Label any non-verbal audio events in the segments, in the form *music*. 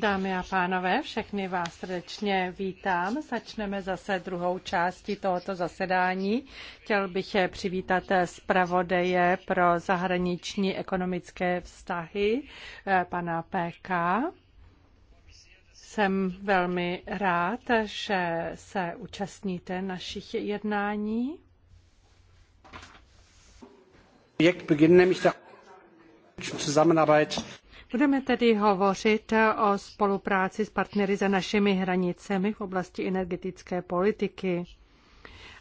Dámy a pánové, všechny vás srdečně vítám. Začneme zase druhou částí tohoto zasedání. Chtěl bych přivítat zpravodaje pro zahraniční ekonomické vztahy, eh, pana PK. Jsem velmi rád, že se účastníte našich jednání. Projekt beginnt nämlich der Zusammenarbeit Budeme tedy hovořit o spolupráci s partnery za našimi hranicemi v oblasti energetické politiky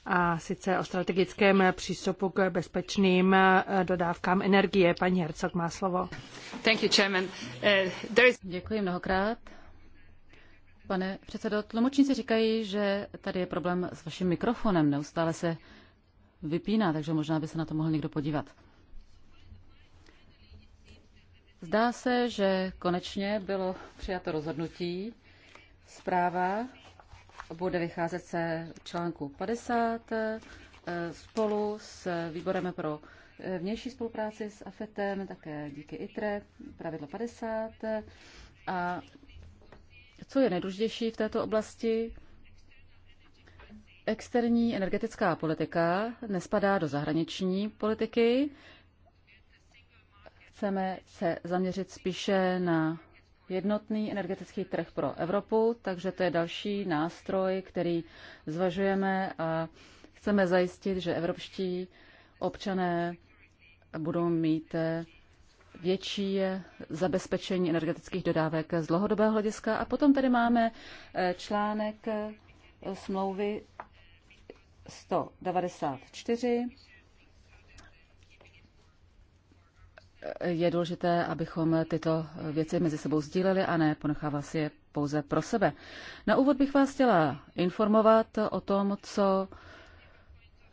a sice o strategickém přístupu k bezpečným eh, dodávkám energie. Paní Hercog má slovo. Thank you, chairman. Uh, is... Děkuji mnohokrát. Pane předsedo, tlumočníci říkají, že tady je problém s vaším mikrofonem. Neustále se vypíná, takže možná by se na to mohl někdo podívat. Zdá se, že konečně bylo přijato rozhodnutí. Zpráva bude vycházet se článku 50 eh, spolu s výborem pro eh, vnější spolupráci s AFETem, také díky ITRE, pravidlo 50. A co je nejdůležitější v této oblasti? Externí energetická politika nespadá do zahraniční politiky, Chceme se zaměřit spíše na jednotný energetický trh pro Evropu, takže to je další nástroj, který zvažujeme a chceme zajistit, že evropští občané budou mít větší zabezpečení energetických dodávek z dlouhodobého hlediska. A potom tady máme eh, článek eh, smlouvy 194, je důležité, abychom tyto věci mezi sebou sdíleli a ne ponechával si je pouze pro sebe. Na úvod bych vás chtěla informovat o tom, co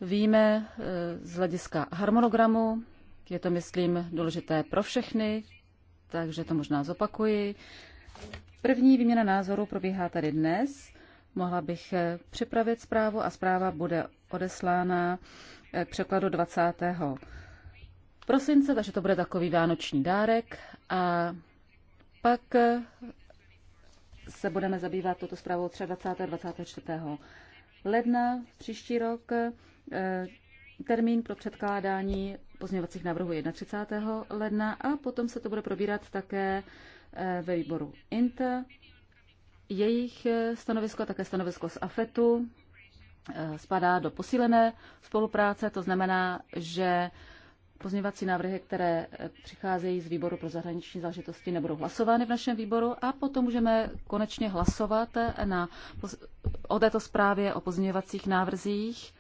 víme e, z hlediska harmonogramu. Je to, myslím, důležité pro všechny, takže to možná zopakuji. První výměna názorů probíhá tady dnes. Mohla bych e, připravit zprávu a zpráva bude odeslána k e, překladu 20 prosince, takže to bude takový vánoční dárek. A pak se budeme zabývat toto zprávou 23. a 24. ledna příští rok. E, termín pro předkládání pozměňovacích návrhů 31. ledna a potom se to bude probírat také e, ve výboru INT. Jejich stanovisko, také stanovisko z AFETu, e, spadá do posílené spolupráce, to znamená, že Pozměvací návrhy, které eh, přicházejí z výboru pro zahraniční záležitosti, nebudou hlasovány v našem výboru a potom můžeme konečně hlasovat eh, na, o této zprávě o pozměvacích návrzích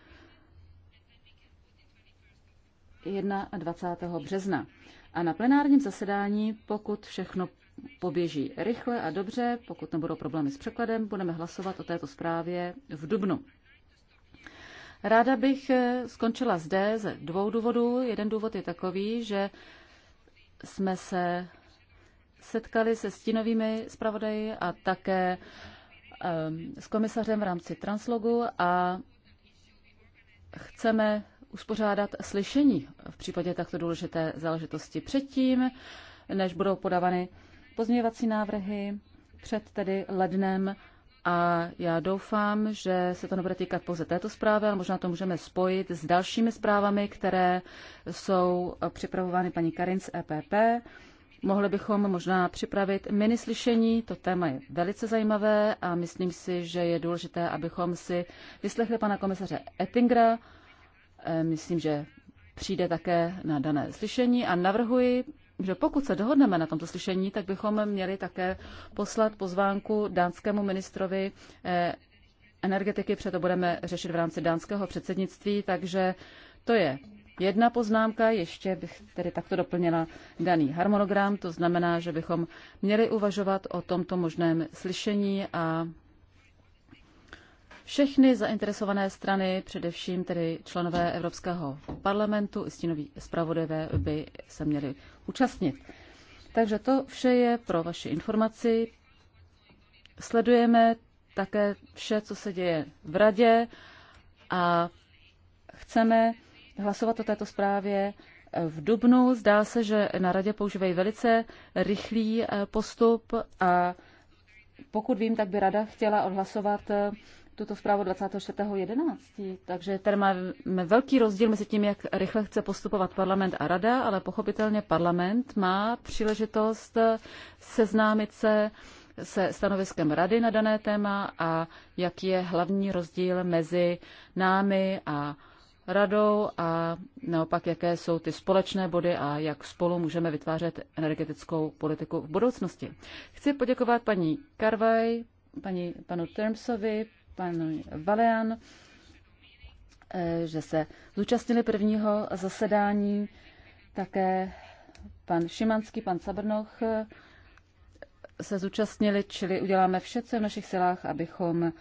21. března. A na plenárním zasedání, pokud všechno poběží rychle a dobře, pokud nebudou problémy s překladem, budeme hlasovat o této zprávě v Dubnu. Ráda bych eh, skončila zde ze dvou důvodů. Jeden důvod je takový, že jsme se setkali se stínovými zpravodaji a také ehm, s komisařem v rámci Translogu a chceme uspořádat slyšení v případě takto důležité záležitosti předtím, než budou podávány pozměňovací návrhy před tedy lednem a já doufám, že se to nebude týkat pouze této zprávy, ale možná to můžeme spojit s dalšími zprávami, které jsou připravovány paní Karin z EPP. Mohli bychom možná připravit minislyšení, to téma je velice zajímavé a myslím si, že je důležité, abychom si vyslechli pana komisaře Ettingera. E, myslím, že přijde také na dané slyšení a navrhuji že pokud se dohodneme na tomto slyšení, tak bychom měli také poslat pozvánku dánskému ministrovi eh, energetiky, protože to budeme řešit v rámci dánského předsednictví, takže to je jedna poznámka. Ještě bych tedy takto doplnila daný harmonogram, to znamená, že bychom měli uvažovat o tomto možném slyšení a všechny zainteresované strany, především tedy členové Evropského parlamentu i stínoví zpravodajové by se měli účastnit. Takže to vše je pro vaši informaci. Sledujeme také vše, co se děje v radě a chceme hlasovat o této zprávě v Dubnu. Zdá se, že na radě používají velice rychlý eh, postup a pokud vím, tak by rada chtěla odhlasovat eh, tuto zprávu 24.11. Takže tady máme velký rozdíl mezi tím, jak rychle chce postupovat parlament a rada, ale pochopitelně parlament má příležitost seznámit se se stanoviskem rady na dané téma a jaký je hlavní rozdíl mezi námi a radou a naopak, jaké jsou ty společné body a jak spolu můžeme vytvářet energetickou politiku v budoucnosti. Chci poděkovat paní Karvaj, paní, panu Termsovi, Pan Valean, eh, že se zúčastnili prvního zasedání také pan Šimanský, pan Sabrnoch eh, se zúčastnili, čili uděláme vše, co je v našich silách, abychom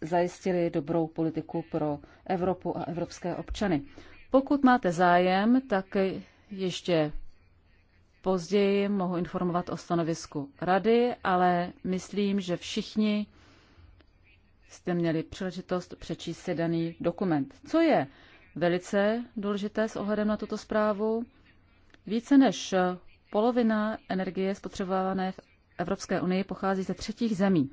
zajistili dobrou politiku pro Evropu a evropské občany. Pokud máte zájem, tak ještě později mohu informovat o stanovisku rady, ale myslím, že všichni jste měli příležitost přečíst si daný dokument. Co je velice důležité s ohledem na tuto zprávu? Více než polovina energie spotřebované v Evropské unii pochází ze třetích zemí.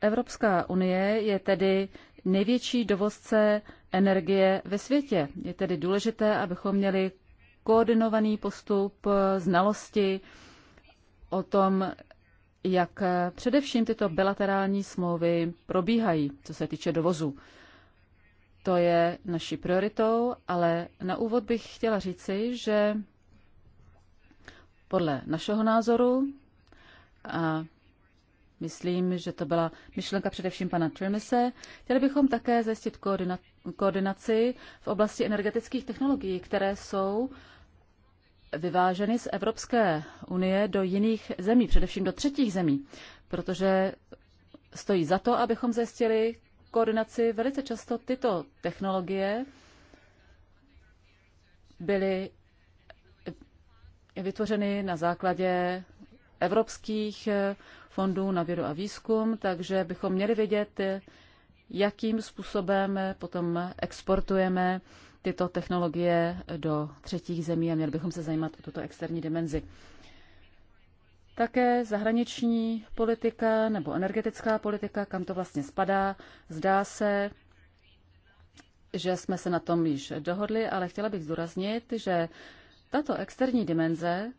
Evropská unie je tedy největší dovozce energie ve světě. Je tedy důležité, abychom měli koordinovaný postup znalosti o tom, jak eh, především tyto bilaterální smlouvy probíhají, co se týče dovozu. To je naší prioritou, ale na úvod bych chtěla říci, že podle našeho názoru, a myslím, že to byla myšlenka především pana Trimise, chtěli bychom také zajistit koordinaci v oblasti energetických technologií, které jsou vyváženy z Evropské unie do jiných zemí, především do třetích zemí, protože stojí za to, abychom zjistili koordinaci. Velice často tyto technologie byly vytvořeny na základě evropských fondů na vědu a výzkum, takže bychom měli vědět, jakým způsobem potom exportujeme tyto technologie do třetích zemí a měli bychom se zajímat o tuto externí dimenzi. Také zahraniční politika nebo energetická politika, kam to vlastně spadá. Zdá se, že jsme se na tom již dohodli, ale chtěla bych zdůraznit, že tato externí dimenze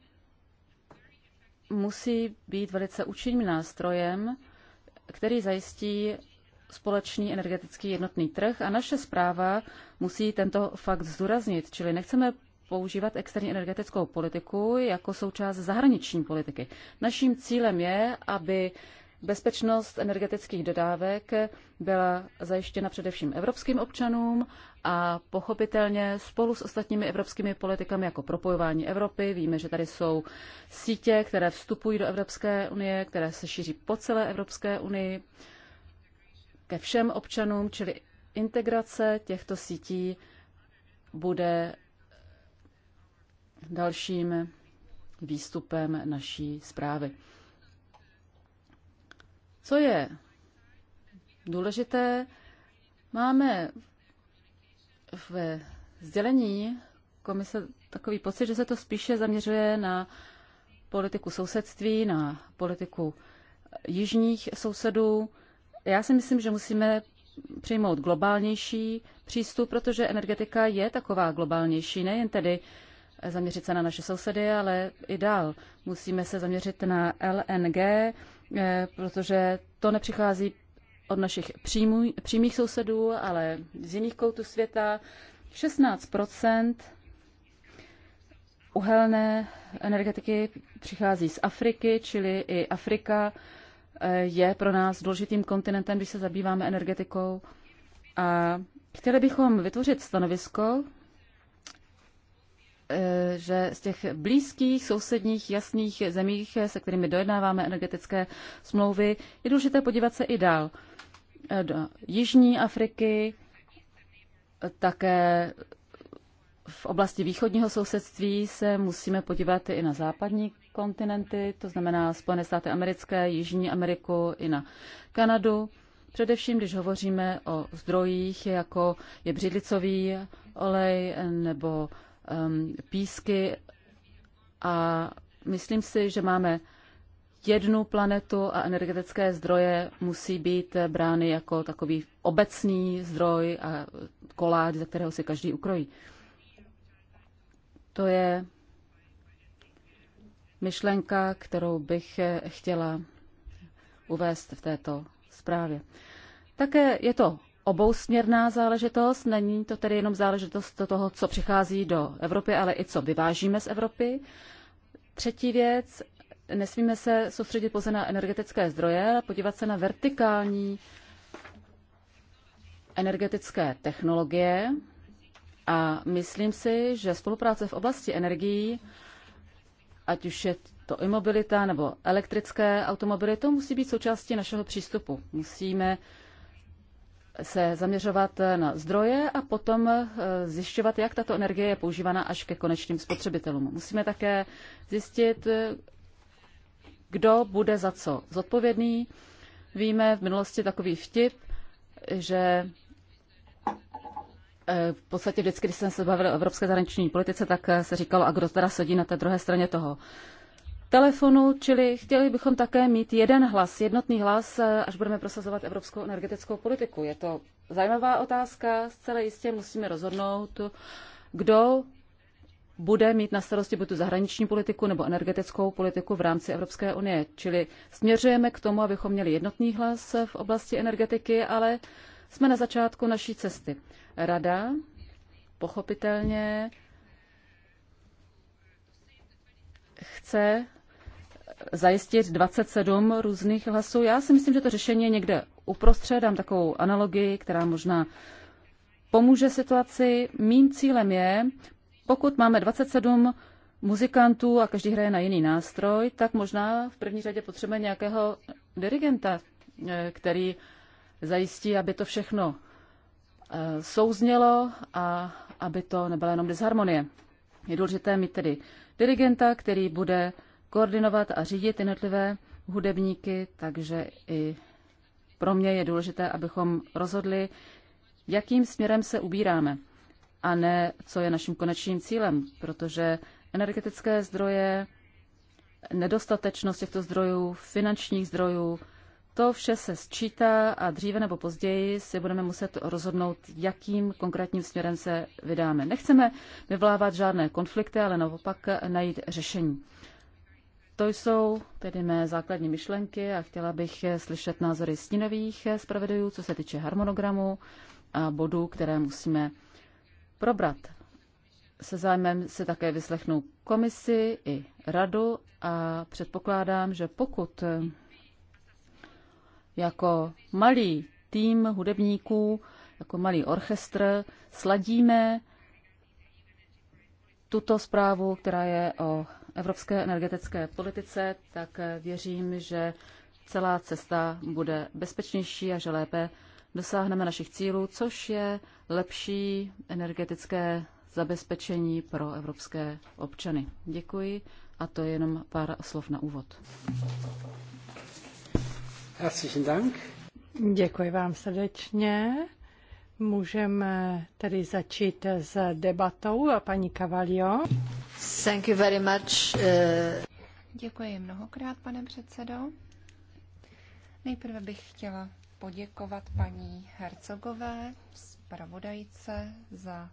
musí být velice účinným nástrojem, který zajistí společný energetický jednotný trh a naše zpráva musí tento fakt zdůraznit, čili nechceme používat externí energetickou politiku jako součást zahraniční politiky. Naším cílem je, aby bezpečnost energetických dodávek byla zajištěna především evropským občanům a pochopitelně spolu s ostatními evropskými politikami jako propojování Evropy. Víme, že tady jsou sítě, které vstupují do Evropské unie, které se šíří po celé Evropské unii ke všem občanům, čili integrace těchto sítí bude dalším výstupem naší zprávy. Co je důležité, máme ve sdělení komise takový pocit, že se to spíše zaměřuje na politiku sousedství, na politiku jižních sousedů, já si myslím, že musíme přijmout globálnější přístup, protože energetika je taková globálnější, nejen tedy zaměřit se na naše sousedy, ale i dál. Musíme se zaměřit na LNG, eh, protože to nepřichází od našich přímů, přímých sousedů, ale z jiných koutů světa. 16 uhelné energetiky přichází z Afriky, čili i Afrika je pro nás důležitým kontinentem, když se zabýváme energetikou. A chtěli bychom vytvořit stanovisko, e, že z těch blízkých, sousedních, jasných zemích, se kterými dojednáváme energetické smlouvy, je důležité podívat se i dál. E, do Jižní Afriky, také v oblasti východního sousedství se musíme podívat i na západní kontinenty, to znamená Spojené státy americké, Jižní Ameriku i na Kanadu. Především, když hovoříme o zdrojích, jako je břidlicový olej nebo um, písky. A myslím si, že máme jednu planetu a energetické zdroje musí být brány jako takový obecný zdroj a koláč, ze kterého si každý ukrojí. To je myšlenka, kterou bych chtěla uvést v této zprávě. Také je to obousměrná záležitost, není to tedy jenom záležitost toho, co přichází do Evropy, ale i co vyvážíme z Evropy. Třetí věc, nesmíme se soustředit pouze na energetické zdroje, ale podívat se na vertikální energetické technologie. A myslím si, že spolupráce v oblasti energií ať už je to imobilita nebo elektrické automobily, to musí být součástí našeho přístupu. Musíme se zaměřovat na zdroje a potom eh, zjišťovat, jak tato energie je používána až ke konečným spotřebitelům. Musíme také zjistit, eh, kdo bude za co zodpovědný. Víme v minulosti takový vtip, že v podstatě vždycky, když jsem se bavil o evropské zahraniční politice, tak eh, se říkalo, a kdo teda sedí na té druhé straně toho telefonu, čili chtěli bychom také mít jeden hlas, jednotný hlas, eh, až budeme prosazovat evropskou energetickou politiku. Je to zajímavá otázka, zcela jistě musíme rozhodnout, kdo bude mít na starosti buď tu zahraniční politiku nebo energetickou politiku v rámci Evropské unie. Čili směřujeme k tomu, abychom měli jednotný hlas v oblasti energetiky, ale jsme na začátku naší cesty. Rada pochopitelně chce zajistit 27 různých hlasů. Já si myslím, že to řešení je někde uprostřed. Dám takovou analogii, která možná pomůže situaci. Mým cílem je, pokud máme 27 muzikantů a každý hraje na jiný nástroj, tak možná v první řadě potřebujeme nějakého dirigenta, eh, který zajistí, aby to všechno eh, souznělo a aby to nebyla jenom disharmonie. Je důležité mít tedy dirigenta, který bude koordinovat a řídit jednotlivé hudebníky, takže i pro mě je důležité, abychom rozhodli, jakým směrem se ubíráme a ne, co je naším konečným cílem, protože energetické zdroje, nedostatečnost těchto zdrojů, finančních zdrojů, to vše se sčítá a dříve nebo později si budeme muset rozhodnout, jakým konkrétním směrem se vydáme. Nechceme vyvlávat žádné konflikty, ale naopak najít řešení. To jsou tedy mé základní myšlenky a chtěla bych slyšet názory stínových zpravodajů, co se týče harmonogramu a bodů, které musíme probrat. Se zájmem se také vyslechnu komisi i radu a předpokládám, že pokud jako malý tým hudebníků, jako malý orchestr, sladíme tuto zprávu, která je o evropské energetické politice, tak věřím, že celá cesta bude bezpečnější a že lépe dosáhneme našich cílů, což je lepší energetické zabezpečení pro evropské občany. Děkuji a to je jenom pár slov na úvod. Herzlichen Dank. Děkuji vám srdečně. Můžeme tedy začít s debatou. Paní Cavalio. Thank you very much. Eh. Děkuji mnohokrát, pane předsedo. Nejprve bych chtěla poděkovat paní Hercogové, zpravodajce, za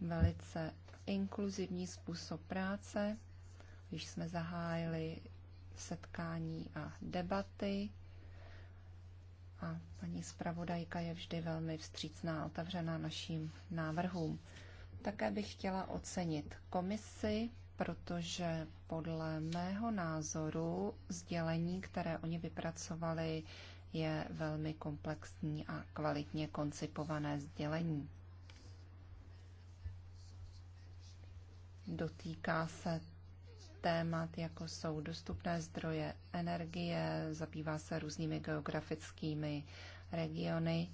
velice inkluzivní způsob práce, když jsme zahájili setkání a debaty a paní zpravodajka je vždy velmi vstřícná a otevřená našim návrhům. Také bych chtěla ocenit komisi, protože podle mého názoru sdělení, které oni vypracovali, je velmi komplexní a kvalitně koncipované sdělení. Dotýká se témat, jako jsou dostupné zdroje energie, zabývá se různými geografickými regiony,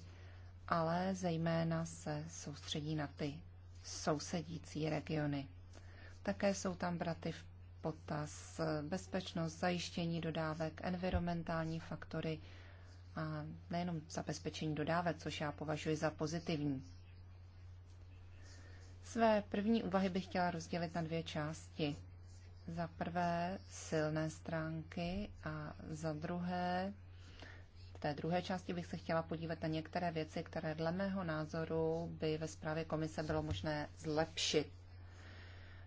ale zejména se soustředí na ty sousedící regiony. Také jsou tam braty v potaz bezpečnost, zajištění dodávek, environmentální faktory a nejenom zabezpečení dodávek, což já považuji za pozitivní. Své první úvahy bych chtěla rozdělit na dvě části za prvé silné stránky a za druhé v té druhé části bych se chtěla podívat na některé věci, které dle mého názoru by ve zprávě komise bylo možné zlepšit.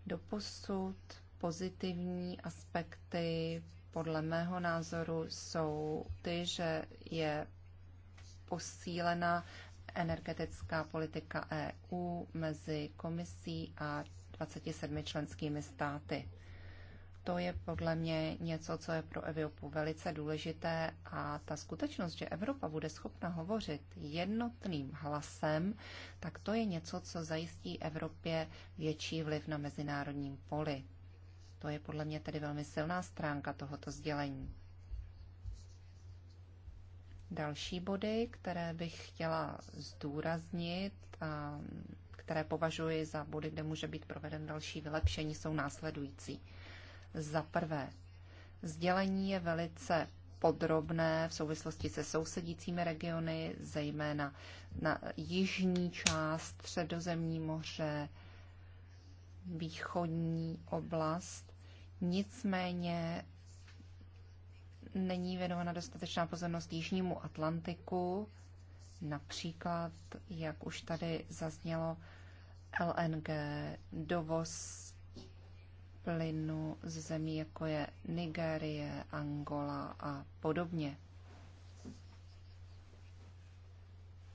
Doposud pozitivní aspekty podle mého názoru jsou ty, že je posílena energetická politika EU mezi komisí a 27 členskými státy to je podle mě něco, co je pro Evropu velice důležité a ta skutečnost, že Evropa bude schopna hovořit jednotným hlasem, tak to je něco, co zajistí Evropě větší vliv na mezinárodním poli. To je podle mě tedy velmi silná stránka tohoto sdělení. Další body, které bych chtěla zdůraznit a které považuji za body, kde může být proveden další vylepšení, jsou následující. Za prvé, sdělení je velice podrobné v souvislosti se sousedícími regiony, zejména na jižní část Středozemní moře, východní oblast. Nicméně není věnována dostatečná pozornost Jižnímu Atlantiku, například, jak už tady zaznělo, LNG, dovoz plynu z zemí, jako je Nigérie, Angola a podobně.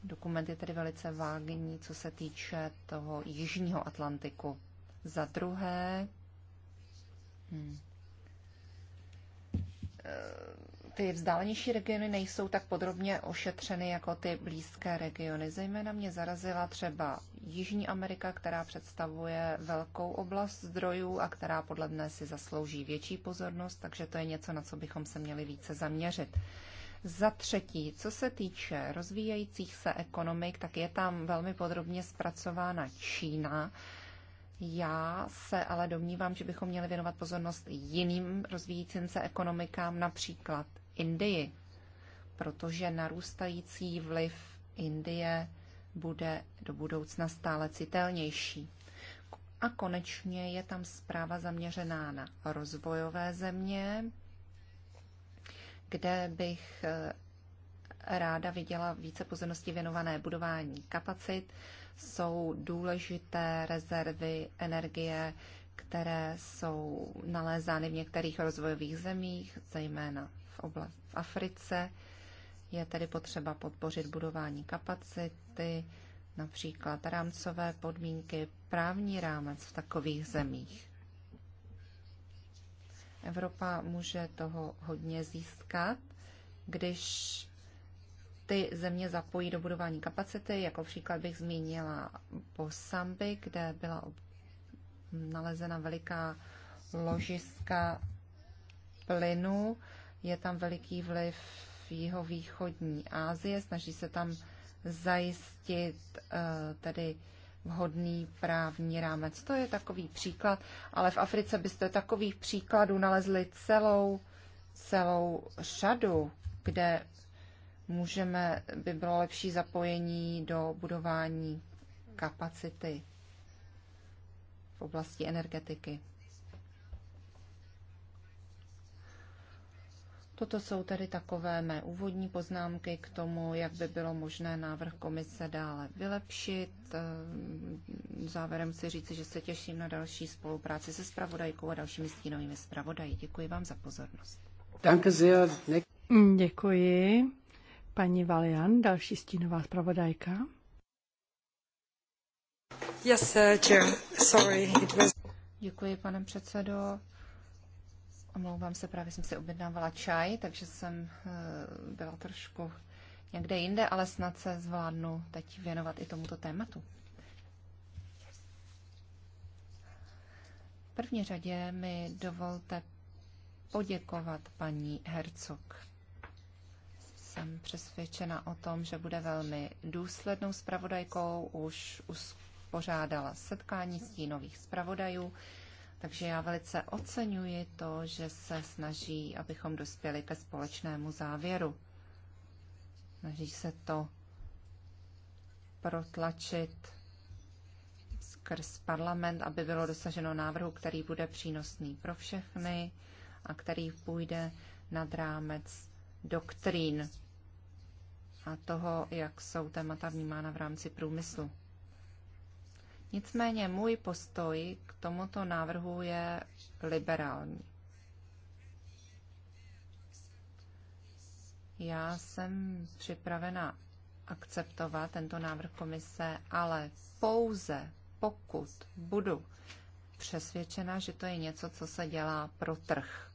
Dokument je tedy velice vágní, co se týče toho jižního Atlantiku. Za druhé, hmm, ty vzdálenější regiony nejsou tak podrobně ošetřeny jako ty blízké regiony. Zejména mě zarazila třeba Jižní Amerika, která představuje velkou oblast zdrojů a která podle mne si zaslouží větší pozornost, takže to je něco, na co bychom se měli více zaměřit. Za třetí, co se týče rozvíjejících se ekonomik, tak je tam velmi podrobně zpracována Čína. Já se ale domnívám, že bychom měli věnovat pozornost jiným rozvíjícím se ekonomikám, například Indii, protože narůstající vliv Indie bude do budoucna stále citelnější. A konečně je tam zpráva zaměřená na rozvojové země, kde bych eh, ráda viděla více pozornosti věnované budování kapacit. Jsou důležité rezervy energie, které jsou nalézány v některých rozvojových zemích, zejména v, oblast, v Africe. Je tedy potřeba podpořit budování kapacity, například rámcové podmínky, právní rámec v takových zemích. Evropa může toho hodně získat, když ty země zapojí do budování kapacity. Jako příklad bych zmínila Bosamby, kde byla nalezena veliká ložiska plynu, je tam veliký vliv jeho východní Asie, snaží se tam zajistit eh, tedy vhodný právní rámec. To je takový příklad, ale v Africe byste takových příkladů nalezli celou, celou řadu, kde můžeme, by bylo lepší zapojení do budování kapacity v oblasti energetiky. Toto jsou tedy takové mé úvodní poznámky k tomu, jak by bylo možné návrh komise dále vylepšit. Ehm, závěrem si říci, že se těším na další spolupráci se spravodajkou a dalšími stínovými spravodaji. Děkuji vám za pozornost. Mm, děkuji. Paní Valian, další stínová spravodajka. Yes, sir, uh, Sorry, it was... Děkuji, pane předsedo. Omlouvám se, právě jsem si objednávala čaj, takže jsem eh, byla trošku někde jinde, ale snad se zvládnu teď věnovat i tomuto tématu. V první řadě mi dovolte poděkovat paní Hercog. Jsem přesvědčena o tom, že bude velmi důslednou spravodajkou. Už uspořádala setkání stínových zpravodajů. Takže já velice oceňuji to, že se snaží, abychom dospěli ke společnému závěru. Snaží se to protlačit skrz parlament, aby bylo dosaženo návrhu, který bude přínosný pro všechny a který půjde nad rámec doktrín a toho, jak jsou témata vnímána v rámci průmyslu. Nicméně můj postoj k tomuto návrhu je liberální. Já jsem připravena akceptovat tento návrh komise, ale pouze pokud budu přesvědčena, že to je něco, co se dělá pro trh.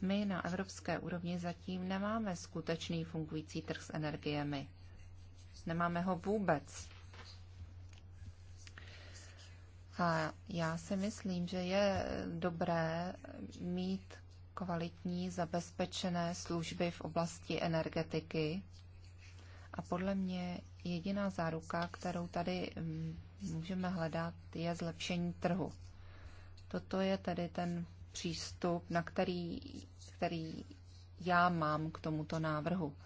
My na evropské úrovni zatím nemáme skutečný fungující trh s energiemi. Nemáme ho vůbec. A já si myslím, že je dobré mít kvalitní zabezpečené služby v oblasti energetiky. A podle mě jediná záruka, kterou tady mm, můžeme hledat, je zlepšení trhu. Toto je tedy ten přístup, na který, který já mám k tomuto návrhu.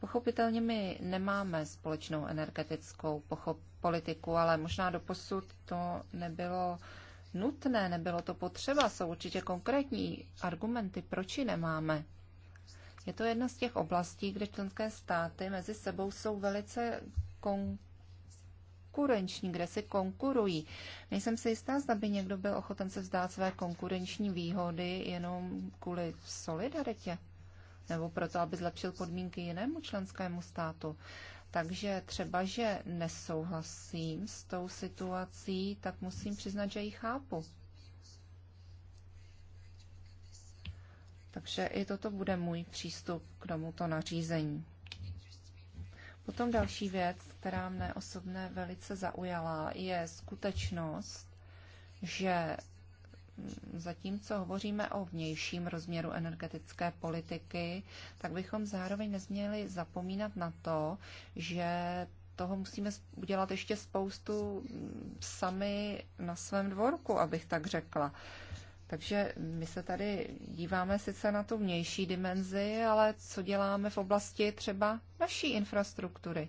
Pochopitelně my nemáme společnou energetickou politiku, ale možná do posud to nebylo nutné, nebylo to potřeba. Jsou určitě konkrétní argumenty, proč ji nemáme. Je to jedna z těch oblastí, kde členské státy mezi sebou jsou velice konkurenční, kde si konkurují. Nejsem si jistá, zda by někdo byl ochoten se vzdát své konkurenční výhody jenom kvůli solidaritě nebo proto, aby zlepšil podmínky jinému členskému státu. Takže třeba, že nesouhlasím s tou situací, tak musím přiznat, že ji chápu. Takže i toto bude můj přístup k tomuto nařízení. Potom další věc, která mne osobně velice zaujala, je skutečnost, že zatímco hovoříme o vnějším rozměru energetické politiky, tak bychom zároveň nezměli zapomínat na to, že toho musíme udělat ještě spoustu mm, sami na svém dvorku, abych tak řekla. Takže my se tady díváme sice na tu vnější dimenzi, ale co děláme v oblasti třeba naší infrastruktury?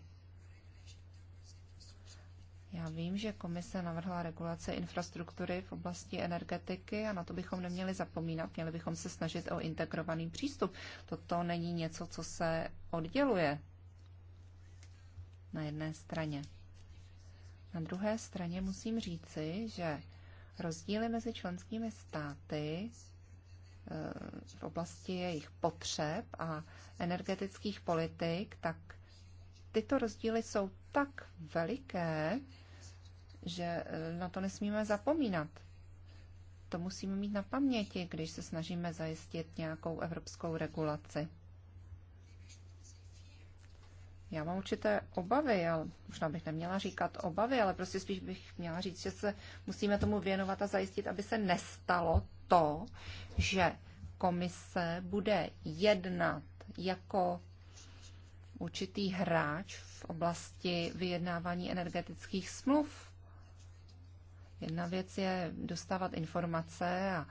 Já vím, že komise navrhla regulace infrastruktury v oblasti energetiky a na to bychom neměli zapomínat. Měli bychom se snažit o integrovaný přístup. Toto není něco, co se odděluje na jedné straně. Na druhé straně musím říci, že rozdíly mezi členskými státy e, v oblasti jejich potřeb a energetických politik, tak tyto rozdíly jsou tak veliké, že eh, na to nesmíme zapomínat. To musíme mít na paměti, když se snažíme zajistit nějakou evropskou regulaci. Já mám určité obavy, ale možná bych neměla říkat obavy, ale prostě spíš bych měla říct, že se musíme tomu věnovat a zajistit, aby se nestalo to, že komise bude jednat jako určitý hráč v oblasti vyjednávání energetických smluv. Jedna věc je dostávat informace a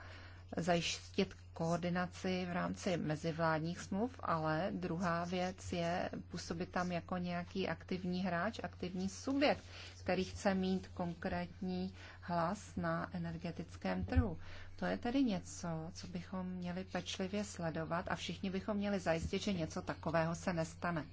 zajistit koordinaci v rámci mezivládních smluv, ale druhá věc je působit tam jako nějaký aktivní hráč, aktivní subjekt, který chce mít konkrétní hlas na energetickém trhu. To je tedy něco, co bychom měli pečlivě sledovat a všichni bychom měli zajistit, že něco takového se nestane.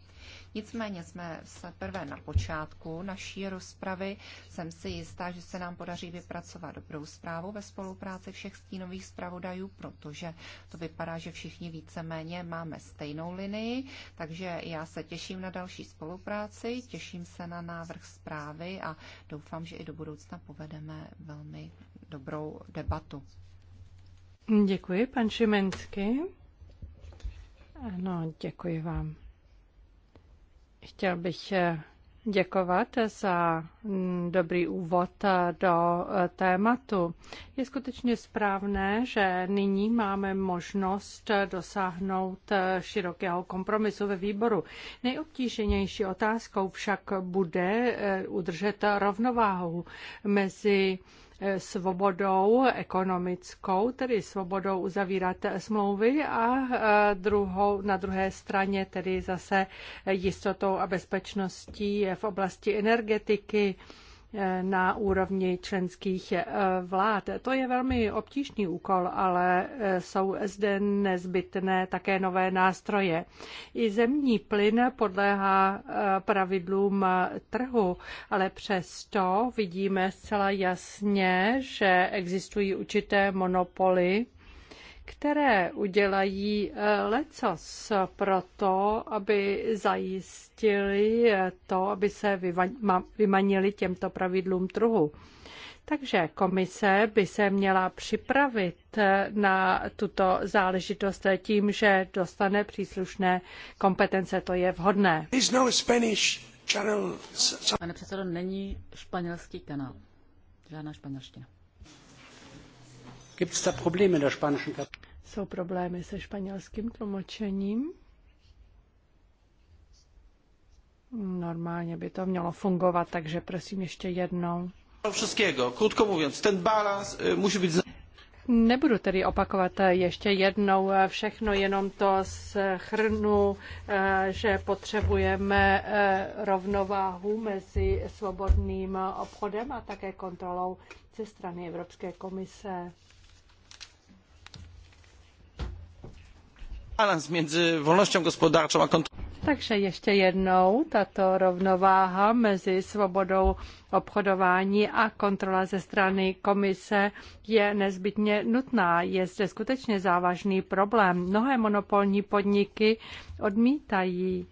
Nicméně jsme se prvé na počátku naší rozpravy. Jsem si jistá, že se nám podaří vypracovat dobrou zprávu ve spolupráci všech stínových zpravodajů, protože to vypadá, že všichni víceméně máme stejnou linii, takže já se těším na další spolupráci, těším se na návrh zprávy a a doufám, že i do budoucna povedeme velmi dobrou debatu. Děkuji, pan Šimensky. Ano, děkuji vám. Chtěl bych eh, děkovat za mm, dobrý úvod eh, do eh, tématu. Je skutečně správné, že nyní máme možnost eh, dosáhnout širokého kompromisu ve výboru. Nejobtíženější otázkou však bude udržet rovnováhu mezi svobodou ekonomickou, tedy svobodou uzavírat smlouvy a e, druhou, na druhé straně tedy zase jistotou a bezpečností v oblasti energetiky E, na úrovni členských e, vlád. To je velmi obtížný úkol, ale e, jsou zde nezbytné také nové nástroje. I zemní plyn podléhá pravidlům trhu, ale přesto vidíme zcela jasně, že existují určité monopoly které udělají eh, lecos pro to, aby zajistili eh, to, aby se vymanili těmto pravidlům trhu. Takže komise by se měla připravit eh, na tuto záležitost tím, že dostane příslušné kompetence. To je vhodné. Pane předsedo, není španělský kanál. Žádná španělština. Jsou problémy se španělským tlumočením? Normálně by to mělo fungovat, takže prosím ještě jednou. krótko mówiąc, ten balans e, musí být. Nebudu tedy opakovat e, ještě jednou e, všechno, jenom to shrnu, že potřebujeme rovnováhu mezi svobodným obchodem a také kontrolou ze strany Evropské komise. balans a Takže ještě jednou tato rovnováha mezi svobodou obchodování a kontrola ze strany komise je nezbytně nutná. Je zde skutečně závažný problém. Mnohé monopolní podniky odmítají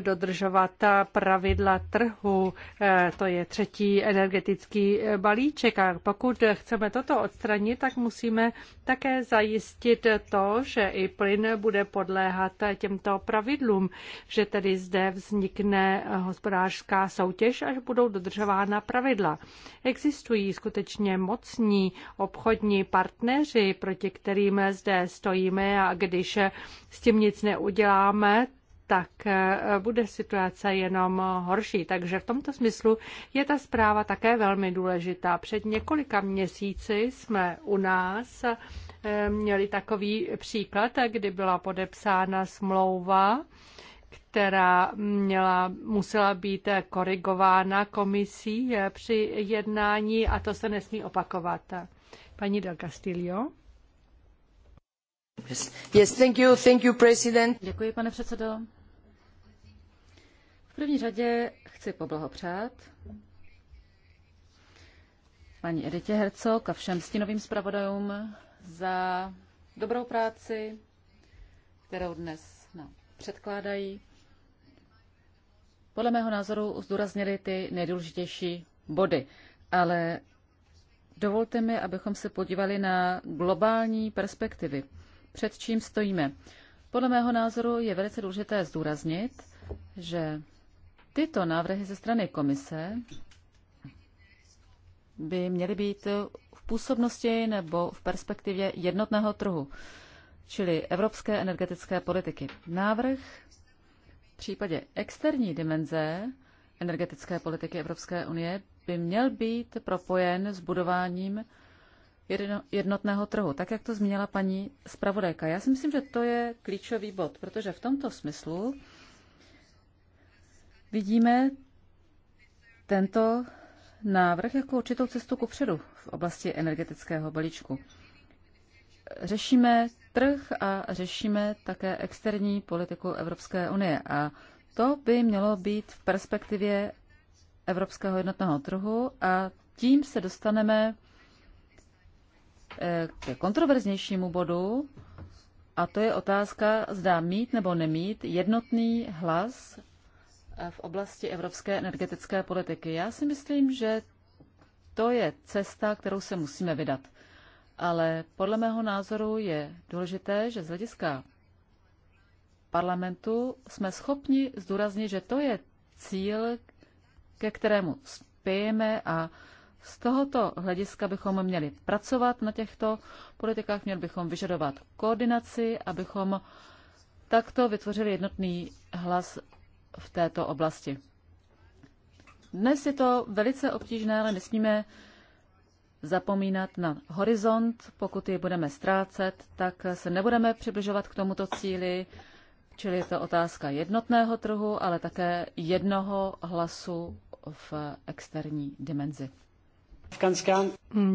dodržovat pravidla trhu. Eh, to je třetí energetický balíček a pokud chceme toto odstranit, tak musíme také zajistit to, že i plyn bude podléhat těmto pravidlům, že tedy zde vznikne hospodářská soutěž, až budou dodržována pravidla. Existují skutečně mocní obchodní partneři, proti kterým zde stojíme a když s tím nic neuděláme, tak eh, bude situace jenom horší. Takže v tomto smyslu je ta zpráva také velmi důležitá. Před několika měsíci jsme u nás eh, měli takový příklad, kdy byla podepsána smlouva, která měla, musela být korigována komisí eh, při jednání a to se nesmí opakovat. Paní Del Castillo. Yes, thank you, thank you, president. Děkuji, pane předsedo. V první řadě chci poblahopřát paní Editě Hercok a všem stínovým zpravodajům za dobrou práci, kterou dnes nám předkládají. Podle mého názoru zdůraznili ty nejdůležitější body, ale dovolte mi, abychom se podívali na globální perspektivy. Před čím stojíme? Podle mého názoru je velice důležité zdůraznit, že Tyto návrhy ze strany komise by měly být v působnosti nebo v perspektivě jednotného trhu, čili evropské energetické politiky. Návrh v případě externí dimenze energetické politiky Evropské unie by měl být propojen s budováním jednotného trhu, tak jak to zmínila paní zpravodajka. Já si myslím, že to je klíčový bod, protože v tomto smyslu Vidíme tento návrh jako určitou cestu ku předu v oblasti energetického balíčku. Řešíme trh a řešíme také externí politiku Evropské unie. A to by mělo být v perspektivě Evropského jednotného trhu a tím se dostaneme eh, ke kontroverznějšímu bodu, a to je otázka, zda mít nebo nemít jednotný hlas v oblasti evropské energetické politiky. Já si myslím, že to je cesta, kterou se musíme vydat. Ale podle mého názoru je důležité, že z hlediska parlamentu jsme schopni zdůraznit, že to je cíl, ke kterému spějeme a z tohoto hlediska bychom měli pracovat na těchto politikách, měli bychom vyžadovat koordinaci, abychom takto vytvořili jednotný hlas v této oblasti. Dnes je to velice obtížné, ale nesmíme zapomínat na horizont. Pokud ji budeme ztrácet, tak se nebudeme přibližovat k tomuto cíli, čili je to otázka jednotného trhu, ale také jednoho hlasu v externí dimenzi.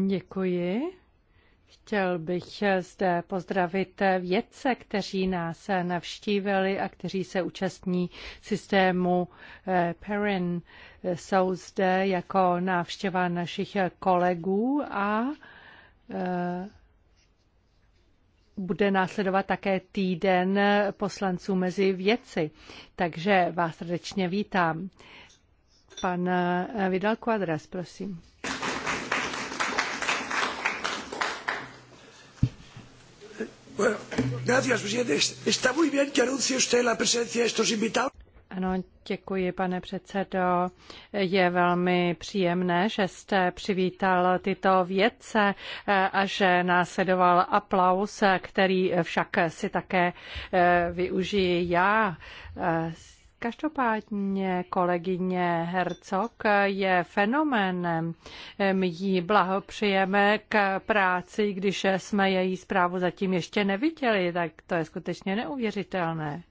Děkuji. Chtěl bych zde pozdravit vědce, kteří nás navštívili a kteří se účastní systému eh, PERIN. Jsou zde jako návštěva našich kolegů a eh, bude následovat také týden poslanců mezi vědci. Takže vás srdečně vítám. Pan eh, Vidal Quadras, prosím. Ano, děkuji, pane předsedo. Je velmi příjemné, že jste přivítal tyto vědce eh, a že následoval aplaus, eh, který eh, však si také využiji já Každopádně kolegyně Hercok je fenoménem. My jí blahopřijeme k práci, když jsme její zprávu zatím ještě neviděli, tak to je skutečně neuvěřitelné.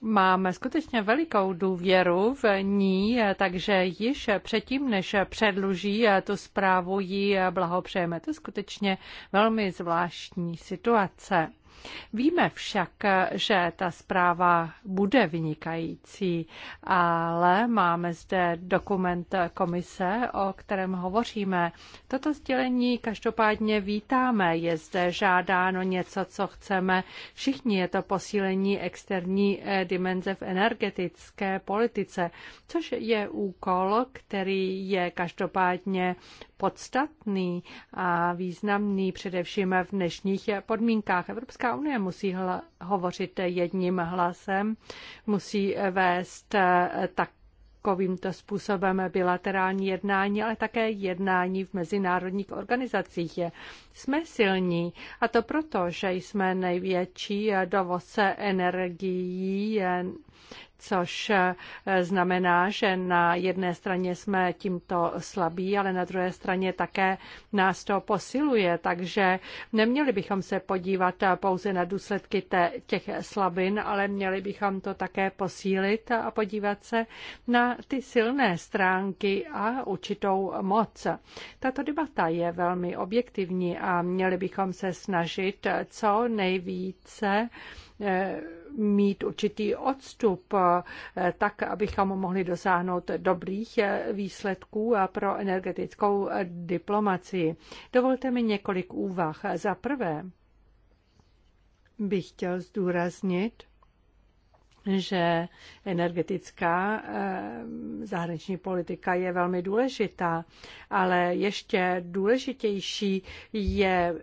Máme skutečně velikou důvěru v ní, takže již předtím, než předluží tu zprávu, jí blahopřejeme. To je skutečně velmi zvláštní situace. Víme však, že ta zpráva bude vynikající, ale máme zde dokument komise, o kterém hovoříme. Toto sdělení každopádně vítáme. Je zde žádáno něco, co chceme všichni. Je to posílení externí eh, dimenze v energetické politice, což je úkol, který je každopádně podstatný a významný především v dnešních podmínkách. Evropská Evropská unie musí hla, hovořit jedním hlasem, musí vést tak eh, takovýmto způsobem bilaterální jednání, ale také jednání v mezinárodních organizacích. Jsme silní a to proto, že jsme největší dovozce energií eh, což eh, znamená, že na jedné straně jsme tímto slabí, ale na druhé straně také nás to posiluje, takže neměli bychom se podívat eh, pouze na důsledky těch slabin, ale měli bychom to také posílit a podívat se na ty silné stránky a určitou moc. Tato debata je velmi objektivní a měli bychom se snažit eh, co nejvíce Eh, mít určitý odstup, eh, tak abychom mohli dosáhnout dobrých eh, výsledků pro energetickou diplomaci Dovolte mi několik úvah. Za prvé bych chtěl zdůraznit, že energetická zahraniční politika je velmi důležitá, ale ještě důležitější je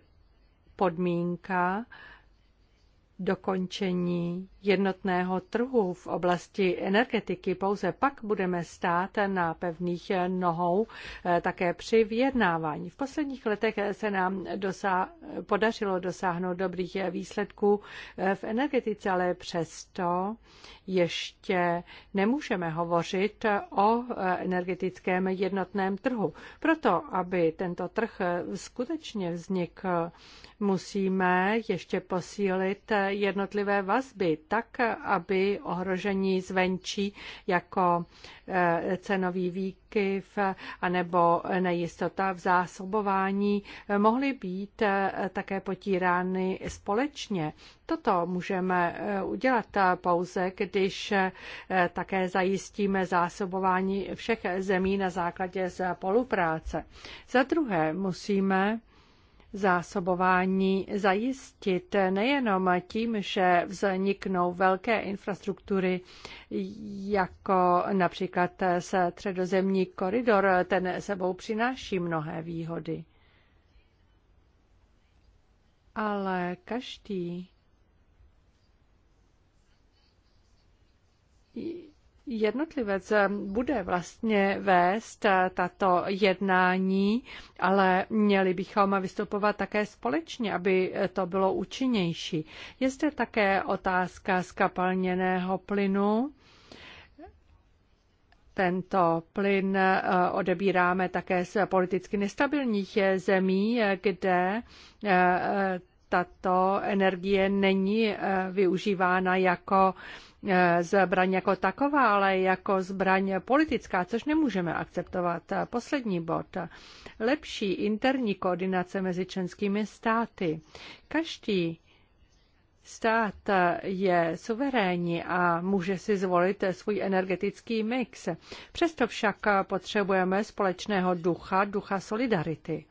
podmínka, dokončení jednotného trhu v oblasti energetiky. Pouze pak budeme stát na pevných nohou eh, také při vyjednávání. V posledních letech se nám dosa- podařilo dosáhnout dobrých výsledků eh, v energetice, ale přesto ještě nemůžeme hovořit o eh, energetickém jednotném trhu. Proto, aby tento trh skutečně vznikl, musíme ještě posílit jednotlivé vazby tak, aby ohrožení zvenčí jako e, cenový výkyv anebo nejistota v zásobování e, mohly být e, také potírány společně. Toto můžeme udělat pouze, když také zajistíme zásobování všech zemí na základě spolupráce. Za druhé musíme zásobování zajistit nejenom tím, že vzniknou velké infrastruktury, jako například středozemní koridor, ten sebou přináší mnohé výhody. Ale každý jednotlivec bude vlastně vést eh, tato jednání, ale měli bychom vystupovat také společně, aby eh, to bylo účinnější. Je zde také otázka skapalněného plynu. Tento plyn eh, odebíráme také z politicky nestabilních zemí, kde tato energie není využívána jako Eh, zbraň jako taková, ale jako zbraň politická, což nemůžeme akceptovat. Eh, poslední bod. Lepší interní koordinace mezi členskými státy. Každý Stát eh, je suverénní a může si zvolit svůj energetický mix. Přesto však potřebujeme společného ducha, ducha solidarity.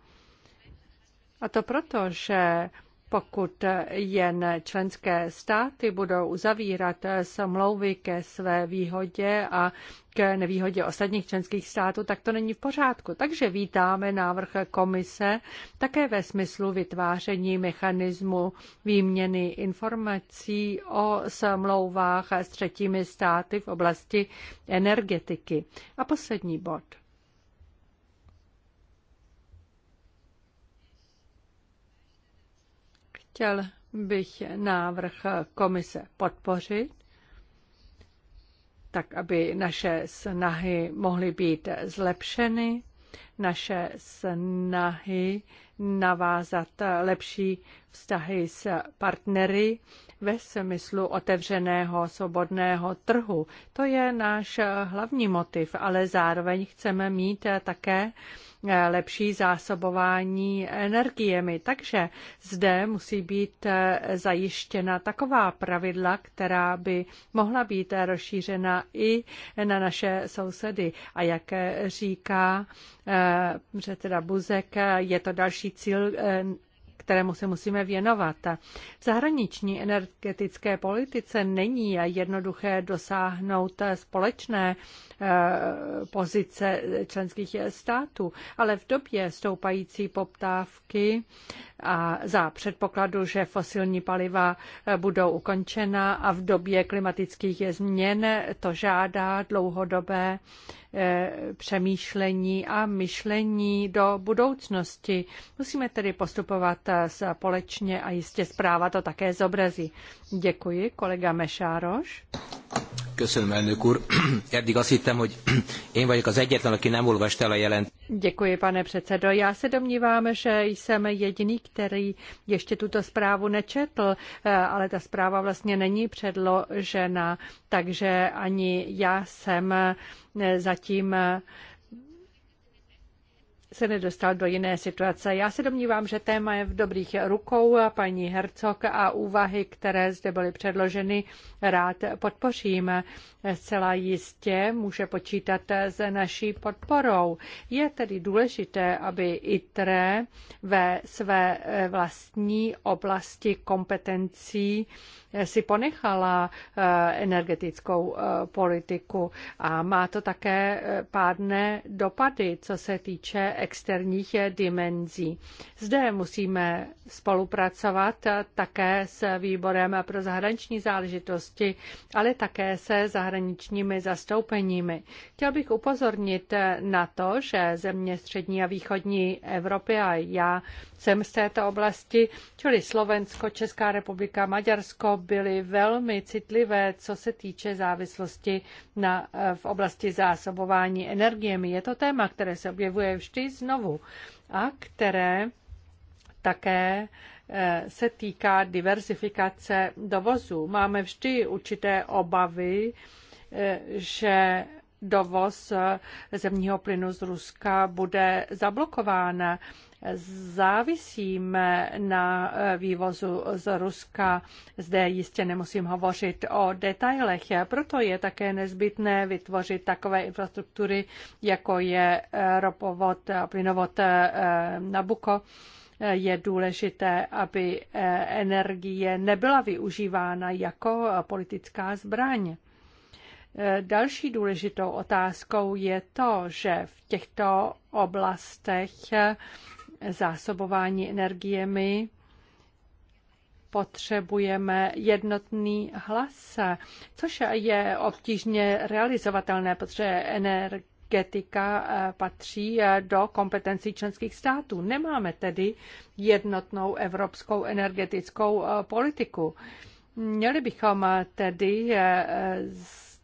A to proto, že pokud jen členské státy budou uzavírat smlouvy ke své výhodě a k nevýhodě ostatních členských států, tak to není v pořádku. Takže vítáme návrh komise také ve smyslu vytváření mechanismu výměny informací o smlouvách s třetími státy v oblasti energetiky. A poslední bod. Chtěl bych návrh komise podpořit, tak aby naše snahy mohly být zlepšeny, naše snahy navázat lepší vztahy s partnery ve smyslu otevřeného svobodného trhu. To je náš hlavní motiv, ale zároveň chceme mít také lepší zásobování energiemi. Takže zde musí být eh, zajištěna taková pravidla, která by mohla být rozšířena i na naše sousedy. A jak říká eh, předseda Buzek, je to další cíl eh, kterému se musíme věnovat. V zahraniční energetické politice není jednoduché dosáhnout společné eh, pozice členských států, ale v době stoupající poptávky a za předpokladu, že fosilní paliva eh, budou ukončena a v době klimatických změn to žádá dlouhodobé eh, přemýšlení a myšlení do budoucnosti. Musíme tedy postupovat eh, společně a jistě zpráva to také zobrazí. Děkuji, kolega Mešároš. Köszönöm, elnök úr. *clears throat* Eddig azt hittem, hogy *clears throat* én vagyok az egyetlen, aki nem olvasta a jelent. Děkuji, pane předsedo. Já se domnívám, že jsem jediný, který ještě tuto zprávu nečetl, eh, ale ta zpráva vlastně není předložena, takže ani já jsem eh, zatím eh, se nedostal do jiné situace. Já se domnívám, že téma je v dobrých rukou. Paní Hercog a úvahy, které zde byly předloženy, rád podpořím. Zcela jistě může počítat s naší podporou. Je tedy důležité, aby ITRE ve své vlastní oblasti kompetencí si ponechala eh, energetickou eh, politiku a má to také eh, pádné dopady, co se týče externích dimenzí. Zde musíme spolupracovat také s výborem pro zahraniční záležitosti, ale také se zahraničními zastoupeními. Chtěl bych upozornit na to, že země střední a východní Evropy a já jsem z této oblasti, čili Slovensko, Česká republika, Maďarsko, byly velmi citlivé, co se týče závislosti na, eh, v oblasti zásobování energiemi. Je to téma, které se objevuje vždy znovu a které také eh, se týká diversifikace dovozu. Máme vždy určité obavy, eh, že dovoz zemního plynu z Ruska bude zablokován závisíme na eh, vývozu z Ruska. Zde jistě nemusím hovořit o detailech, proto je také nezbytné vytvořit takové infrastruktury, jako je eh, ropovod a plynovod eh, Nabuko je důležité, aby energie nebyla využívána jako politická zbraň. Další důležitou otázkou je to, že v těchto oblastech zásobování energiemi potřebujeme jednotný hlas, což je obtížně realizovatelné, protože energetika eh, patří eh, do kompetencí členských států. Nemáme tedy jednotnou evropskou energetickou eh, politiku. Měli bychom tedy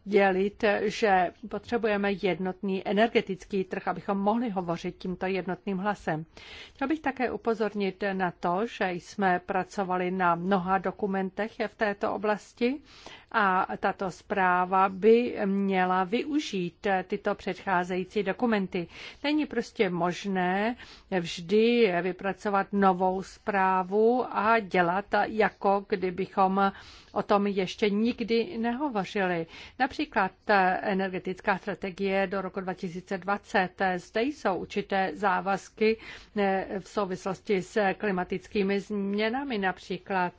dělit, že potřebujeme jednotný energetický trh, abychom mohli hovořit tímto jednotným hlasem. Chtěl bych také upozornit na to, že jsme pracovali na mnoha dokumentech v této oblasti a tato zpráva by měla využít tyto předcházející dokumenty. Není prostě možné vždy vypracovat novou zprávu a dělat jako kdybychom o tom ještě nikdy nehovořili. Například energetická strategie do roku 2020. Zde jsou určité závazky v souvislosti s klimatickými změnami například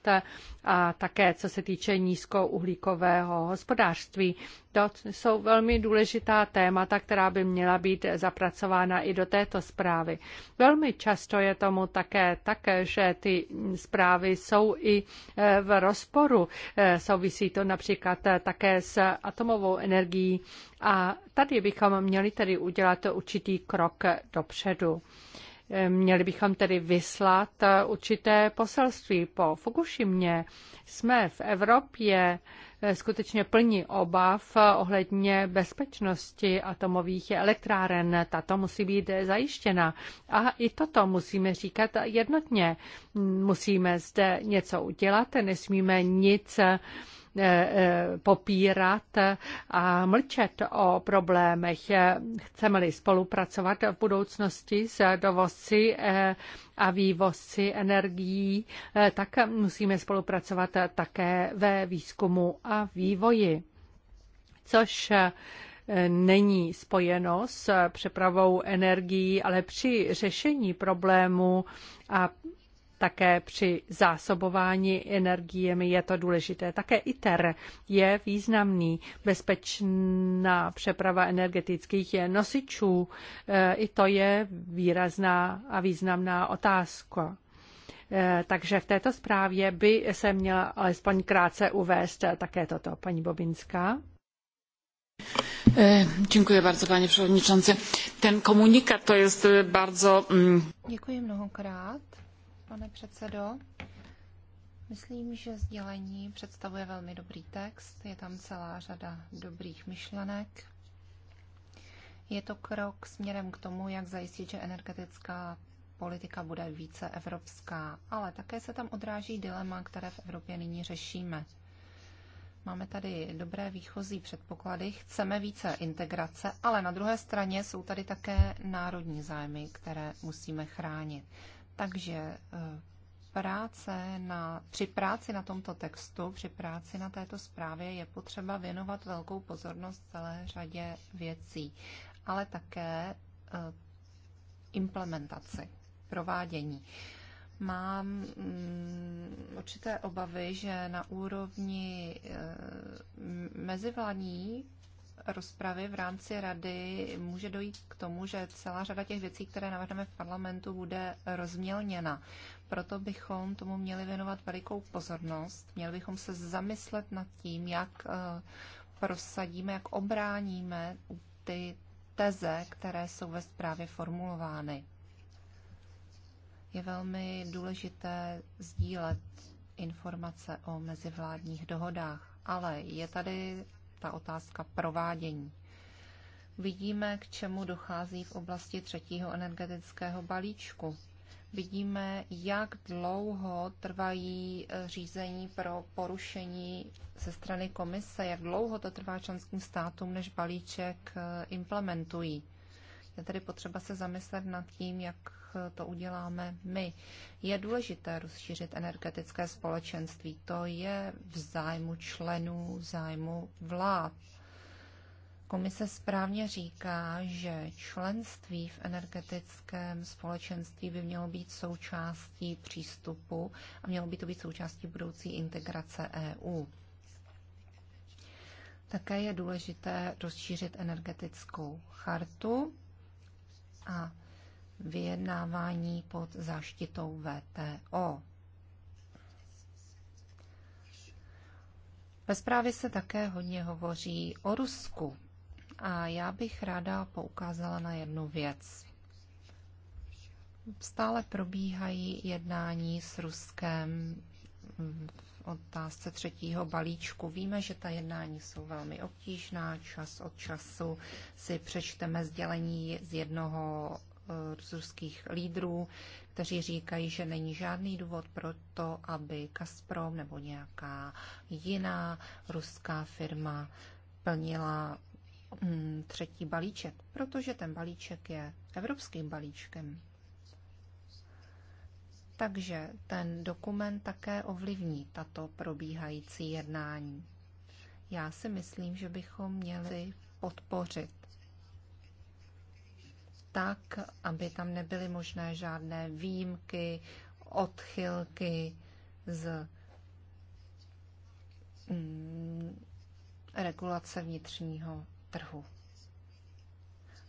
a také co se týče nízkou uhlí uhlíkového hospodářství. To jsou velmi důležitá témata, která by měla být zapracována i do této zprávy. Velmi často je tomu také tak, že ty zprávy jsou i eh, v rozporu. Eh, souvisí to například eh, také s atomovou energií a tady bychom měli tedy udělat určitý krok dopředu. Měli bychom tedy vyslat určité poselství. Po Fukushimě jsme v Evropě Eh, skutečně plní obav ohledně bezpečnosti atomových elektráren. Tato musí být zajištěna. A i toto musíme říkat jednotně. Musíme zde něco udělat, nesmíme nic Eh, eh, popírat a mlčet o problémech. Chceme-li spolupracovat v budoucnosti s dovozci eh, a vývozci energií, tak musíme spolupracovat také ve výzkumu a vývoji. Což není spojeno s přepravou energií, ale při řešení problému a také při zásobování energiemi je to důležité. Také ITER je významný. Bezpečná přeprava energetických nosičů, e, i to je výrazná a významná otázka. E, takže v této zprávě by se měla alespoň krátce uvést také toto, paní Bobinská. E, Dziękuję bardzo, panie przewodniczący. Ten komunikat to jest bardzo. Mm, Dziękuję mnohokrát pane předsedo. Myslím, že sdělení představuje velmi dobrý text. Je tam celá řada dobrých myšlenek. Je to krok směrem k tomu, jak zajistit, že energetická politika bude více evropská, ale také se tam odráží dilema, které v Evropě nyní řešíme. Máme tady dobré výchozí předpoklady, chceme více integrace, ale na druhé straně jsou tady také národní zájmy, které musíme chránit. Takže eh, práce na, při práci na tomto textu, při práci na této zprávě je potřeba věnovat velkou pozornost celé řadě věcí, ale také eh, implementaci, provádění. Mám mm, určité obavy, že na úrovni eh, mezivládní rozpravy v rámci rady může dojít k tomu, že celá řada těch věcí, které navrhneme v parlamentu, bude rozmělněna. Proto bychom tomu měli věnovat velikou pozornost. Měli bychom se zamyslet nad tím, jak eh, prosadíme, jak obráníme ty teze, které jsou ve zprávě formulovány. Je velmi důležité sdílet informace o mezivládních dohodách, ale je tady ta otázka provádění. Vidíme, k čemu dochází v oblasti třetího energetického balíčku. Vidíme, jak dlouho trvají eh, řízení pro porušení ze strany komise, jak dlouho to trvá členským státům, než balíček eh, implementují. Je tedy potřeba se zamyslet nad tím, jak to uděláme my. Je důležité rozšířit energetické společenství. To je v zájmu členů, v zájmu vlád. Komise správně říká, že členství v energetickém společenství by mělo být součástí přístupu a mělo by to být součástí budoucí integrace EU. Také je důležité rozšířit energetickou chartu a vyjednávání pod záštitou VTO. Ve zprávě se také hodně hovoří o Rusku a já bych ráda poukázala na jednu věc. Stále probíhají jednání s Ruskem v otázce třetího balíčku. Víme, že ta jednání jsou velmi obtížná. Čas od času si přečteme sdělení z jednoho z eh, ruských lídrů, kteří říkají, že není žádný důvod pro to, aby Gazprom nebo nějaká jiná ruská firma plnila mm, třetí balíček, protože ten balíček je evropským balíčkem. Takže ten dokument také ovlivní tato probíhající jednání. Já si myslím, že bychom měli podpořit tak, aby tam nebyly možné žádné výjimky, odchylky z mm, regulace vnitřního trhu.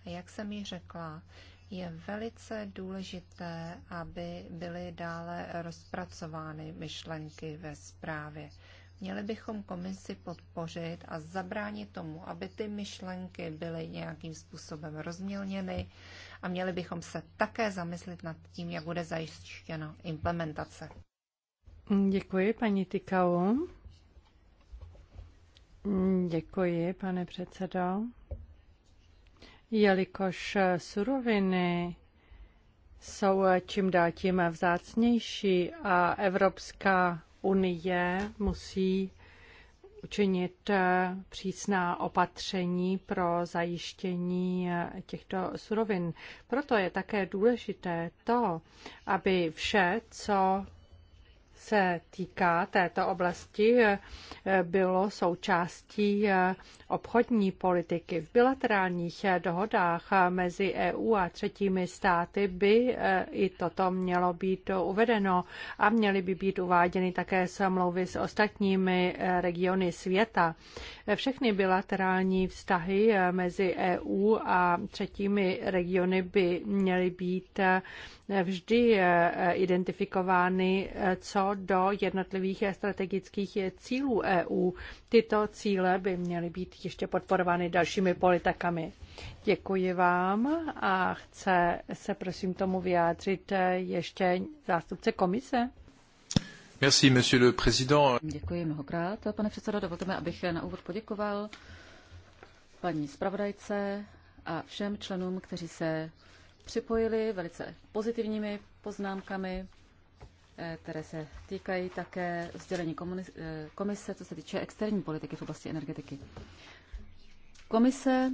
A jak jsem ji řekla, je velice důležité, aby byly dále rozpracovány myšlenky ve zprávě. Měli bychom komisi podpořit a zabránit tomu, aby ty myšlenky byly nějakým způsobem rozmělněny a měli bychom se také zamyslet nad tím, jak bude zajištěna implementace. Děkuji, paní Tykau. Děkuji, pane předsedo. Jelikož suroviny jsou čím dál tím vzácnější a Evropská unie musí učinit eh, přísná opatření pro zajištění eh, těchto surovin. Proto je také důležité to, aby vše, co se týká této oblasti, eh, bylo součástí eh, obchodní politiky. V bilaterálních eh, dohodách mezi EU a třetími státy by i toto mělo být uvedeno a měly by být uváděny také smlouvy s ostatními regiony světa. Všechny bilaterální vztahy mezi EU a třetími regiony by měly být vždy identifikovány co do jednotlivých strategických cílů EU. Tyto cíle by měly být ještě podporovány dalšími politikami. Děkuji vám a chce se prosím tomu vyjádřit ještě zástupce komise. Merci, monsieur le président. Děkuji mnohokrát. Pane předsedo, dovolte mi, abych na úvod poděkoval paní zpravodajce a všem členům, kteří se připojili velice pozitivními poznámkami. Eh, které se týkají také sdělení eh, komise, co se týče externí politiky v oblasti energetiky. Komise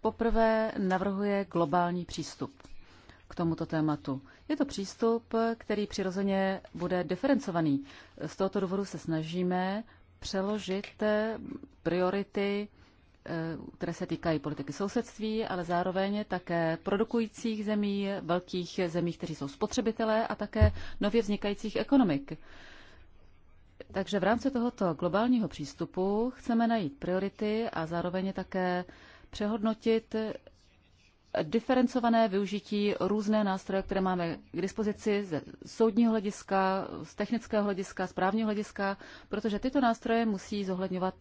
poprvé navrhuje globální přístup k tomuto tématu. Je to přístup, který přirozeně bude diferencovaný. Z tohoto důvodu se snažíme přeložit eh, priority Eh, které se týkají politiky sousedství, ale zároveň také produkujících zemí, velkých zemí, kteří jsou spotřebitelé a také nově vznikajících ekonomik. Takže v rámci tohoto globálního přístupu chceme najít priority a zároveň také přehodnotit diferencované využití různé nástroje, které máme k dispozici ze soudního hlediska, z technického hlediska, z právního hlediska, protože tyto nástroje musí zohledňovat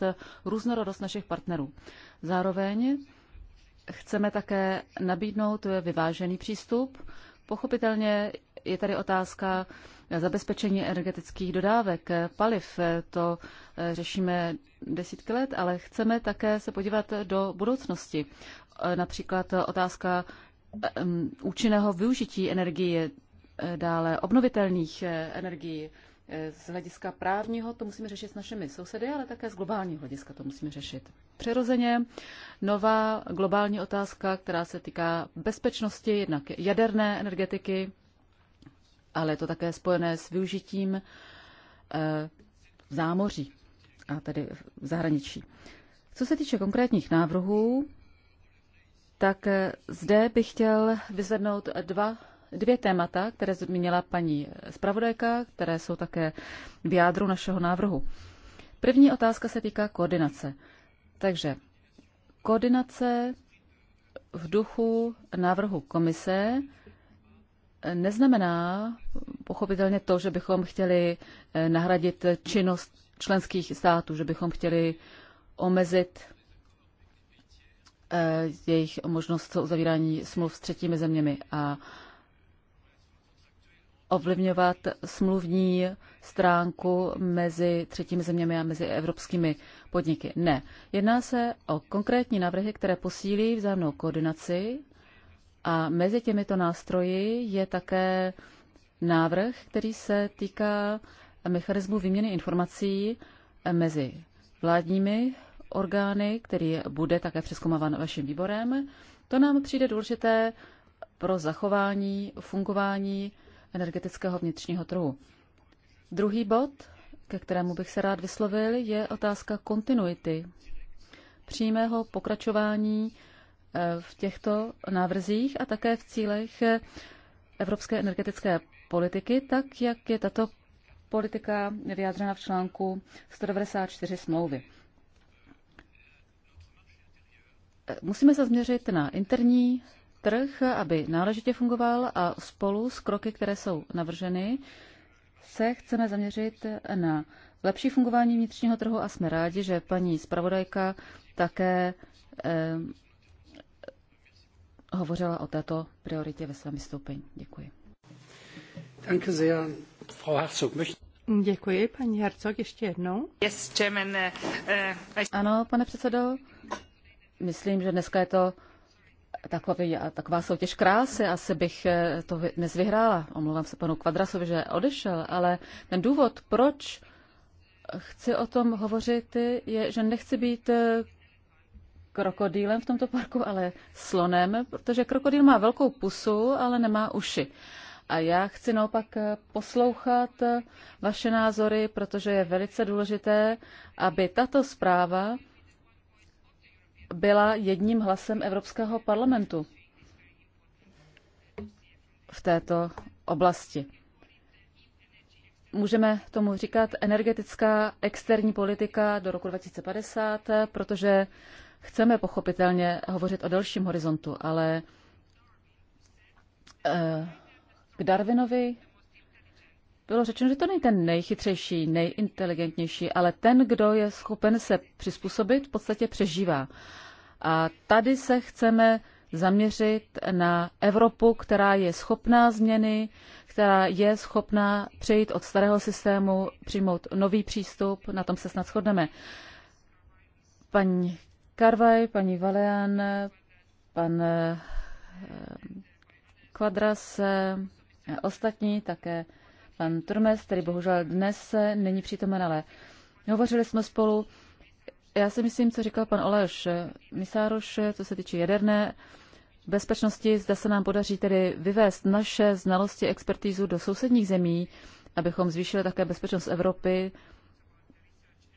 různorodost našich partnerů. Zároveň chceme také nabídnout vyvážený přístup. Pochopitelně je tady otázka zabezpečení energetických dodávek, paliv. To eh, řešíme desítky let, ale chceme také se podívat do budoucnosti. E, například otázka e, účinného využití energie, e, dále obnovitelných energií. Z hlediska právního to musíme řešit s našimi sousedy, ale také z globálního hlediska to musíme řešit. Přirozeně nová globální otázka, která se týká bezpečnosti, jednak jaderné energetiky, ale je to také spojené s využitím zámoří a tedy v zahraničí. Co se týče konkrétních návrhů, tak eh, zde bych chtěl vyzvednout dva, dvě témata, které zmínila paní eh, zpravodajka, které jsou také v jádru našeho návrhu. První otázka se týká koordinace. Takže koordinace v duchu návrhu komise eh, neznamená pochopitelně to, že bychom chtěli nahradit činnost členských států, že bychom chtěli omezit Eh, jejich možnost uzavírání smluv s třetími zeměmi a ovlivňovat smluvní stránku mezi třetími zeměmi a mezi evropskými podniky. Ne. Jedná se o konkrétní návrhy, které posílí vzájemnou koordinaci a mezi těmito nástroji je také návrh, který se týká mechanismu výměny informací mezi vládními orgány, který bude také přeskumovan vaším výborem. To nám přijde důležité pro zachování fungování energetického vnitřního trhu. Druhý bod, ke kterému bych se rád vyslovil, je otázka kontinuity, přímého pokračování eh, v těchto návrzích a také v cílech eh, evropské energetické politiky, tak jak je tato politika vyjádřena v článku 194 smlouvy. musíme se změřit na interní trh, aby náležitě fungoval a spolu s kroky, které jsou navrženy, se chceme zaměřit na lepší fungování vnitřního trhu a jsme rádi, že paní zpravodajka také eh, hovořila o této prioritě ve svém vystoupení. Děkuji. Děkuji, paní Herzog, ještě jednou. Eh, eh, ano, pane předsedo, myslím, že dneska je to takový, taková soutěž krásy. Asi bych eh, to dnes vyhrála. Omlouvám se panu Kvadrasovi, že odešel, ale ten důvod, proč chci o tom hovořit, je, že nechci být eh, krokodýlem v tomto parku, ale slonem, protože krokodýl má velkou pusu, ale nemá uši. A já chci naopak eh, poslouchat vaše názory, protože je velice důležité, aby tato zpráva byla jedním hlasem Evropského parlamentu v této oblasti. Můžeme tomu říkat energetická externí politika do roku 2050, protože chceme pochopitelně hovořit o delším horizontu, ale eh, k Darwinovi bylo řečeno, že to není ten nejchytřejší, nejinteligentnější, ale ten, kdo je schopen se přizpůsobit, v podstatě přežívá. A tady se chceme zaměřit na Evropu, která je schopná změny, která je schopná přejít od starého systému, přijmout nový přístup, na tom se snad shodneme. Paní Karvaj, paní Valean, pan Kvadras, eh, eh, ostatní také pan Turmes, který bohužel dnes není přítomen, ale hovořili jsme spolu. Já si myslím, co říkal pan Oleš Misároš, co se týče jaderné bezpečnosti, zda se nám podaří tedy vyvést naše znalosti, expertízu do sousedních zemí, abychom zvýšili také bezpečnost Evropy.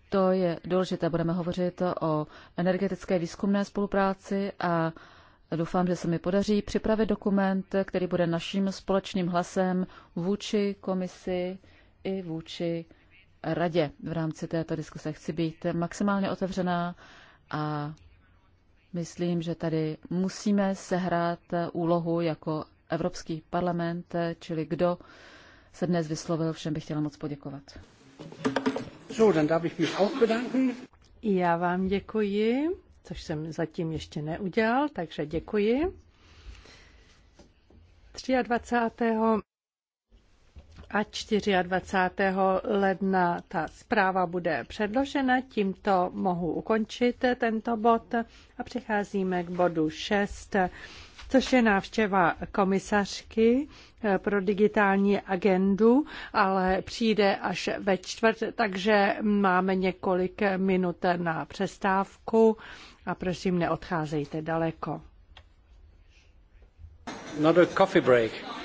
To je důležité. Budeme hovořit o energetické výzkumné spolupráci a Doufám, že se mi podaří připravit dokument, který bude naším společným hlasem vůči komisi i vůči radě. V rámci této diskuse chci být maximálně otevřená a myslím, že tady musíme sehrát úlohu jako Evropský parlament, čili kdo se dnes vyslovil, všem bych chtěla moc poděkovat. So, dann darf ich mich auch bedanken. Já vám děkuji což jsem zatím ještě neudělal, takže děkuji. 23. a 24. ledna ta zpráva bude předložena. Tímto mohu ukončit tento bod a přicházíme k bodu 6 což je návštěva komisařky eh, pro digitální agendu, ale přijde až ve čtvrt, takže máme několik minut na přestávku a prosím, neodcházejte daleko. Not a coffee break.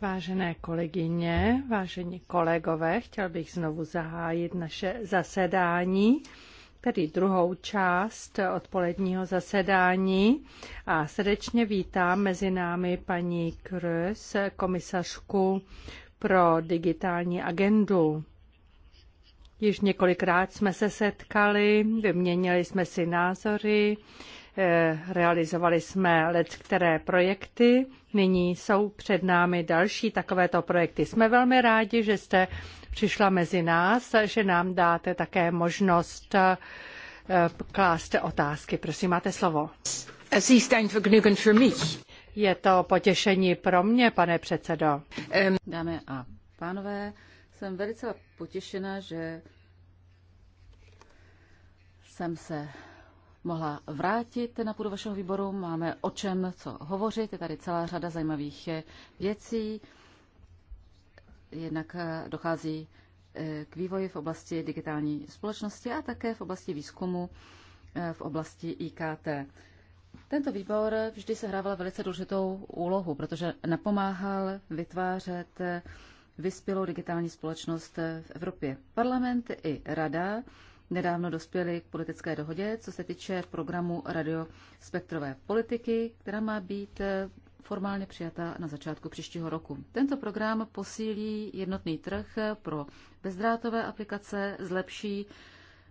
Vážené kolegyně, vážení kolegové, chtěl bych znovu zahájit naše zasedání, tedy druhou část odpoledního zasedání. A srdečně vítám mezi námi paní Kroes, komisařku pro digitální agendu. Již několikrát jsme se setkali, vyměnili jsme si názory, Eh, realizovali jsme let které projekty, nyní jsou před námi další takovéto projekty. Jsme velmi rádi, že jste přišla mezi nás, že nám dáte také možnost eh, klást otázky. Prosím, máte slovo. Je to potěšení pro mě, pane předsedo. Dámy a pánové, jsem velice potěšena, že jsem se mohla vrátit na půdu vašeho výboru. Máme o čem co hovořit. Je tady celá řada zajímavých eh, věcí. Jednak eh, dochází eh, k vývoji v oblasti digitální společnosti a také v oblasti výzkumu v oblasti IKT. Tento výbor vždy se hrával velice důležitou úlohu, protože napomáhal vytvářet vyspělou digitální společnost v Evropě. Parlament i rada nedávno dospěli k politické dohodě, co se týče programu radiospektrové politiky, která má být eh, formálně přijata na začátku příštího roku. Tento program posílí jednotný trh eh, pro bezdrátové aplikace, zlepší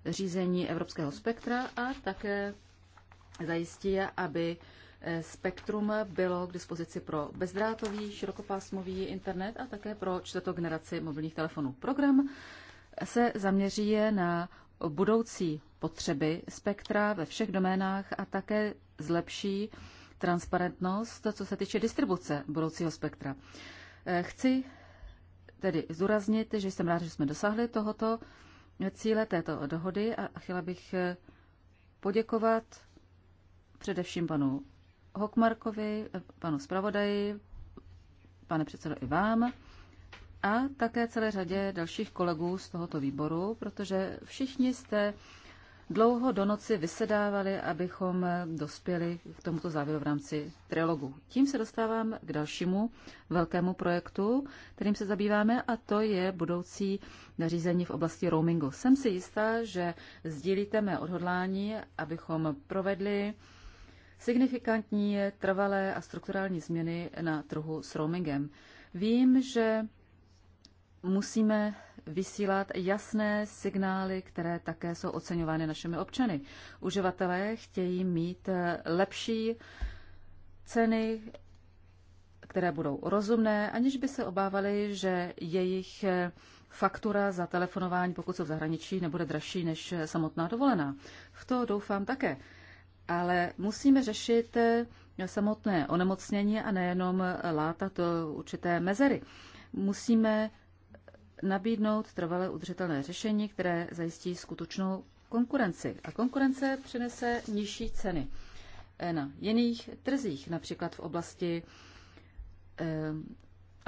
řízení evropského spektra a také zajistí, aby eh, spektrum bylo k dispozici pro bezdrátový, širokopásmový internet a také pro čtvrtou generaci mobilních telefonů. Program se zaměří na budoucí potřeby spektra ve všech doménách a také zlepší transparentnost, co se týče distribuce budoucího spektra. Eh, chci tedy zdůraznit, že jsem rád, že jsme dosáhli tohoto cíle, této dohody a chtěla bych eh, poděkovat především panu Hokmarkovi, eh, panu zpravodaji, pane předsedo i vám a také celé řadě dalších kolegů z tohoto výboru, protože všichni jste dlouho do noci vysedávali, abychom dospěli k tomuto závěru v rámci trilogu. Tím se dostávám k dalšímu velkému projektu, kterým se zabýváme, a to je budoucí nařízení v oblasti roamingu. Jsem si jistá, že sdílíte mé odhodlání, abychom provedli signifikantní, trvalé a strukturální změny na trhu s roamingem. Vím, že musíme vysílat jasné signály, které také jsou oceňovány našimi občany. Uživatelé chtějí mít eh, lepší ceny, které budou rozumné, aniž by se obávali, že jejich eh, faktura za telefonování, pokud jsou v zahraničí, nebude dražší než eh, samotná dovolená. V to doufám také. Ale musíme řešit samotné onemocnění a nejenom látat určité mezery. Musíme nabídnout trvalé udržitelné řešení, které zajistí skutečnou konkurenci. A konkurence přinese nižší ceny e, na jiných trzích, například v oblasti e,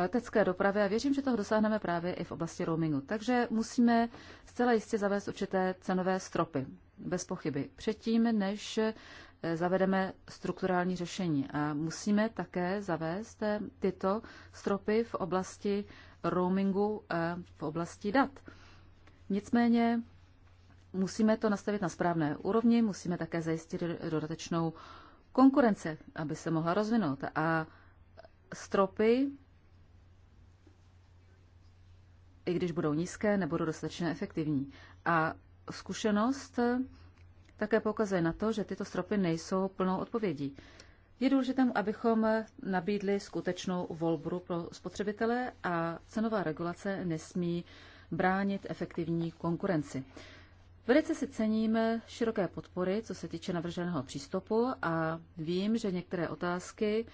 letecké dopravy a věřím, že toho dosáhneme právě i v oblasti roamingu. Takže musíme zcela jistě zavést určité cenové stropy, bez pochyby, předtím, než e, zavedeme strukturální řešení. A musíme také zavést tyto stropy v oblasti roamingu eh, v oblasti dat. Nicméně musíme to nastavit na správné úrovni, musíme také zajistit dodatečnou konkurence, aby se mohla rozvinout. A stropy, i když budou nízké, nebudou dostatečně efektivní. A zkušenost také poukazuje na to, že tyto stropy nejsou plnou odpovědí. Je důležité, abychom nabídli skutečnou volbu pro spotřebitele a cenová regulace nesmí bránit efektivní konkurenci. Velice si cením široké podpory, co se týče navrženého přístupu a vím, že některé otázky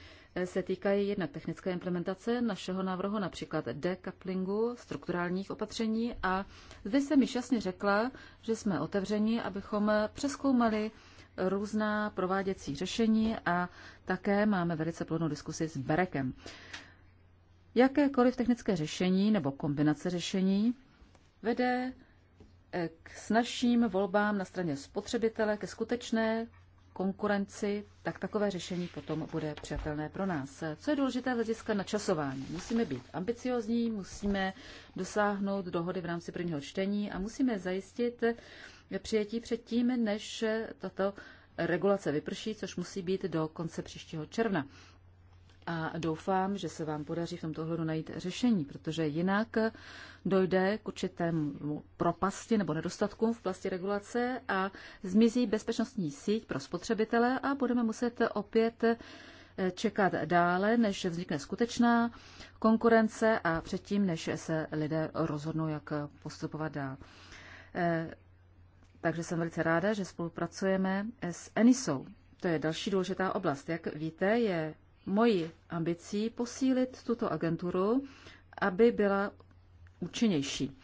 se týkají jednak technické implementace našeho návrhu, například decouplingu, strukturálních opatření a zde jsem již jasně řekla, že jsme otevřeni, abychom přeskoumali různá prováděcí řešení a také máme velice plnou diskusi s Berekem. Jakékoliv technické řešení nebo kombinace řešení vede eh, k snažším volbám na straně spotřebitele, ke skutečné konkurenci, tak takové řešení potom bude přijatelné pro nás. Co je důležité z hlediska načasování? Musíme být ambiciozní, musíme dosáhnout dohody v rámci prvního čtení a musíme zajistit, přijetí předtím, než tato regulace vyprší, což musí být do konce příštího června. A doufám, že se vám podaří v tomto ohledu najít řešení, protože jinak dojde k určitému propasti nebo nedostatkům v plasti regulace a zmizí bezpečnostní síť pro spotřebitele a budeme muset opět eh, čekat dále, než vznikne skutečná konkurence a předtím, než se lidé rozhodnou, jak postupovat dál. Eh, takže jsem velice ráda, že spolupracujeme s Enisou. To je další důležitá oblast. Jak víte, je mojí ambicí posílit tuto agenturu, aby byla účinnější.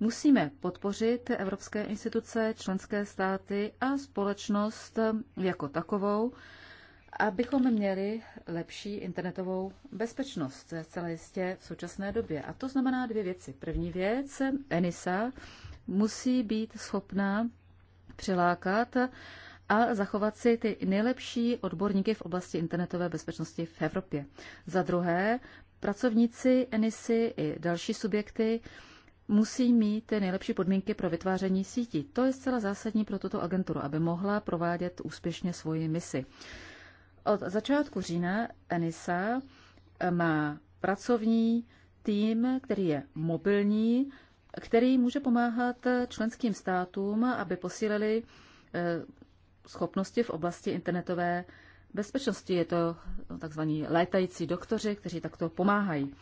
Musíme podpořit evropské instituce, členské státy a společnost jako takovou, abychom měli lepší internetovou bezpečnost celé jistě v současné době. A to znamená dvě věci. První věc, ENISA musí být schopná přilákat a zachovat si ty nejlepší odborníky v oblasti internetové bezpečnosti v Evropě. Za druhé, pracovníci ENISY i další subjekty musí mít ty nejlepší podmínky pro vytváření sítí. To je zcela zásadní pro tuto agenturu, aby mohla provádět úspěšně svoji misi. Od začátku října ENISA eh, má pracovní tým, který je mobilní, který může pomáhat členským státům, aby posílili eh, schopnosti v oblasti internetové bezpečnosti. Je to eh, tzv. létající doktoři, kteří takto pomáhají.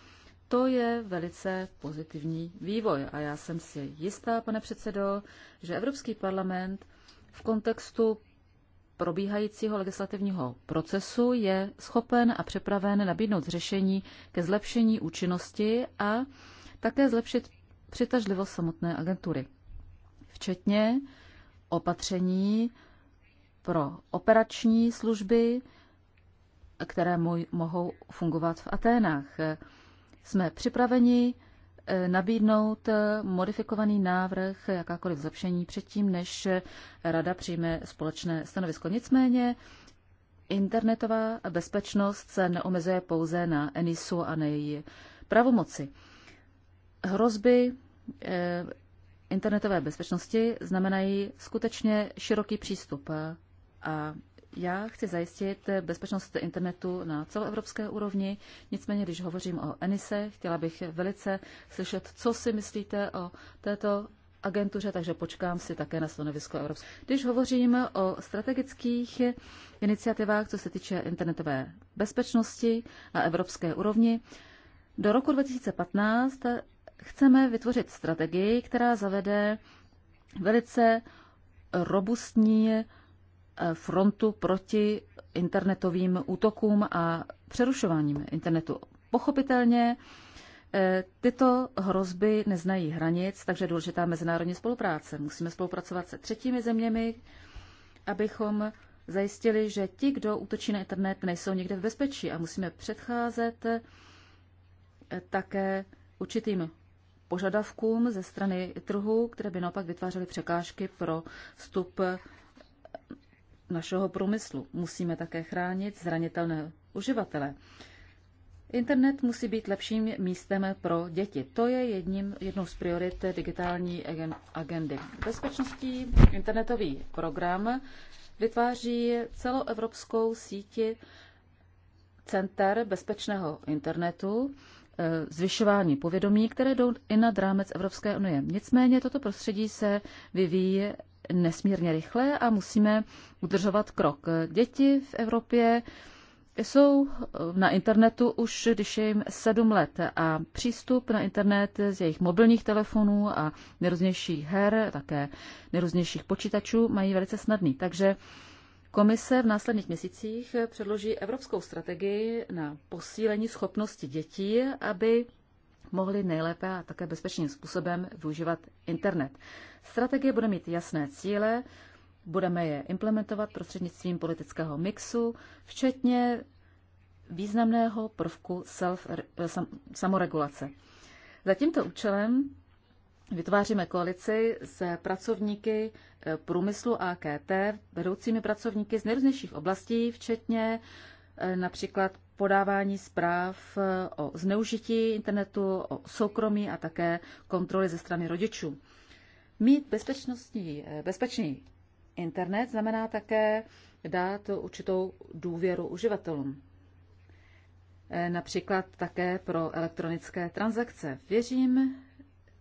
To je velice pozitivní vývoj a já jsem si jistá, pane předsedo, že Evropský parlament v kontextu probíhajícího legislativního procesu je schopen a připraven nabídnout řešení ke zlepšení účinnosti a také zlepšit přitažlivost samotné agentury, včetně opatření pro operační služby, které můj, mohou fungovat v Aténách. Jsme připraveni eh, nabídnout eh, modifikovaný návrh, jakákoliv zlepšení předtím, než Rada přijme společné stanovisko. Nicméně internetová bezpečnost se neomezuje pouze na ENISu a na její pravomoci. Hrozby eh, internetové bezpečnosti znamenají skutečně široký přístup a já chci zajistit bezpečnost internetu na celoevropské úrovni, nicméně když hovořím o Enise, chtěla bych velice slyšet, co si myslíte o této agentuře, takže počkám si také na stanovisko Evropské. Když hovořím o strategických iniciativách, co se týče internetové bezpečnosti na evropské úrovni, do roku 2015 chceme vytvořit strategii, která zavede velice robustní eh, frontu proti internetovým útokům a přerušováním internetu. Pochopitelně eh, tyto hrozby neznají hranic, takže je důležitá mezinárodní spolupráce. Musíme spolupracovat se třetími zeměmi, abychom zajistili, že ti, kdo útočí na internet, nejsou někde v bezpečí a musíme předcházet eh, také určitým požadavkům ze strany trhu, které by naopak vytvářely překážky pro vstup eh, našeho průmyslu. Musíme také chránit zranitelné uživatele. Internet musí být lepším místem pro děti. To je jedním, jednou z priorit digitální agendy. Bezpečnostní internetový program vytváří celoevropskou síti center bezpečného internetu. E, zvyšování povědomí, které jdou i nad rámec Evropské unie. Nicméně toto prostředí se vyvíjí nesmírně rychle a musíme udržovat krok. Děti v Evropě jsou na internetu už, když je jim sedm let a přístup na internet z jejich mobilních telefonů a nejrůznějších her, také nejrůznějších počítačů mají velice snadný. Takže Komise v následných měsících předloží evropskou strategii na posílení schopnosti dětí, aby mohli nejlépe a také bezpečným způsobem využívat internet. Strategie bude mít jasné cíle, budeme je implementovat prostřednictvím politického mixu, včetně významného prvku self, samoregulace. Za tímto účelem Vytváříme koalici s pracovníky eh, průmyslu AKT, vedoucími pracovníky z nejrůznějších oblastí, včetně eh, například podávání zpráv eh, o zneužití internetu, o soukromí a také kontroly ze strany rodičů. Mít bezpečnostní, bezpečný internet znamená také dát určitou důvěru uživatelům. Například také pro elektronické transakce. Věřím,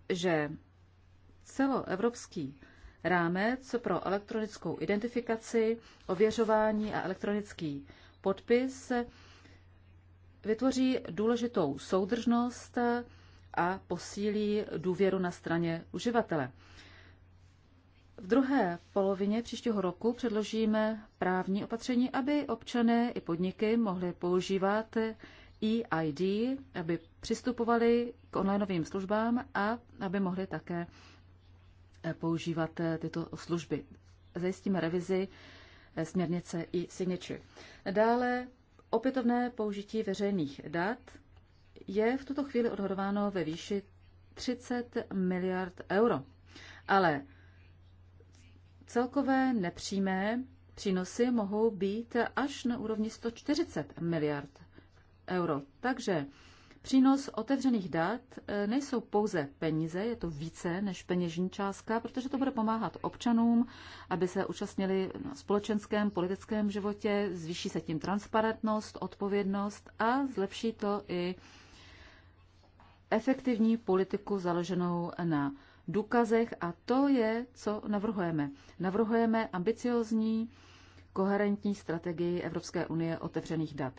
že celoevropský rámec pro elektronickou identifikaci, ověřování a elektronický podpis vytvoří důležitou soudržnost a posílí důvěru na straně uživatele. V druhé polovině příštího roku předložíme právní opatření, aby občané i podniky mohli používat EID, aby přistupovali k onlineovým službám a aby mohli také eh, používat eh, tyto služby. Zajistíme revizi eh, směrnice i signature. Dále opětovné použití veřejných dat je v tuto chvíli odhodováno ve výši 30 miliard euro. Ale celkové nepřímé přínosy mohou být až na úrovni 140 miliard euro. Takže Přínos otevřených dat e, nejsou pouze peníze, je to více než peněžní částka, protože to bude pomáhat občanům, aby se účastnili na společenském, politickém životě, zvýší se tím transparentnost, odpovědnost a zlepší to i efektivní politiku založenou na důkazech a to je, co navrhujeme. Navrhujeme ambiciozní, koherentní strategii Evropské unie otevřených dat.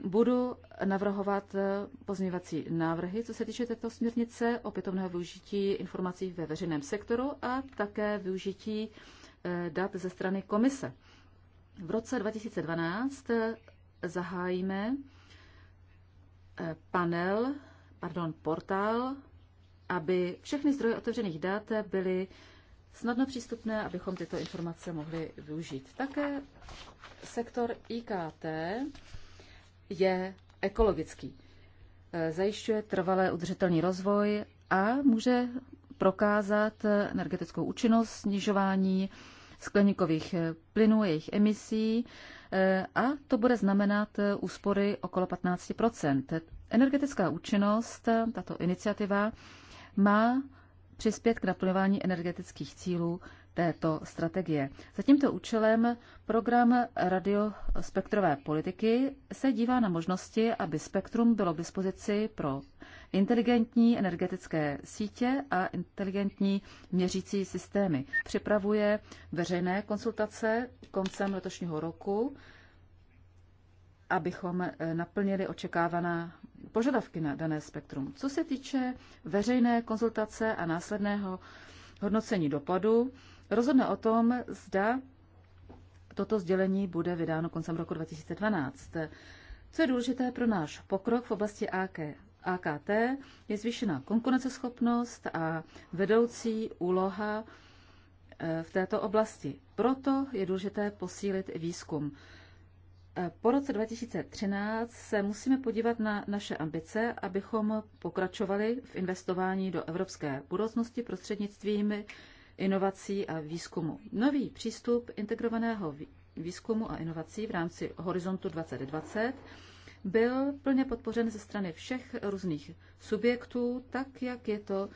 Budu navrhovat eh, pozměňovací návrhy, co se týče této směrnice, opětovného využití informací ve veřejném sektoru a také využití eh, dat ze strany komise. V roce 2012 eh, zahájíme panel, pardon, portál, aby všechny zdroje otevřených dat byly snadno přístupné, abychom tyto informace mohli využít. Také sektor IKT je ekologický. Eh, zajišťuje trvalé udržitelný rozvoj a může prokázat energetickou účinnost, snižování skleníkových eh, plynů, jejich emisí eh, a to bude znamenat úspory okolo 15 Energetická účinnost, tato iniciativa, má přispět k naplňování energetických cílů této strategie. Za tímto účelem program radiospektrové politiky se dívá na možnosti, aby spektrum bylo k dispozici pro inteligentní energetické sítě a inteligentní měřící systémy. Připravuje veřejné konsultace koncem letošního roku, abychom eh, naplnili očekávaná požadavky na dané spektrum. Co se týče veřejné konzultace a následného hodnocení dopadu, rozhodne o tom, zda toto sdělení bude vydáno koncem roku 2012. Co je důležité pro náš pokrok v oblasti AK, AKT, je zvýšená konkurenceschopnost a vedoucí úloha e, v této oblasti. Proto je důležité posílit výzkum. E, po roce 2013 se musíme podívat na naše ambice, abychom pokračovali v investování do evropské budoucnosti prostřednictvím inovací a výzkumu. Nový přístup integrovaného výzkumu a inovací v rámci Horizontu 2020 byl plně podpořen ze strany všech různých subjektů, tak jak je to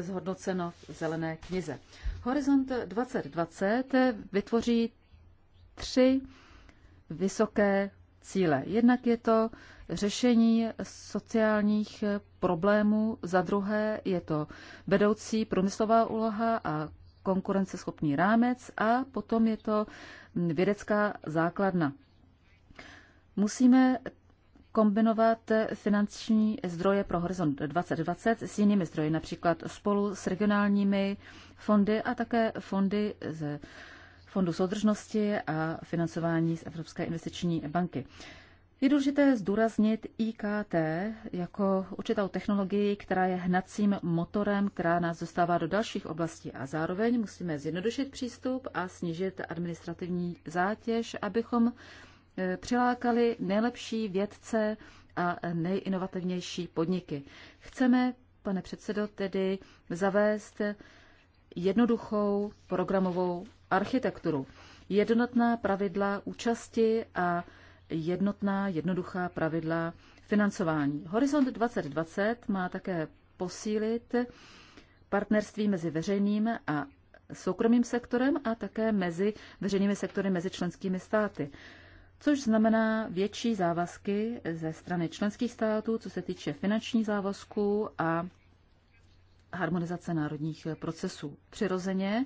zhodnoceno v Zelené knize. Horizont 2020 vytvoří tři vysoké cíle. Jednak je to řešení sociálních problémů, za druhé je to vedoucí průmyslová úloha a konkurenceschopný rámec a potom je to vědecká základna. Musíme kombinovat finanční zdroje pro Horizont 2020 s jinými zdroji, například spolu s regionálními fondy a také fondy z Fondu soudržnosti a financování z Evropské investiční banky. Je důležité zdůraznit IKT jako určitou technologii, která je hnacím motorem, která nás dostává do dalších oblastí a zároveň musíme zjednodušit přístup a snížit administrativní zátěž, abychom e, přilákali nejlepší vědce a nejinovativnější podniky. Chceme, pane předsedo, tedy zavést jednoduchou programovou architekturu. Jednotná pravidla účasti a jednotná, jednoduchá pravidla financování. Horizont 2020 má také posílit partnerství mezi veřejným a soukromým sektorem a také mezi veřejnými sektory mezi členskými státy, což znamená větší závazky ze strany členských států, co se týče finančních závazků a harmonizace národních procesů. Přirozeně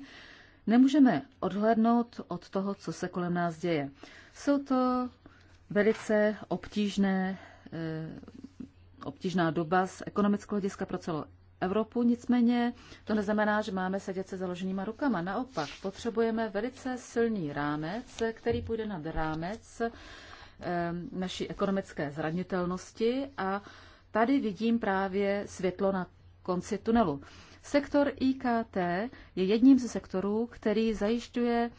nemůžeme odhlednout od toho, co se kolem nás děje. Jsou to velice obtížné, eh, obtížná doba z ekonomického hlediska pro celou Evropu, nicméně to neznamená, že máme sedět se založenýma rukama. Naopak, potřebujeme velice silný rámec, který půjde nad rámec eh, naší ekonomické zranitelnosti a tady vidím právě světlo na konci tunelu. Sektor IKT je jedním ze sektorů, který zajišťuje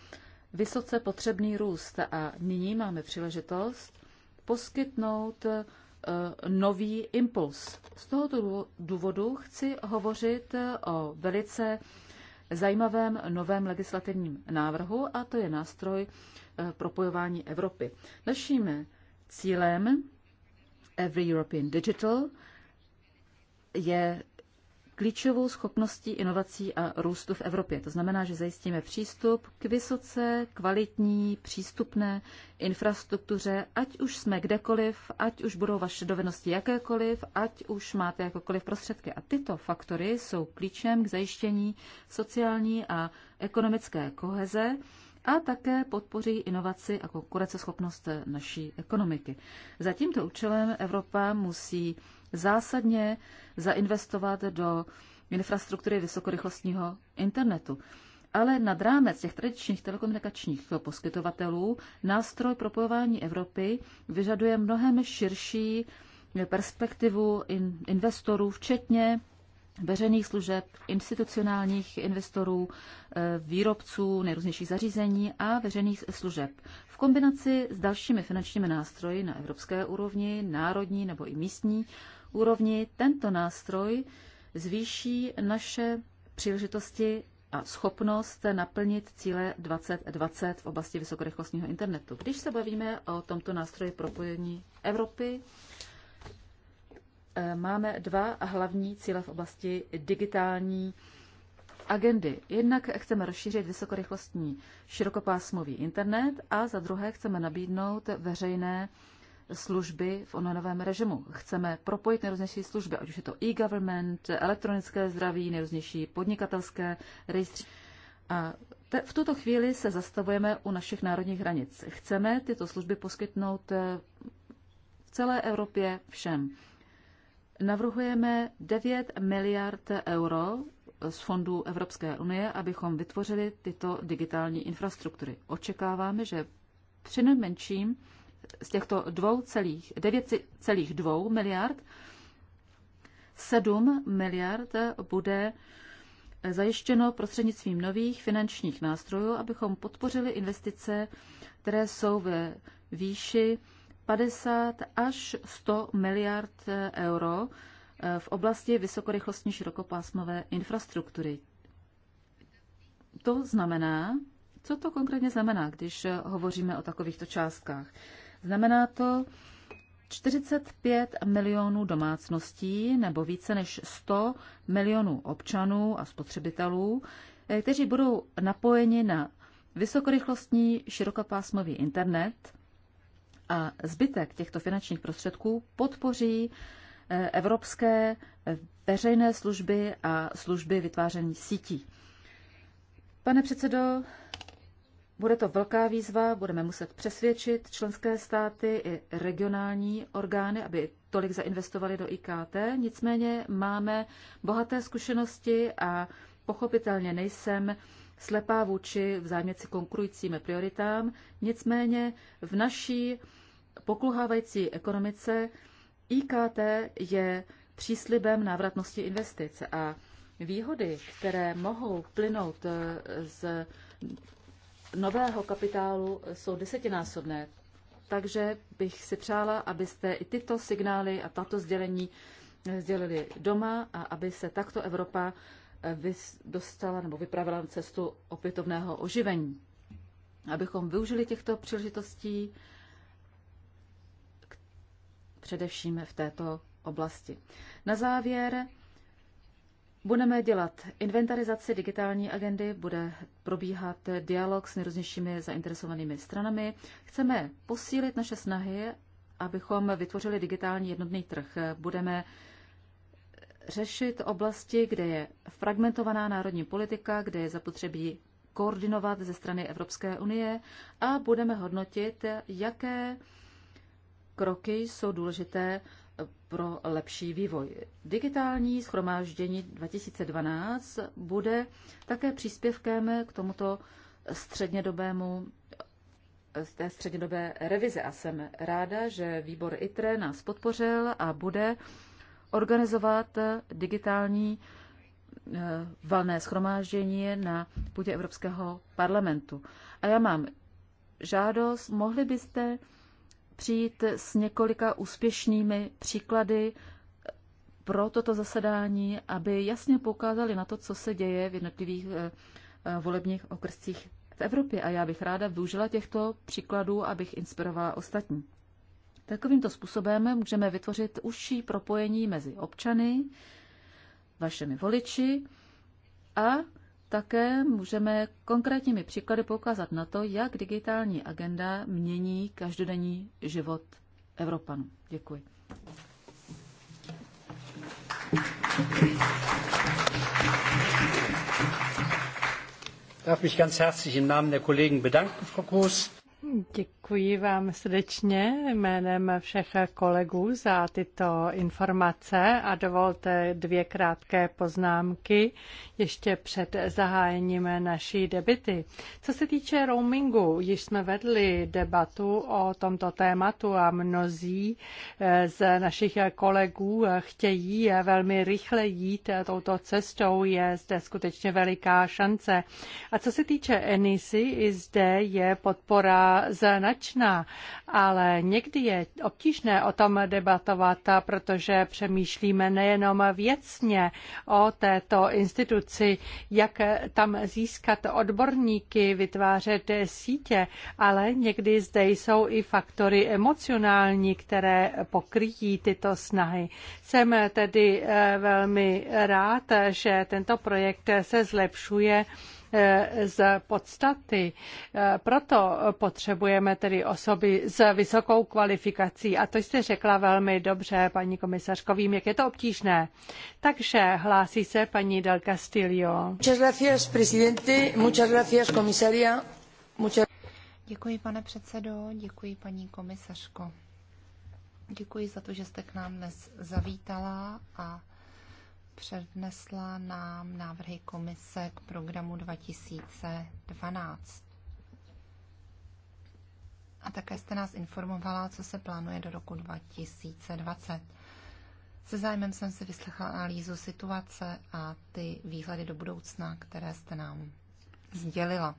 vysoce potřebný růst a nyní máme příležitost poskytnout eh, nový impuls. Z tohoto důvodu chci hovořit eh, o velice zajímavém novém legislativním návrhu a to je nástroj eh, propojování Evropy. Naším cílem Every European Digital je klíčovou schopností inovací a růstu v Evropě. To znamená, že zajistíme přístup k vysoce kvalitní, přístupné infrastruktuře, ať už jsme kdekoliv, ať už budou vaše dovednosti jakékoliv, ať už máte jakokoliv prostředky. A tyto faktory jsou klíčem k zajištění sociální a ekonomické koheze a také podpoří inovaci a konkurenceschopnost naší ekonomiky. Za tímto účelem Evropa musí zásadně zainvestovat do infrastruktury vysokorychlostního internetu. Ale nad rámec těch tradičních telekomunikačních poskytovatelů nástroj propojování Evropy vyžaduje mnohem širší perspektivu investorů, včetně veřejných služeb, institucionálních investorů, e, výrobců nejrůznějších zařízení a veřejných služeb. V kombinaci s dalšími finančními nástroji na evropské úrovni, národní nebo i místní úrovni tento nástroj zvýší naše příležitosti a schopnost naplnit cíle 2020 v oblasti vysokorychlostního internetu. Když se bavíme o tomto nástroji propojení Evropy, eh, máme dva hlavní cíle v oblasti digitální agendy. Jednak chceme rozšířit vysokorychlostní širokopásmový internet a za druhé chceme nabídnout veřejné služby v onlineovém režimu. Chceme propojit nejrůznější služby, ať už je to e-government, elektronické zdraví, nejrůznější podnikatelské registry. A te, v tuto chvíli se zastavujeme u našich národních hranic. Chceme tyto služby poskytnout eh, v celé Evropě všem. Navrhujeme 9 miliard euro z fondů Evropské unie, abychom vytvořili tyto digitální infrastruktury. Očekáváme, že přinejmenším menším z těchto 9,2 miliard 7 miliard bude zajištěno prostřednictvím nových finančních nástrojů, abychom podpořili investice, které jsou ve výši 50 až 100 miliard euro eh, v oblasti vysokorychlostní širokopásmové infrastruktury. To znamená, co to konkrétně znamená, když hovoříme o takovýchto částkách? Znamená to 45 milionů domácností nebo více než 100 milionů občanů a spotřebitelů, eh, kteří budou napojeni na vysokorychlostní širokopásmový internet a zbytek těchto finančních prostředků podpoří eh, evropské eh, veřejné služby a služby vytváření sítí. Pane předsedo, bude to velká výzva, budeme muset přesvědčit členské státy i regionální orgány, aby tolik zainvestovali do IKT. Nicméně máme bohaté zkušenosti a pochopitelně nejsem slepá vůči vzájemně si konkurujícím prioritám. Nicméně v naší pokluhávající ekonomice IKT je příslibem návratnosti investice a výhody, které mohou plynout z nového kapitálu jsou desetinásobné. Takže bych si přála, abyste i tyto signály a tato sdělení eh, sdělili doma a aby se takto Evropa eh, dostala nebo vypravila cestu opětovného oživení. Abychom využili těchto příležitostí především v této oblasti. Na závěr Budeme dělat inventarizaci digitální agendy, bude probíhat dialog s nejrůznějšími zainteresovanými stranami. Chceme posílit naše snahy, abychom vytvořili digitální jednotný trh. Budeme řešit oblasti, kde je fragmentovaná národní politika, kde je zapotřebí koordinovat ze strany Evropské unie a budeme hodnotit, jaké kroky jsou důležité pro lepší vývoj. Digitální schromáždění 2012 bude také příspěvkem k tomuto střednědobému z té střednědobé revize a jsem ráda, že výbor ITRE nás podpořil a bude organizovat digitální eh, valné schromáždění na půdě Evropského parlamentu. A já mám žádost, mohli byste přijít s několika úspěšnými příklady pro toto zasedání, aby jasně poukázali na to, co se děje v jednotlivých eh, eh, volebních okrscích v Evropě. A já bych ráda využila těchto příkladů, abych inspirovala ostatní. Takovýmto způsobem můžeme vytvořit užší propojení mezi občany, vašimi voliči a také můžeme konkrétními příklady poukázat na to, jak digitální agenda mění každodenní život Evropanů. Děkuji. Darf mich ganz herzlich im Namen der Kollegen bedanken, Frau Groß. Děkuji. Děkuji vám srdečně jménem všech kolegů za tyto informace a dovolte dvě krátké poznámky ještě před zahájením naší debity. Co se týče roamingu, již jsme vedli debatu o tomto tématu a mnozí eh, z našich kolegů chtějí velmi rychle jít touto cestou. Je zde skutečně veliká šance. A co se týče Enisy, i zde je podpora značná značná, ale někdy je obtížné o tom debatovat, protože přemýšlíme nejenom věcně o této instituci, jak tam získat odborníky, vytvářet sítě, ale někdy zde jsou i faktory emocionální, které pokryjí tyto snahy. Jsem tedy eh, velmi rád, že tento projekt se zlepšuje Eh, z podstaty. Eh, proto potřebujeme tedy osoby s vysokou kvalifikací. A to jste řekla velmi dobře, paní komisařko, vím, jak je to obtížné. Takže hlásí se paní Del Castillo. Muchas gracias, presidente. Muchas gracias, komisaria. Muchas... Děkuji, pane předsedo, děkuji, paní komisařko. Děkuji za to, že jste k nám dnes zavítala a přednesla nám návrhy komise k programu 2012. A také jste nás informovala, co se plánuje do roku 2020. Se zájmem jsem si vyslechla analýzu situace a ty výhledy do budoucna, které jste nám sdělila.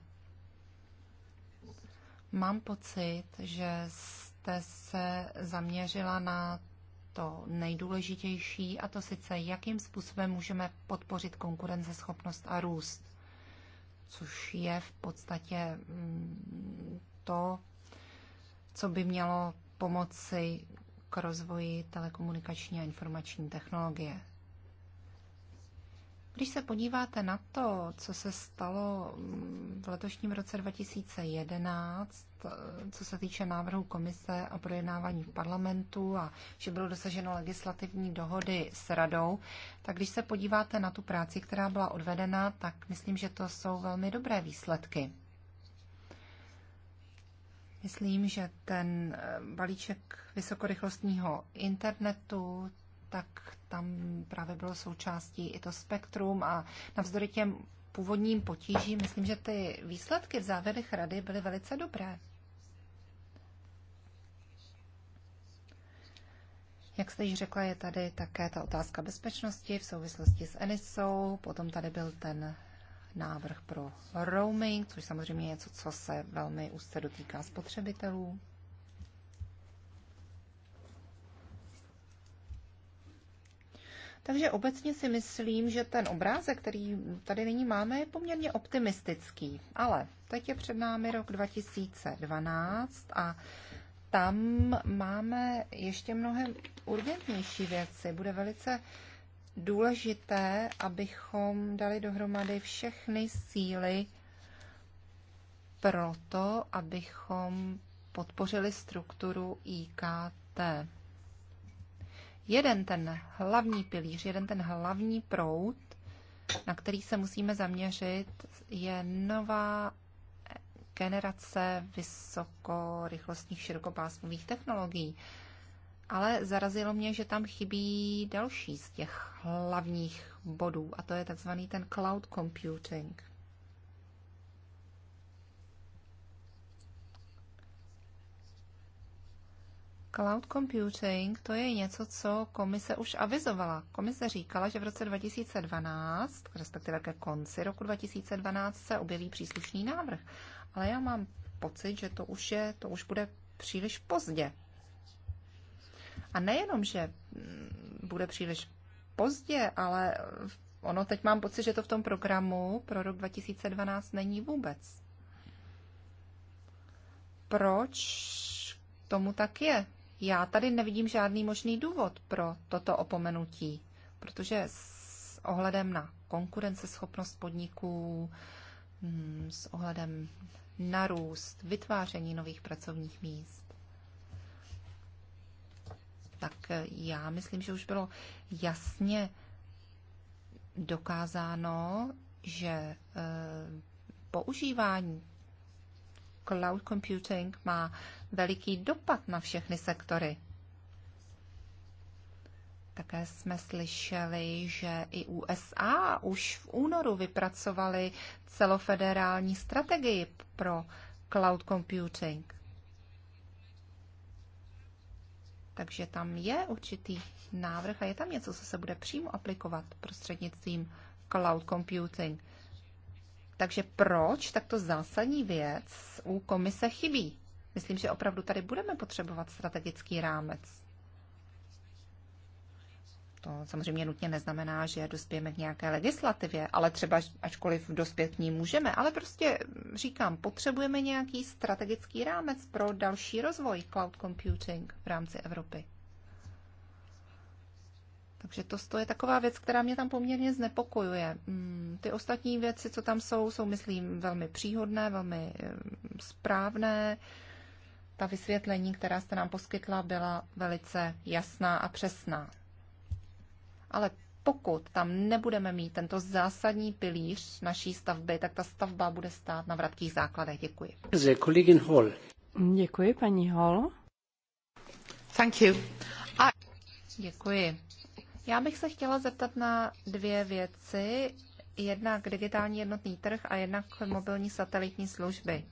Mám pocit, že jste se zaměřila na to nejdůležitější, a to sice, jakým způsobem můžeme podpořit konkurenceschopnost a růst, což je v podstatě mm, to, co by mělo pomoci k rozvoji telekomunikační a informační technologie. Když se podíváte na to, co se stalo mm, v letošním roce 2011, co se týče návrhu komise a projednávání v parlamentu a že bylo dosaženo legislativní dohody s radou, tak když se podíváte na tu práci, která byla odvedena, tak myslím, že to jsou velmi dobré výsledky. Myslím, že ten eh, balíček vysokorychlostního internetu, tak tam právě bylo součástí i to spektrum a navzdory těm původním potížím, myslím, že ty výsledky v závěrech rady byly velice dobré. Jak jste již řekla, je tady také ta otázka bezpečnosti v souvislosti s Enisou, potom tady byl ten návrh pro roaming, což samozřejmě je něco, co se velmi úzce dotýká spotřebitelů. Takže obecně si myslím, že ten obrázek, který tady nyní máme, je poměrně optimistický. Ale teď je před námi rok 2012 a tam máme ještě mnohem urgentnější věci. Bude velice důležité, abychom dali dohromady všechny síly pro to, abychom podpořili strukturu IKT jeden ten hlavní pilíř, jeden ten hlavní proud, na který se musíme zaměřit, je nová generace vysokorychlostních širokopásmových technologií. Ale zarazilo mě, že tam chybí další z těch hlavních bodů, a to je takzvaný ten cloud computing. Cloud computing to je něco, co komise už avizovala. Komise říkala, že v roce 2012, respektive ke konci roku 2012, se objeví příslušný návrh. Ale já mám pocit, že to už, je, to už bude příliš pozdě. A nejenom, že mm, bude příliš pozdě, ale mm, ono teď mám pocit, že to v tom programu pro rok 2012 není vůbec. Proč tomu tak je? Já tady nevidím žádný možný důvod pro toto opomenutí, protože s ohledem na konkurenceschopnost podniků, hm, s ohledem na růst, vytváření nových pracovních míst, tak eh, já myslím, že už bylo jasně dokázáno, že eh, používání cloud computing má veliký dopad na všechny sektory. Také jsme slyšeli, že i USA už v únoru vypracovali celofederální strategii pro cloud computing. Takže tam je určitý návrh a je tam něco, co se bude přímo aplikovat prostřednictvím cloud computing. Takže proč takto zásadní věc u komise chybí? Myslím, že opravdu tady budeme potřebovat strategický rámec. To samozřejmě nutně neznamená, že dospějeme k nějaké legislativě, ale třeba ačkoliv dospět k ní můžeme, ale prostě říkám, potřebujeme nějaký strategický rámec pro další rozvoj cloud computing v rámci Evropy. Takže to, to je taková věc, která mě tam poměrně znepokojuje. Mm, ty ostatní věci, co tam jsou, jsou, myslím, velmi příhodné, velmi mm, správné. Ta vysvětlení, která jste nám poskytla, byla velice jasná a přesná. Ale pokud tam nebudeme mít tento zásadní pilíř naší stavby, tak ta stavba bude stát na vratkých základech. Děkuji. Děkuji, paní Hall. Thank you. I... Děkuji. Já bych se chtěla zeptat na dvě věci. Jednak digitální jednotný trh a jednak mobilní satelitní služby.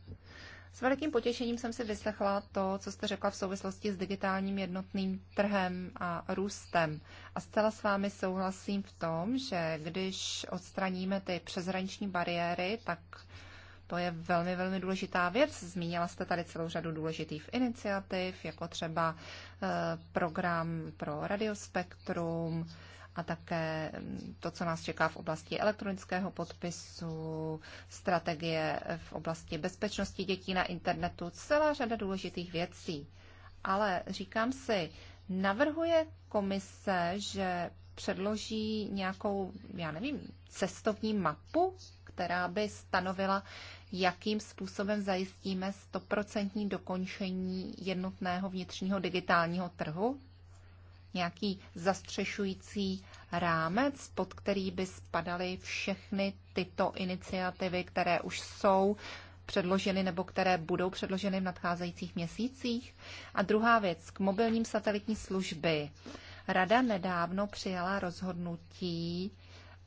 S velikým potěšením jsem si vyslechla to, co jste řekla v souvislosti s digitálním jednotným trhem a růstem. A zcela s vámi souhlasím v tom, že když odstraníme ty přezranční bariéry, tak to je velmi, velmi důležitá věc. Zmínila jste tady celou řadu důležitých iniciativ, jako třeba eh, program pro radiospektrum a také mm, to, co nás čeká v oblasti elektronického podpisu, strategie eh, v oblasti bezpečnosti dětí na internetu, celá řada důležitých věcí. Ale říkám si, navrhuje komise, že předloží nějakou, já nevím, cestovní mapu, která by stanovila, jakým způsobem zajistíme stoprocentní dokončení jednotného vnitřního digitálního trhu? Nějaký zastřešující rámec, pod který by spadaly všechny tyto iniciativy, které už jsou předloženy nebo které budou předloženy v nadcházejících měsících? A druhá věc, k mobilním satelitní služby. Rada nedávno přijala rozhodnutí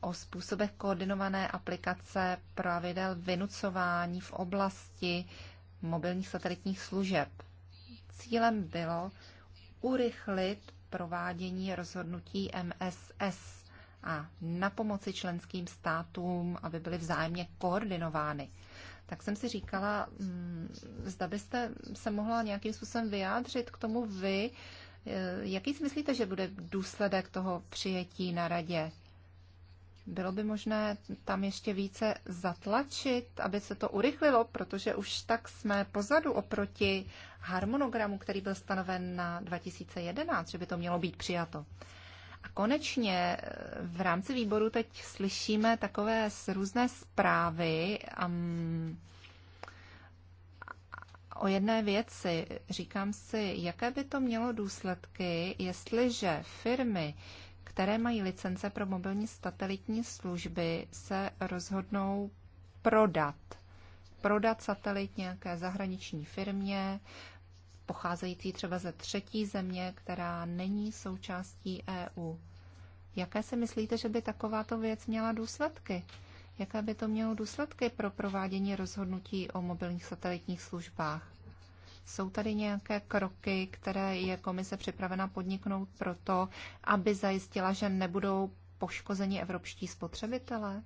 o způsobech koordinované aplikace pravidel vynucování v oblasti mobilních satelitních služeb. Cílem bylo urychlit provádění rozhodnutí MSS a na pomoci členským státům, aby byly vzájemně koordinovány. Tak jsem si říkala, mm, zda byste se mohla nějakým způsobem vyjádřit k tomu vy, e, jaký si myslíte, že bude důsledek toho přijetí na radě? Bylo by možné tam ještě více zatlačit, aby se to urychlilo, protože už tak jsme pozadu oproti harmonogramu, který byl stanoven na 2011, že by to mělo být přijato. A konečně eh, v rámci výboru teď slyšíme takové různé zprávy um, o jedné věci. Říkám si, jaké by to mělo důsledky, jestliže firmy uh, které mají licence pro mobilní satelitní služby, se rozhodnou prodat. Prodat satelit nějaké zahraniční firmě, pocházející třeba ze třetí země, která není součástí EU. Jaké si myslíte, že by takováto věc měla důsledky? Jaké by to mělo důsledky pro provádění rozhodnutí o mobilních satelitních službách? Jsou tady nějaké kroky, které je komise připravena podniknout proto, aby zajistila, že nebudou poškozeni evropští spotřebitelé?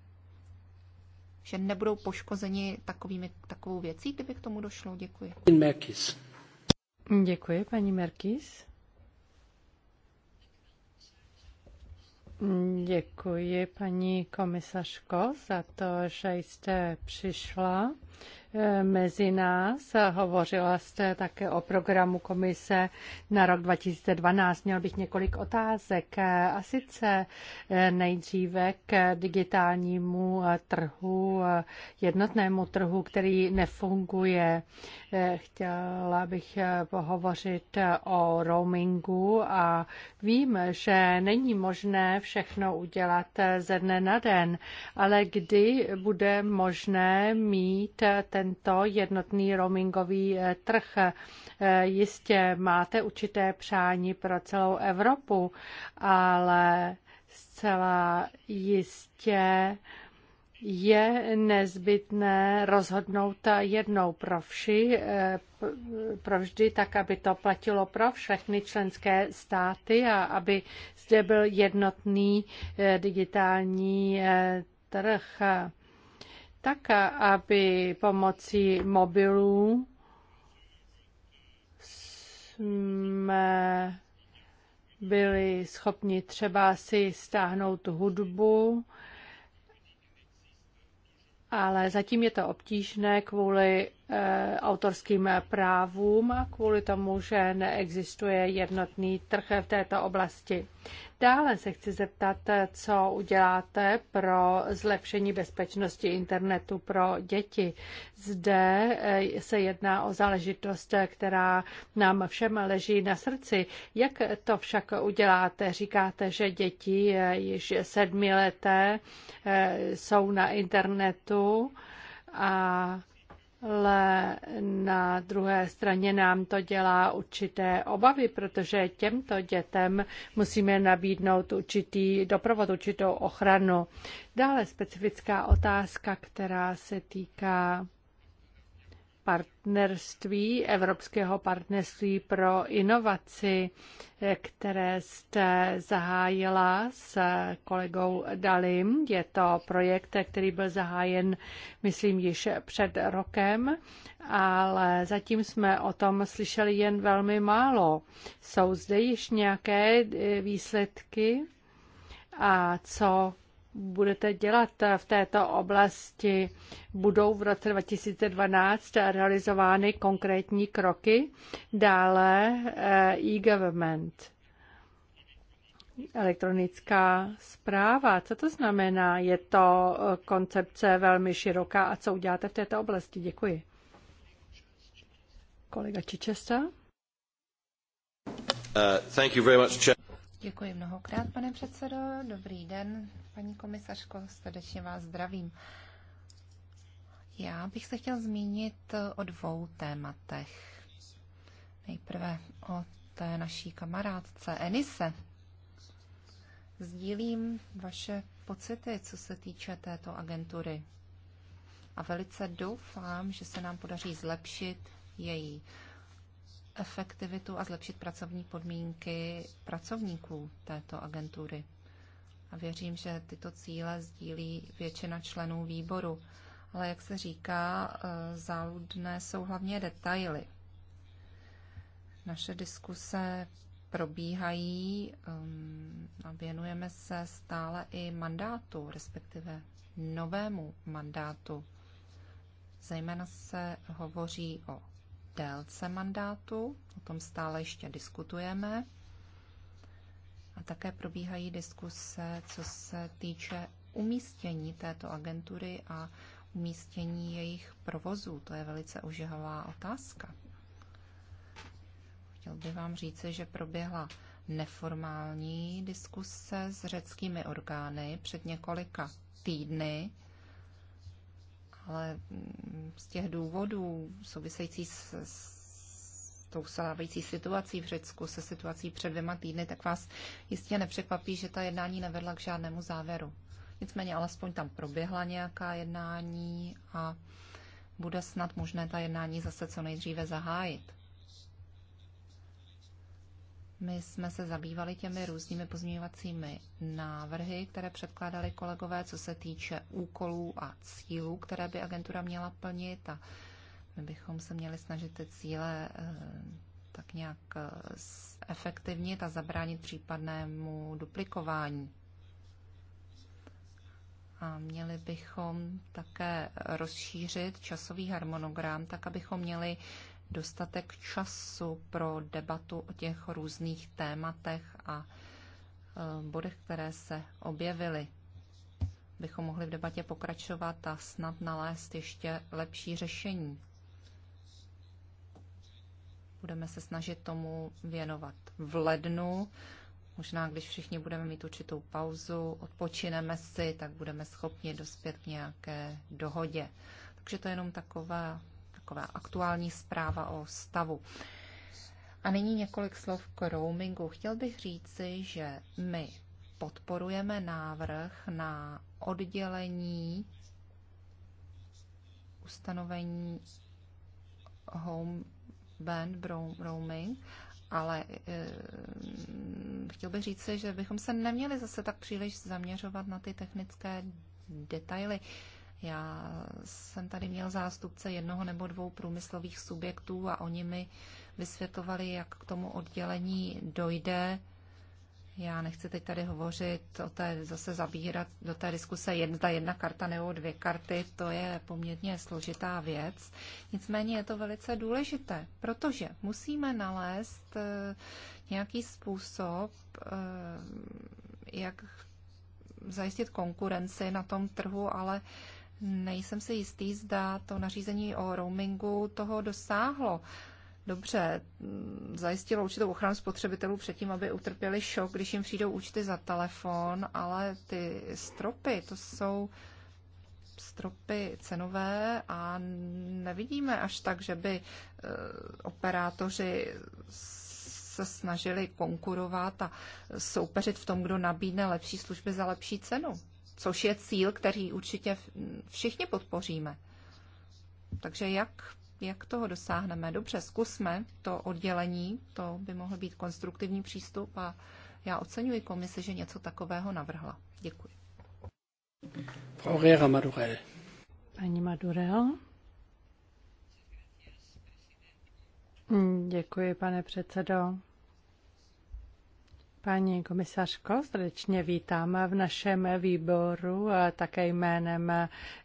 Že nebudou poškozeni takovými, takovou věcí, kdyby k tomu došlo? Děkuji. Děkuji, paní Merkis. Děkuji, paní komisařko, za to, že jste přišla E, mezi nás. Hovořila jste také o programu komise na rok 2012. Měl bych několik otázek. E, a sice e, nejdříve k digitálnímu trhu, jednotnému trhu, který nefunguje. Chtěla bych pohovořit o roamingu a vím, že není možné všechno udělat ze dne na den, ale kdy bude možné mít tento jednotný roamingový eh, trh. Eh, jistě máte určité přání pro celou Evropu, ale zcela jistě je nezbytné rozhodnout jednou pro, vši, eh, pro vždy, tak aby to platilo pro všechny členské státy a aby zde byl jednotný digitální trh tak aby pomocí mobilů jsme byli schopni třeba si stáhnout hudbu, ale zatím je to obtížné kvůli Eh, autorským právům kvůli tomu, že neexistuje jednotný trh v této oblasti. Dále se chci zeptat, co uděláte pro zlepšení bezpečnosti internetu pro děti. Zde eh, se jedná o záležitost, která nám všem leží na srdci. Jak to však uděláte? Říkáte, že děti eh, již sedmileté jsou na internetu a ale na druhé straně nám to dělá určité obavy, protože těmto dětem musíme nabídnout určitý doprovod, určitou ochranu. Dále specifická otázka, která se týká partnerství, Evropského partnerství pro inovaci, které jste zahájila s kolegou Dalim. Je to projekt, který byl zahájen, myslím, již před rokem, ale zatím jsme o tom slyšeli jen velmi málo. Jsou zde již nějaké eh, výsledky? A co budete dělat v této oblasti? Budou v roce 2012 realizovány konkrétní kroky? Dále eh, e-government elektronická zpráva. Co to znamená? Je to eh, koncepce velmi široká a co uděláte v této oblasti? Děkuji. Kolega Čičesta. Uh, thank you very much, Děkuji mnohokrát, pane předsedo. Dobrý den, paní komisařko, srdečně vás zdravím. Já bych se chtěl zmínit o dvou tématech. Nejprve o té naší kamarádce Enise. Sdílím vaše pocity, co se týče této agentury. A velice doufám, že se nám podaří zlepšit její efektivitu a zlepšit pracovní podmínky pracovníků této agentury. A věřím, že tyto cíle sdílí většina členů výboru. Ale jak se říká, eh, záludné jsou hlavně detaily. Naše diskuse probíhají ehm, a věnujeme se stále i mandátu, respektive novému mandátu. Zejména se hovoří o délce mandátu, o tom stále ještě diskutujeme. A také probíhají diskuse, co se týče umístění této agentury a umístění jejich provozů. To je velice ožehavá otázka. Chtěl bych vám říci, že proběhla neformální diskuse s řeckými orgány před několika týdny ale mm, z těch důvodů související s, s tou stávající situací v Řecku, se situací před dvěma týdny, tak vás jistě nepřekvapí, že ta jednání nevedla k žádnému závěru. Nicméně alespoň tam proběhla nějaká jednání a bude snad možné ta jednání zase co nejdříve zahájit. My jsme se zabývali těmi různými pozměňovacími návrhy, které předkládali kolegové, co se týče úkolů a cílů, které by agentura měla plnit a my bychom se měli snažit ty cíle eh, tak nějak eh, efektivnit a zabránit případnému duplikování. A měli bychom také rozšířit časový harmonogram, tak abychom měli dostatek času pro debatu o těch různých tématech a e, bodech, které se objevily. Bychom mohli v debatě pokračovat a snad nalézt ještě lepší řešení. Budeme se snažit tomu věnovat v lednu. Možná, když všichni budeme mít určitou pauzu, odpočineme si, tak budeme schopni dospět k nějaké dohodě. Takže to je jenom taková taková aktuální zpráva o stavu. A nyní několik slov k roamingu. Chtěl bych říci, že my podporujeme návrh na oddělení ustanovení home band roaming, ale e, chtěl bych říci, že bychom se neměli zase tak příliš zaměřovat na ty technické detaily. E, já jsem tady měl zástupce jednoho nebo dvou průmyslových subjektů a oni mi vysvětlovali, jak k tomu oddělení dojde. Já nechci teď tady hovořit o té, zase zabírat do té diskuse jedna, jedna karta nebo dvě karty, to je poměrně složitá věc. Nicméně je to velice důležité, protože musíme nalézt eh, nějaký způsob, eh, jak zajistit konkurenci na tom trhu, ale Nejsem si jistý, zda to nařízení o roamingu toho dosáhlo. Dobře, mm, zajistilo určitou ochranu spotřebitelů před tím, aby utrpěli šok, když jim přijdou účty za telefon, ale ty stropy, to jsou stropy cenové a nevidíme až tak, že by eh, operátoři se snažili konkurovat a soupeřit v tom, kdo nabídne lepší služby za lepší cenu což je cíl, který určitě všichni podpoříme. Takže jak, jak toho dosáhneme? Dobře, zkusme to oddělení, to by mohl být konstruktivní přístup a já oceňuji komise, že něco takového navrhla. Děkuji. Frau Madurel. Paní Madurel. Děkuji, pane předsedo. Paní komisařko, srdečně vítám v našem výboru také jménem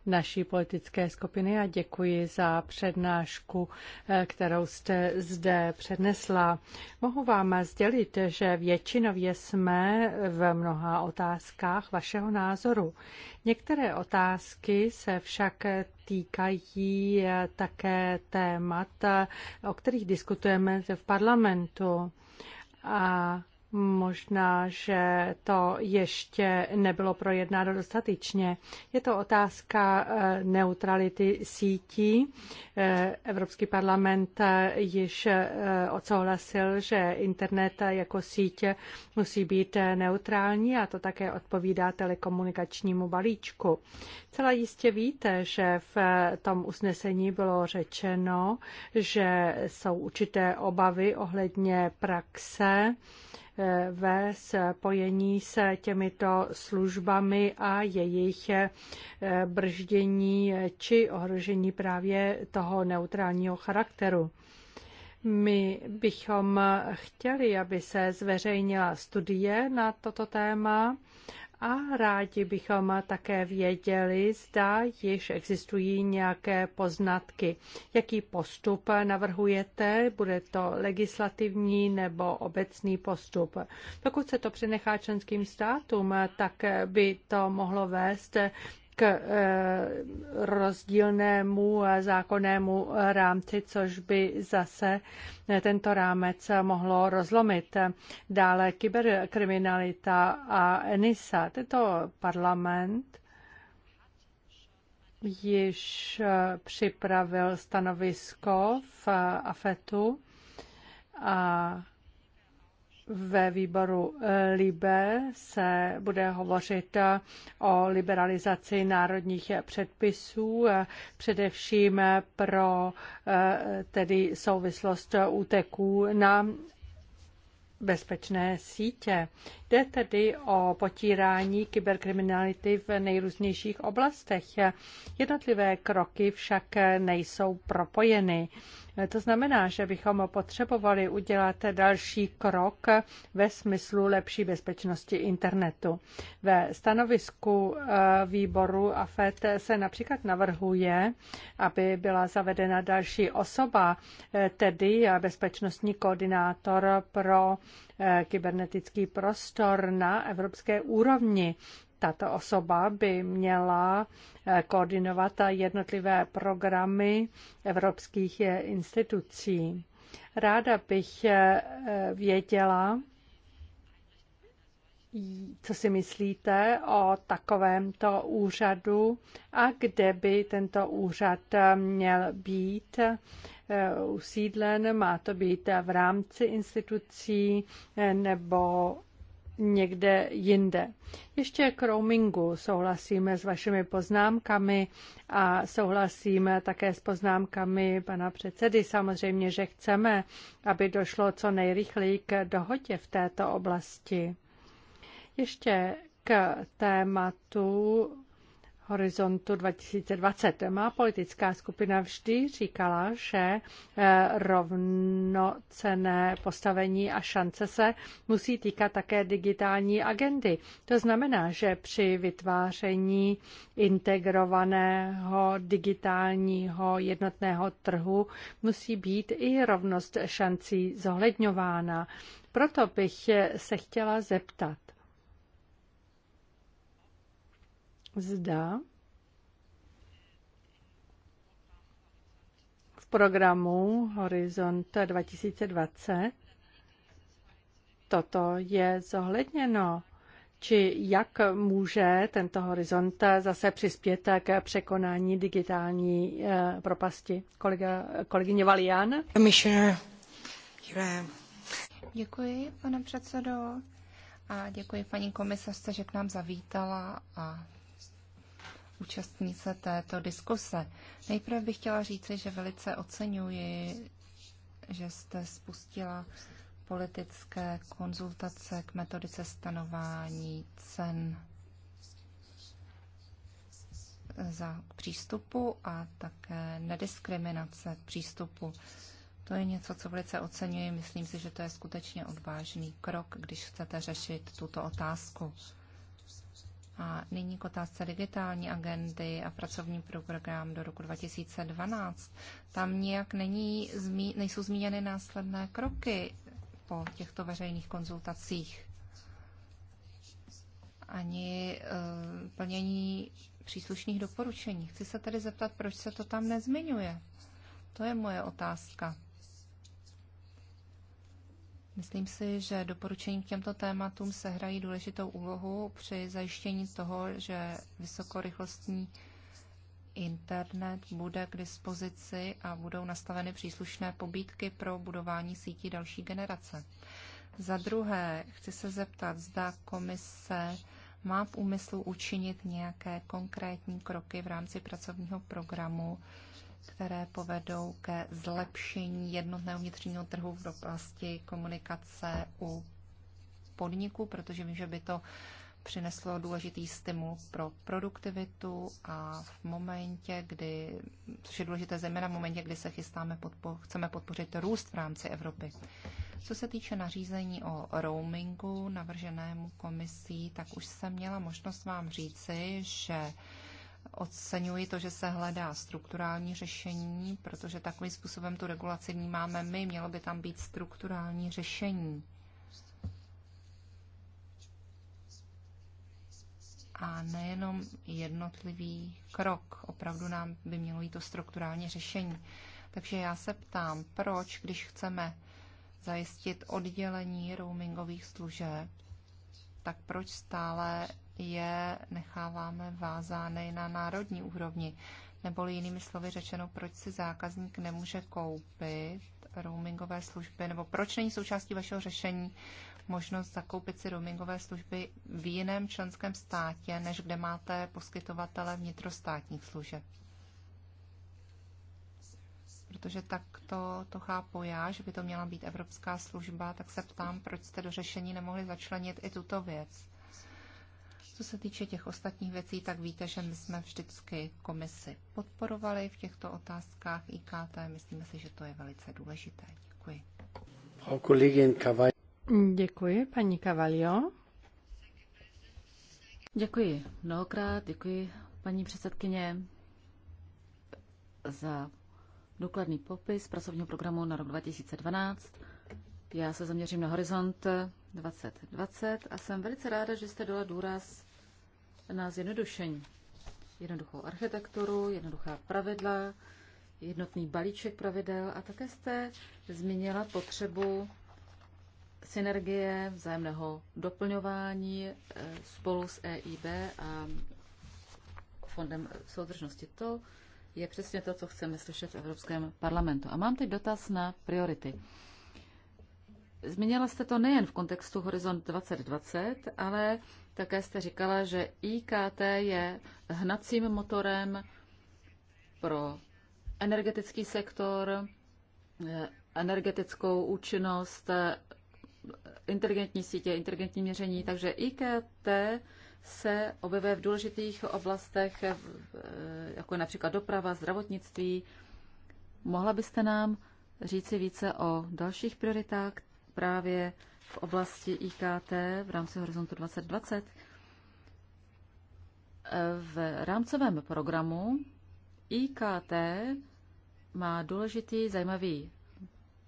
naší politické skupiny a děkuji za přednášku, eh, kterou jste zde přednesla. Mohu vám sdělit, že většinově jsme v mnoha otázkách vašeho názoru. Některé otázky se však týkají eh, také témat, eh, o kterých diskutujeme v parlamentu. A Možná, že to ještě nebylo projednáno dostatečně. Je to otázka eh, neutrality sítí. Eh, Evropský parlament eh, již odsouhlasil, že internet jako síť musí být neutrální a to také odpovídá telekomunikačnímu balíčku. Celá jistě víte, že v tom usnesení bylo řečeno, že jsou určité obavy ohledně praxe, Eh, ve spojení s těmito službami a jejich eh, brždění či ohrožení právě toho neutrálního charakteru. My bychom chtěli, aby se zveřejnila studie na toto téma a rádi bychom také věděli, zda již existují nějaké poznatky. Jaký postup navrhujete? Bude to legislativní nebo obecný postup? Pokud se to přenechá členským státům, tak by to mohlo vést k eh, rozdílnému eh, zákonnému eh, rámci, což by zase tento rámec mohlo rozlomit. Dále kyberkriminalita a ENISA. Tento parlament již připravil stanovisko v AFETu a ve výboru eh, LIBE se bude hovořit eh, o liberalizaci národních předpisů, eh, především pro tedy souvislost úteků na bezpečné sítě. Jde tedy o potírání kyberkriminality v nejrůznějších oblastech. Jednotlivé kroky však nejsou propojeny. To znamená, že bychom potřebovali udělat další krok ve smyslu lepší bezpečnosti internetu. Ve stanovisku eh, výboru AFET se například navrhuje, aby byla zavedena další osoba, eh, tedy bezpečnostní koordinátor pro eh, kybernetický prostor na evropské úrovni. Tato osoba by měla eh, koordinovat jednotlivé programy evropských eh, institucí. Ráda bych eh, věděla, co si myslíte o takovémto úřadu a kde by tento úřad měl být usídlen? Má to být v rámci institucí nebo někde jinde. Ještě k roamingu souhlasíme s vašimi poznámkami a souhlasíme také s poznámkami pana předsedy. Samozřejmě, že chceme, aby došlo co nejrychleji k dohodě v této oblasti. Ještě k tématu horizontu 2020. Má politická skupina vždy říkala, že eh, rovnocené postavení a šance se musí týkat také digitální agendy. To znamená, že při vytváření integrovaného digitálního jednotného trhu musí být i rovnost šancí zohledňována. Proto bych se chtěla zeptat, zda v programu Horizont 2020 toto je zohledněno či jak může tento horizont zase přispět k překonání digitální eh, propasti. Kolega, kolegyně Valian. Děkuji, pane předsedo, a děkuji paní komisařce, že k nám zavítala a účastní se této diskuse. Nejprve bych chtěla říci, že velice oceňuji, že jste spustila politické konzultace k metodice stanování cen za přístupu a také nediskriminace přístupu. To je něco, co velice oceňuji. Myslím si, že to je skutečně odvážný krok, když chcete řešit tuto otázku. A nyní k otázce digitální agendy a pracovní program do roku 2012. Tam nijak není, nejsou zmíněny následné kroky po těchto veřejných konzultacích. Ani uh, plnění příslušných doporučení. Chci se tedy zeptat, proč se to tam nezmiňuje. To je moje otázka. Myslím si, že doporučení k těmto tématům hrají důležitou úlohu při zajištění toho, že vysokorychlostní internet bude k dispozici a budou nastaveny příslušné pobídky pro budování sítí další generace. Za druhé, chci se zeptat, zda komise má v úmyslu učinit nějaké konkrétní kroky v rámci pracovního programu, které povedou ke zlepšení jednotného vnitřního trhu v oblasti komunikace u podniku, protože vím, že by to přineslo důležitý stimul pro produktivitu a v momentě, kdy, což je důležité zejména v momentě, kdy se chystáme podpo, chceme podpořit růst v rámci Evropy. Co se týče nařízení o roamingu navrženému komisí, tak už jsem měla možnost vám říci, že Oceňuji to, že se hledá strukturální řešení, protože takovým způsobem tu regulaci vnímáme my. Mělo by tam být strukturální řešení. A nejenom jednotlivý krok. Opravdu nám by mělo jít to strukturální řešení. Takže já se ptám, proč, když chceme zajistit oddělení roamingových služeb, tak proč stále je necháváme vázány na národní úrovni? Nebo jinými slovy řečeno, proč si zákazník nemůže koupit roamingové služby, nebo proč není součástí vašeho řešení možnost zakoupit si roamingové služby v jiném členském státě, než kde máte poskytovatele vnitrostátních služeb? protože tak to, to chápu já, že by to měla být evropská služba, tak se ptám, proč jste do řešení nemohli začlenit i tuto věc. Co se týče těch ostatních věcí, tak víte, že my jsme vždycky komisi podporovali v těchto otázkách IKT. Myslíme si, že to je velice důležité. Děkuji. Děkuji, paní Cavalio. Děkuji mnohokrát, děkuji paní předsedkyně za důkladný popis pracovního programu na rok 2012. Já se zaměřím na horizont 2020 a jsem velice ráda, že jste dala důraz na zjednodušení. Jednoduchou architekturu, jednoduchá pravidla, jednotný balíček pravidel a také jste zmínila potřebu synergie, vzájemného doplňování eh, spolu s EIB a Fondem soudržnosti. To je přesně to, co chceme slyšet v Evropském parlamentu. A mám teď dotaz na priority. Zmínila jste to nejen v kontextu Horizont 2020, ale také jste říkala, že IKT je hnacím motorem pro energetický sektor, energetickou účinnost, inteligentní sítě, inteligentní měření, takže IKT se objevuje v důležitých oblastech, jako je například doprava, zdravotnictví. Mohla byste nám říci více o dalších prioritách právě v oblasti IKT v rámci Horizontu 2020? V rámcovém programu IKT má důležitý, zajímavý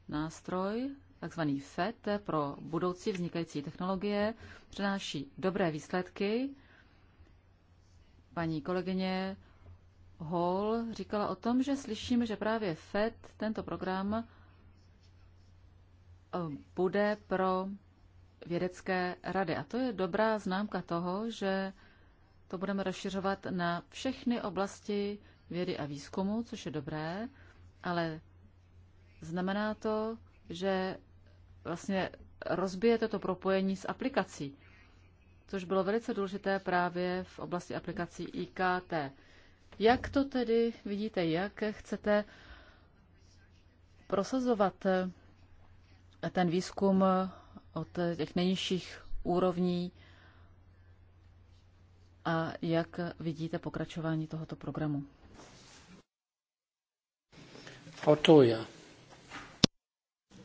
nástroj takzvaný FED pro budoucí vznikající technologie, přináší dobré výsledky. Paní kolegyně Hall říkala o tom, že slyšíme, že právě FED, tento program, eh, bude pro vědecké rady. A to je dobrá známka toho, že to budeme rozšiřovat na všechny oblasti vědy a výzkumu, což je dobré, ale znamená to, že vlastně rozbijete to propojení s aplikací, což bylo velice důležité právě v oblasti aplikací IKT. Jak to tedy vidíte, jak chcete prosazovat ten výzkum od těch nejnižších úrovní a jak vidíte pokračování tohoto programu? Otoja.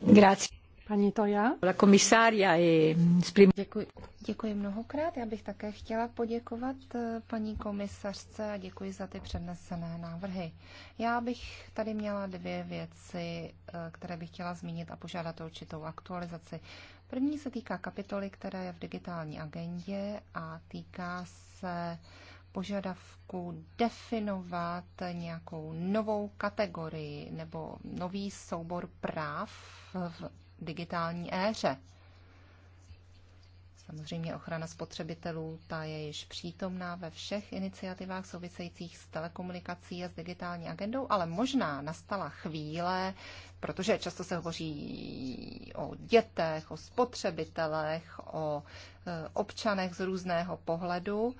Grazie. Paní Toja. La komisária Děkuji. Děkuji mnohokrát. Já bych také chtěla poděkovat eh, paní komisařce a děkuji za ty přednesené návrhy. Já bych tady měla dvě věci, eh, které bych chtěla zmínit a požádat o určitou aktualizaci. První se týká kapitoly, která je v digitální agendě a týká se požadavku definovat nějakou novou kategorii nebo nový soubor práv v digitální éře. Samozřejmě ochrana spotřebitelů, ta je již přítomná ve všech iniciativách souvisejících s telekomunikací a s digitální agendou, ale možná nastala chvíle, protože často se hovoří o dětech, o spotřebitelech, o e, občanech z různého pohledu,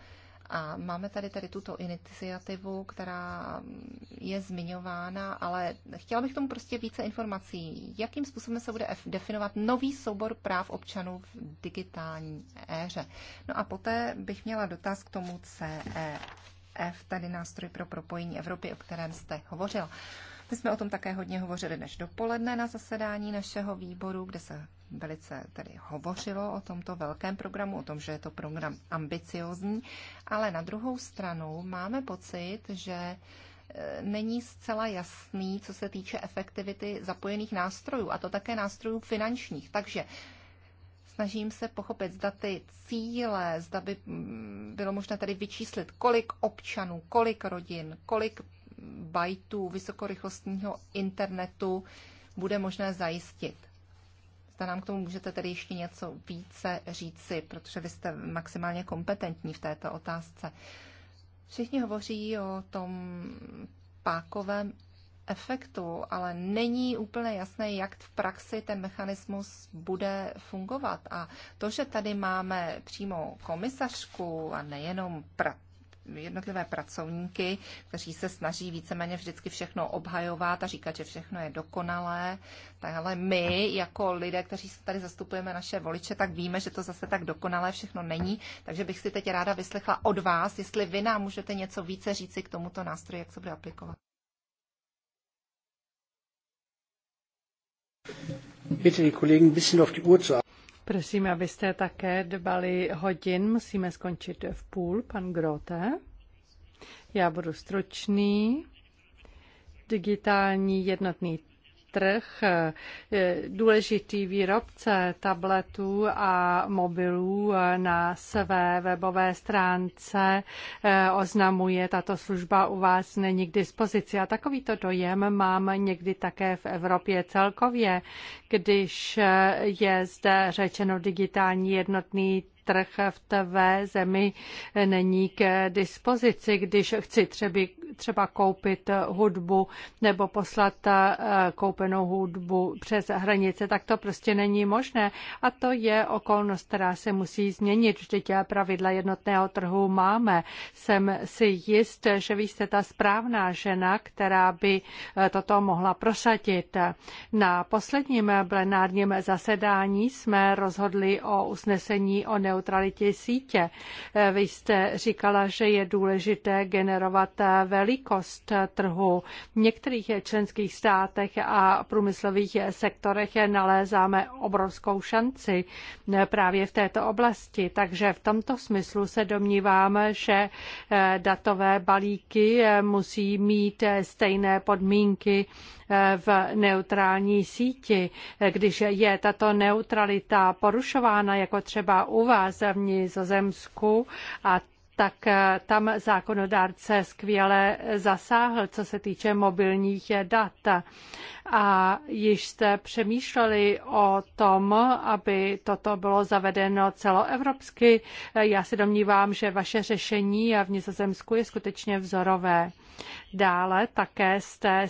a máme tady tady tuto iniciativu, která je zmiňována, ale chtěla bych tomu prostě více informací. Jakým způsobem se bude definovat nový soubor práv občanů v digitální éře? No a poté bych měla dotaz k tomu CEF, tedy nástroj pro propojení Evropy, o kterém jste hovořil. My jsme o tom také hodně hovořili než dopoledne na zasedání našeho výboru, kde se velice tedy hovořilo o tomto velkém programu, o tom, že je to program ambiciozní, ale na druhou stranu máme pocit, že e, není zcela jasný, co se týče efektivity zapojených nástrojů, a to také nástrojů finančních. Takže snažím se pochopit, zda ty cíle, zda by mm, bylo možné tady vyčíslit, kolik občanů, kolik rodin, kolik bajtů vysokorychlostního internetu bude možné zajistit. Zda nám k tomu můžete tedy ještě něco více říci, protože vy jste maximálně kompetentní v této otázce. Všichni hovoří o tom pákovém efektu, ale není úplně jasné, jak v praxi ten mechanismus bude fungovat. A to, že tady máme přímo komisařku a nejenom pra- jednotlivé pracovníky, kteří se snaží víceméně vždycky všechno obhajovat a říkat, že všechno je dokonalé. Tak ale my, jako lidé, kteří tady zastupujeme naše voliče, tak víme, že to zase tak dokonalé všechno není. Takže bych si teď ráda vyslechla od vás, jestli vy nám můžete něco více říci k tomuto nástroji, jak se bude aplikovat. Bitte die Kollegen ein bisschen auf die Uhr zu achten. Prosím, abyste také dbali hodin. Musíme skončit v půl, pan Grote. Já budu stručný. Digitální jednotný trh eh, důležitý výrobce tabletů a mobilů eh, na své webové stránce eh, oznamuje, tato služba u vás není k dispozici. A takovýto dojem mám někdy také v Evropě celkově, když je zde řečeno digitální jednotný trh v té zemi není k dispozici, když chci třeba, třeba koupit hudbu nebo poslat eh, koupenou hudbu přes hranice, tak to prostě není možné. A to je okolnost, která se musí změnit. Vždyť pravidla jednotného trhu máme. Jsem si jist, že vy jste ta správná žena, která by eh, toto mohla prosadit. Na posledním plenárním zasedání jsme rozhodli o usnesení o neutrální neutralitě sítě. Eh, vy jste říkala, že je důležité generovat eh, velikost eh, trhu. V některých členských státech a průmyslových sektorech nalézáme obrovskou šanci právě v této oblasti. Takže v tomto smyslu se domnívám, že datové balíky musí mít stejné podmínky v neutrální síti. Když je tato neutralita porušována, jako třeba u vás v Nizozemsku, a tak eh, tam zákonodárce skvěle zasáhl, co se týče mobilních dat. A již jste přemýšleli o tom, aby toto bylo zavedeno celoevropsky. Já se domnívám, že vaše řešení v Nizozemsku je skutečně vzorové. Dále také jste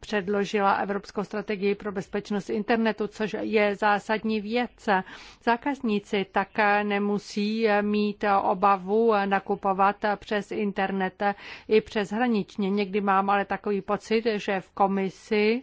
předložila Evropskou strategii pro bezpečnost internetu, což je zásadní věc. Zákazníci také nemusí mít obavu nakupovat přes internet i přes hraničně. Někdy mám ale takový pocit, že v komisi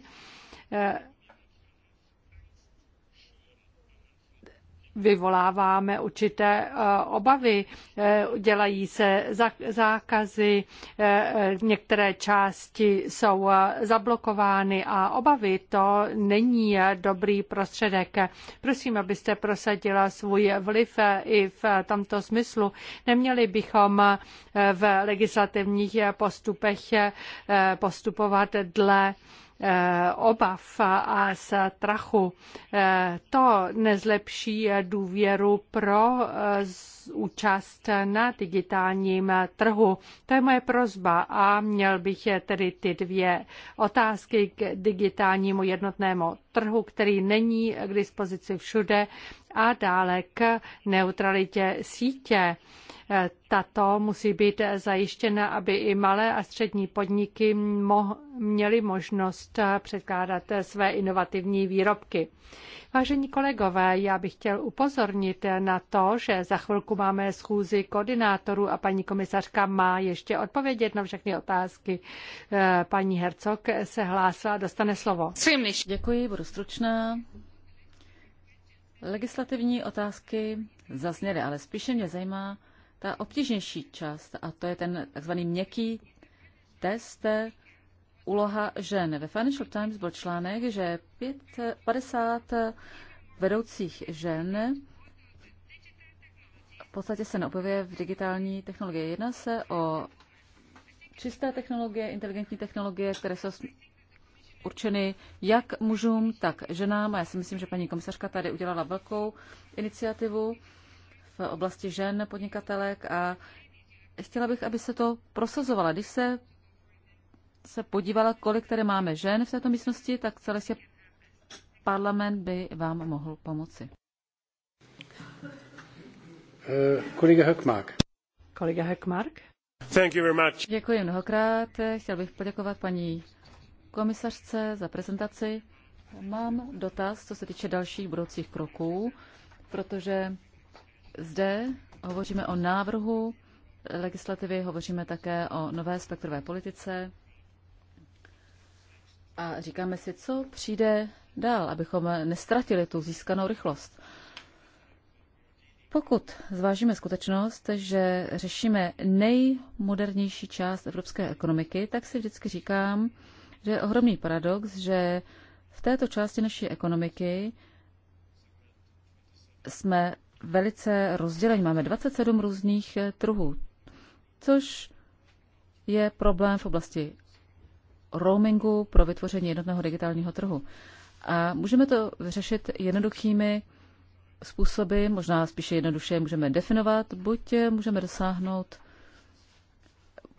vyvoláváme určité eh, obavy. Eh, dělají se zákazy, eh, některé části jsou zablokovány a obavy to není dobrý prostředek. Prosím, abyste prosadila svůj vliv i v tomto smyslu. Neměli bychom v legislativních postupech postupovat dle Eh, obav a strachu. Eh, to nezlepší důvěru pro eh, účast na digitálním trhu. To je moje prozba a měl bych tedy ty dvě otázky k digitálnímu jednotnému trhu, který není k dispozici všude, a dále k neutralitě sítě. E, tato musí být zajištěna, aby i malé a střední podniky mo- měly možnost předkládat své inovativní výrobky. Vážení kolegové, já bych chtěl upozornit na to, že za chvilku máme schůzi koordinátorů a paní komisařka má ještě odpovědět na všechny otázky. E, paní Hercog se hlásila, dostane slovo. Děkuji, budu stručná. Legislativní otázky zazněly, ale spíše mě zajímá ta obtížnější část, a to je ten takzvaný měkký test, úloha žen. Ve Financial Times byl článek, že 50 vedoucích žen v podstatě se neobjevuje v digitální technologii. Jedná se o čisté technologie, inteligentní technologie, které jsou určeny jak mužům, tak ženám. A já si myslím, že paní komisařka tady udělala velkou iniciativu v oblasti žen podnikatelek a chtěla bych, aby se to prosazovala. Když se, se podívala, kolik tady máme žen v této místnosti, tak celé se parlament by vám mohl pomoci. Eh, kolega Hökmark. Kolega Hökmark. Thank you very much. Děkuji mnohokrát. Chtěl bych poděkovat paní komisařce za prezentaci. Mám dotaz, co se týče dalších budoucích kroků, protože zde hovoříme o návrhu legislativy, hovoříme také o nové spektrové politice a říkáme si, co přijde dál, abychom nestratili tu získanou rychlost. Pokud zvážíme skutečnost, že řešíme nejmodernější část evropské ekonomiky, tak si vždycky říkám, že je ohromný paradox, že v této části naší ekonomiky jsme velice rozdělení. Máme 27 různých eh, trhů, což je problém v oblasti roamingu pro vytvoření jednotného digitálního trhu. A můžeme to vyřešit jednoduchými způsoby, možná spíše jednoduše můžeme definovat, buď eh, můžeme dosáhnout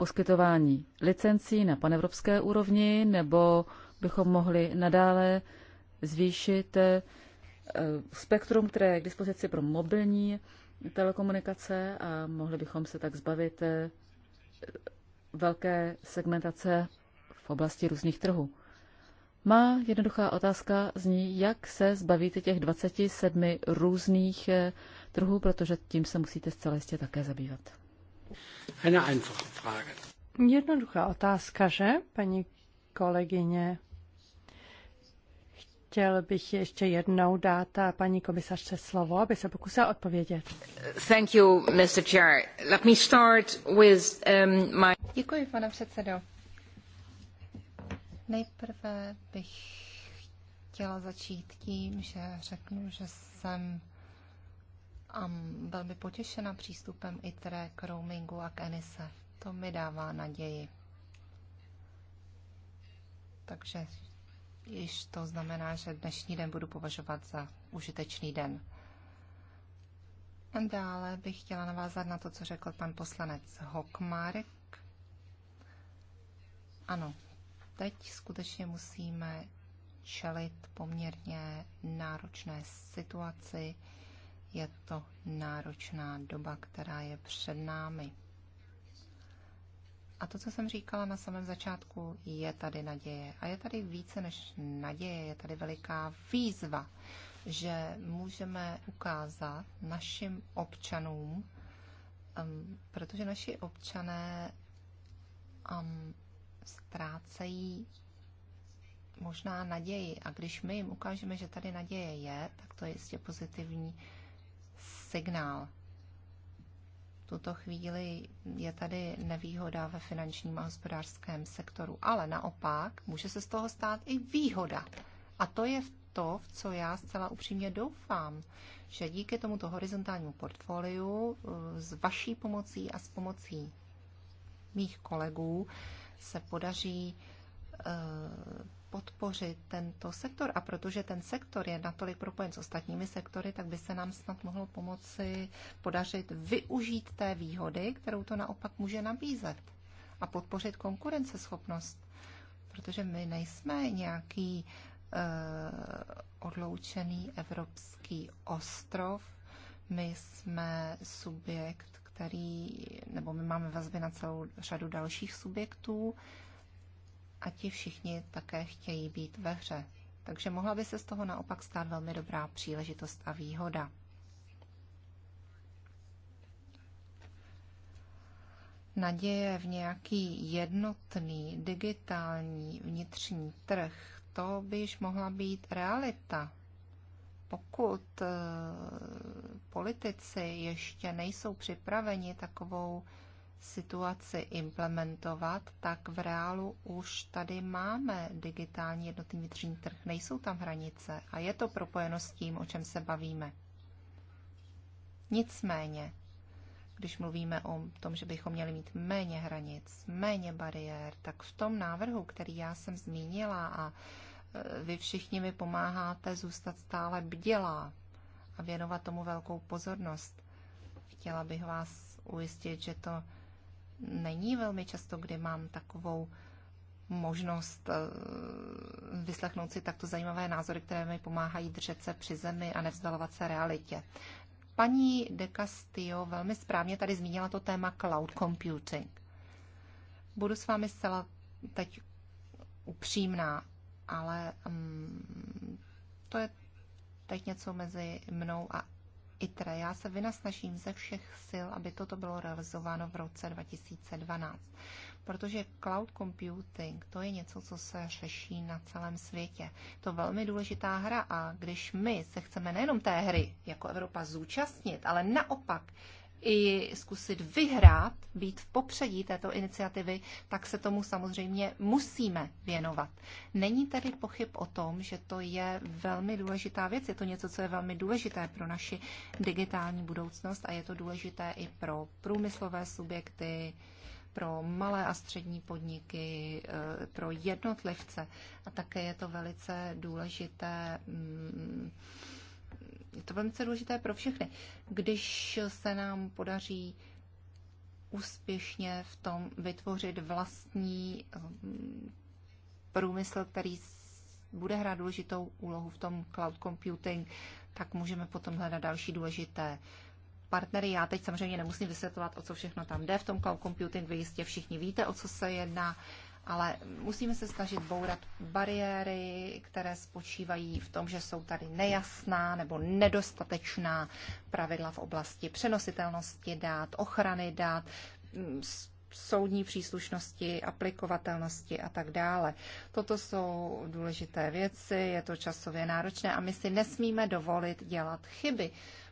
poskytování licencí na panevropské úrovni, nebo bychom mohli nadále zvýšit eh, spektrum, které je k dispozici pro mobilní telekomunikace a mohli bychom se tak zbavit eh, velké segmentace v oblasti různých trhů. Má jednoduchá otázka zní, jak se zbavíte těch 27 různých eh, trhů, protože tím se musíte zcela jistě také zabývat. Eine einfache Frage. Jednoduchá otázka, že, paní kolegyně? Chtěl bych ještě jednou dát paní komisařce slovo, aby se pokusila odpovědět. Thank you, Mr. Chair. Let me start with um, my... Děkuji, pane předsedo. Nejprve bych chtěla začít tím, že řeknu, že jsem a velmi potěšena přístupem ITRE k roamingu a k Enise. To mi dává naději. Takže již to znamená, že dnešní den budu považovat za užitečný den. A dále bych chtěla navázat na to, co řekl pan poslanec Hokmark. Ano, teď skutečně musíme čelit poměrně náročné situaci, je to náročná doba, která je před námi. A to, co jsem říkala na samém začátku, je tady naděje. A je tady více než naděje, je tady veliká výzva, že můžeme ukázat našim občanům, um, protože naši občané um, ztrácejí možná naději. A když my jim ukážeme, že tady naděje je, tak to je jistě pozitivní signál. V tuto chvíli je tady nevýhoda ve finančním a hospodářském sektoru, ale naopak může se z toho stát i výhoda. A to je v to, v co já zcela upřímně doufám, že díky tomuto horizontálnímu portfoliu eh, s vaší pomocí a s pomocí mých kolegů se podaří eh, podpořit tento sektor. A protože ten sektor je natolik propojen s ostatními sektory, tak by se nám snad mohlo pomoci podařit využít té výhody, kterou to naopak může nabízet a podpořit konkurenceschopnost. Protože my nejsme nějaký eh, odloučený evropský ostrov, my jsme subjekt, který, nebo my máme vazby na celou řadu dalších subjektů, a ti všichni také chtějí být ve hře. Takže mohla by se z toho naopak stát velmi dobrá příležitost a výhoda. Naděje v nějaký jednotný digitální vnitřní trh, to by již mohla být realita. Pokud eh, politici ještě nejsou připraveni takovou situaci implementovat, tak v reálu už tady máme digitální jednotný vnitřní trh, nejsou tam hranice a je to propojeno s tím, o čem se bavíme. Nicméně, když mluvíme o tom, že bychom měli mít méně hranic, méně bariér, tak v tom návrhu, který já jsem zmínila a e, vy všichni mi pomáháte zůstat stále bdělá a věnovat tomu velkou pozornost. Chtěla bych vás ujistit, že to není velmi často, kdy mám takovou možnost eh, vyslechnout si takto zajímavé názory, které mi pomáhají držet se při zemi a nevzdalovat se realitě. Paní De Castillo velmi správně tady zmínila to téma cloud computing. Budu s vámi zcela teď upřímná, ale um, to je teď něco mezi mnou a ITRE. Já se vynasnažím ze všech sil, aby toto bylo realizováno v roce 2012, protože cloud computing to je něco, co se řeší na celém světě. To je velmi důležitá hra a když my se chceme nejenom té hry jako Evropa zúčastnit, ale naopak i zkusit vyhrát, být v popředí této iniciativy, tak se tomu samozřejmě musíme věnovat. Není tedy pochyb o tom, že to je velmi důležitá věc, je to něco, co je velmi důležité pro naši digitální budoucnost a je to důležité i pro průmyslové subjekty, pro malé a střední podniky, eh, pro jednotlivce a také je to velice důležité mm, je to velice důležité pro všechny. Když se nám podaří úspěšně v tom vytvořit vlastní eh, průmysl, který bude hrát důležitou úlohu v tom cloud computing, tak můžeme potom hledat další důležité partnery. Já teď samozřejmě nemusím vysvětlovat, o co všechno tam jde v tom cloud computing. Vy jistě všichni víte, o co se jedná ale musíme se snažit bourat bariéry, které spočívají v tom, že jsou tady nejasná nebo nedostatečná pravidla v oblasti přenositelnosti dát, ochrany dát, mm, soudní příslušnosti, aplikovatelnosti a tak dále. Toto jsou důležité věci, je to časově náročné a my si nesmíme dovolit dělat chyby,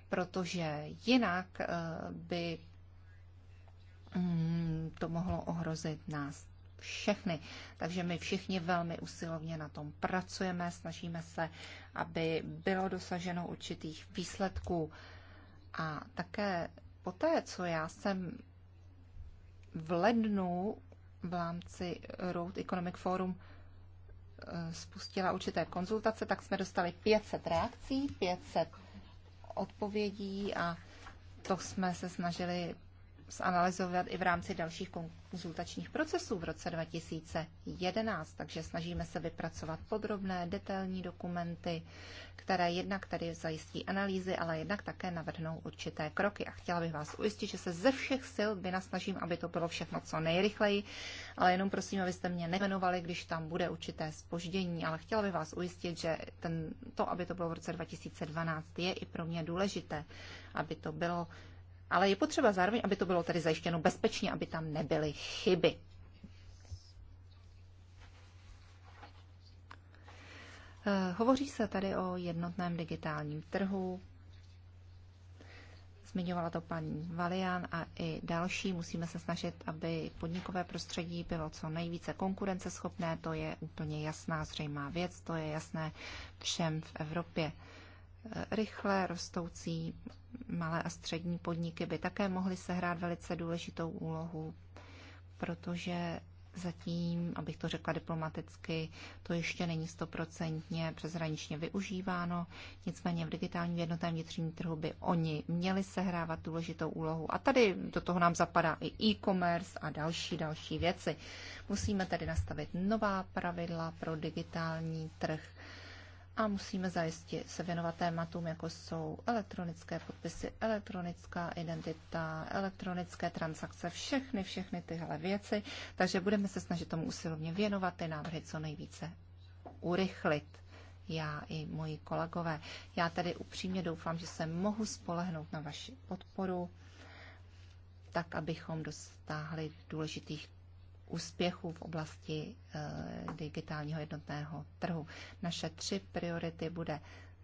protože jinak eh, by mm, to mohlo ohrozit nás všechny. Takže my všichni velmi usilovně na tom pracujeme, snažíme se, aby bylo dosaženo určitých výsledků. A také poté, co já jsem v lednu v rámci Road Economic Forum eh, spustila určité konzultace, tak jsme dostali 500 reakcí, 500 odpovědí a to jsme se snažili zanalizovat i v rámci dalších konzultačních procesů v roce 2011, takže snažíme se vypracovat podrobné, detailní dokumenty, které jednak tady zajistí analýzy, ale jednak také navrhnou určité kroky. A chtěla bych vás ujistit, že se ze všech sil vynasnažím, aby to bylo všechno co nejrychleji, ale jenom prosím, abyste mě nemenovali, když tam bude určité spoždění, ale chtěla bych vás ujistit, že ten, to, aby to bylo v roce 2012, je i pro mě důležité, aby to bylo ale je potřeba zároveň, aby to bylo tedy zajištěno bezpečně, aby tam nebyly chyby. Eh, hovoří se tady o jednotném digitálním trhu. Zmiňovala to paní Valian a i další. Musíme se snažit, aby podnikové prostředí bylo co nejvíce konkurenceschopné. To je úplně jasná, zřejmá věc. To je jasné všem v Evropě rychle rostoucí malé a střední podniky by také mohly sehrát velice důležitou úlohu, protože zatím, abych to řekla diplomaticky, to ještě není stoprocentně přeshraničně využíváno, nicméně v digitálním jednotném vnitřním trhu by oni měli sehrávat důležitou úlohu. A tady do toho nám zapadá i e-commerce a další, další věci. Musíme tedy nastavit nová pravidla pro digitální trh, a musíme zajistit se věnovat tématům, jako jsou elektronické podpisy, elektronická identita, elektronické transakce, všechny, všechny tyhle věci. Takže budeme se snažit tomu usilovně věnovat ty návrhy co nejvíce urychlit. Já i moji kolegové. Já tady upřímně doufám, že se mohu spolehnout na vaši podporu, tak abychom dostáhli důležitých úspěchu v oblasti eh, digitálního jednotného trhu. Naše tři priority bude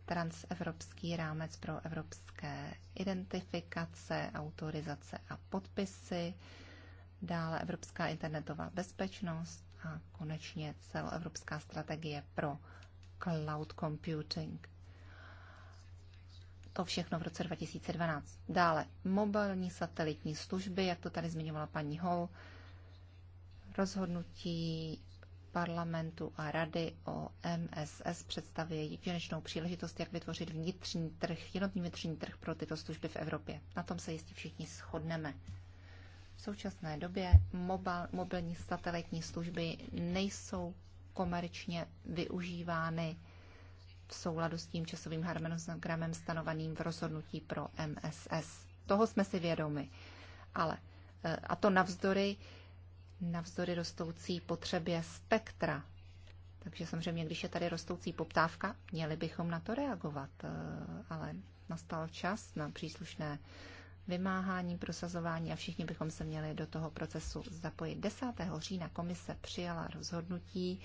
transevropský rámec pro evropské identifikace, autorizace a podpisy, dále evropská internetová bezpečnost a konečně celoevropská strategie pro cloud computing. To všechno v roce 2012. Dále mobilní satelitní služby, jak to tady zmiňovala paní Hall, Rozhodnutí parlamentu a rady o MSS představuje jedinečnou příležitost, jak vytvořit vnitřní trh, jednotný vnitřní trh pro tyto služby v Evropě. Na tom se jistě všichni shodneme. V současné době mobil, mobilní satelitní služby nejsou komerčně využívány v souladu s tím časovým harmonogramem stanovaným v rozhodnutí pro MSS. Toho jsme si vědomi. Ale eh, a to navzdory navzdory rostoucí potřebě spektra. Takže samozřejmě, když je tady rostoucí poptávka, měli bychom na to reagovat, eh, ale nastal čas na příslušné vymáhání, prosazování a všichni bychom se měli do toho procesu zapojit. 10. října komise přijala rozhodnutí,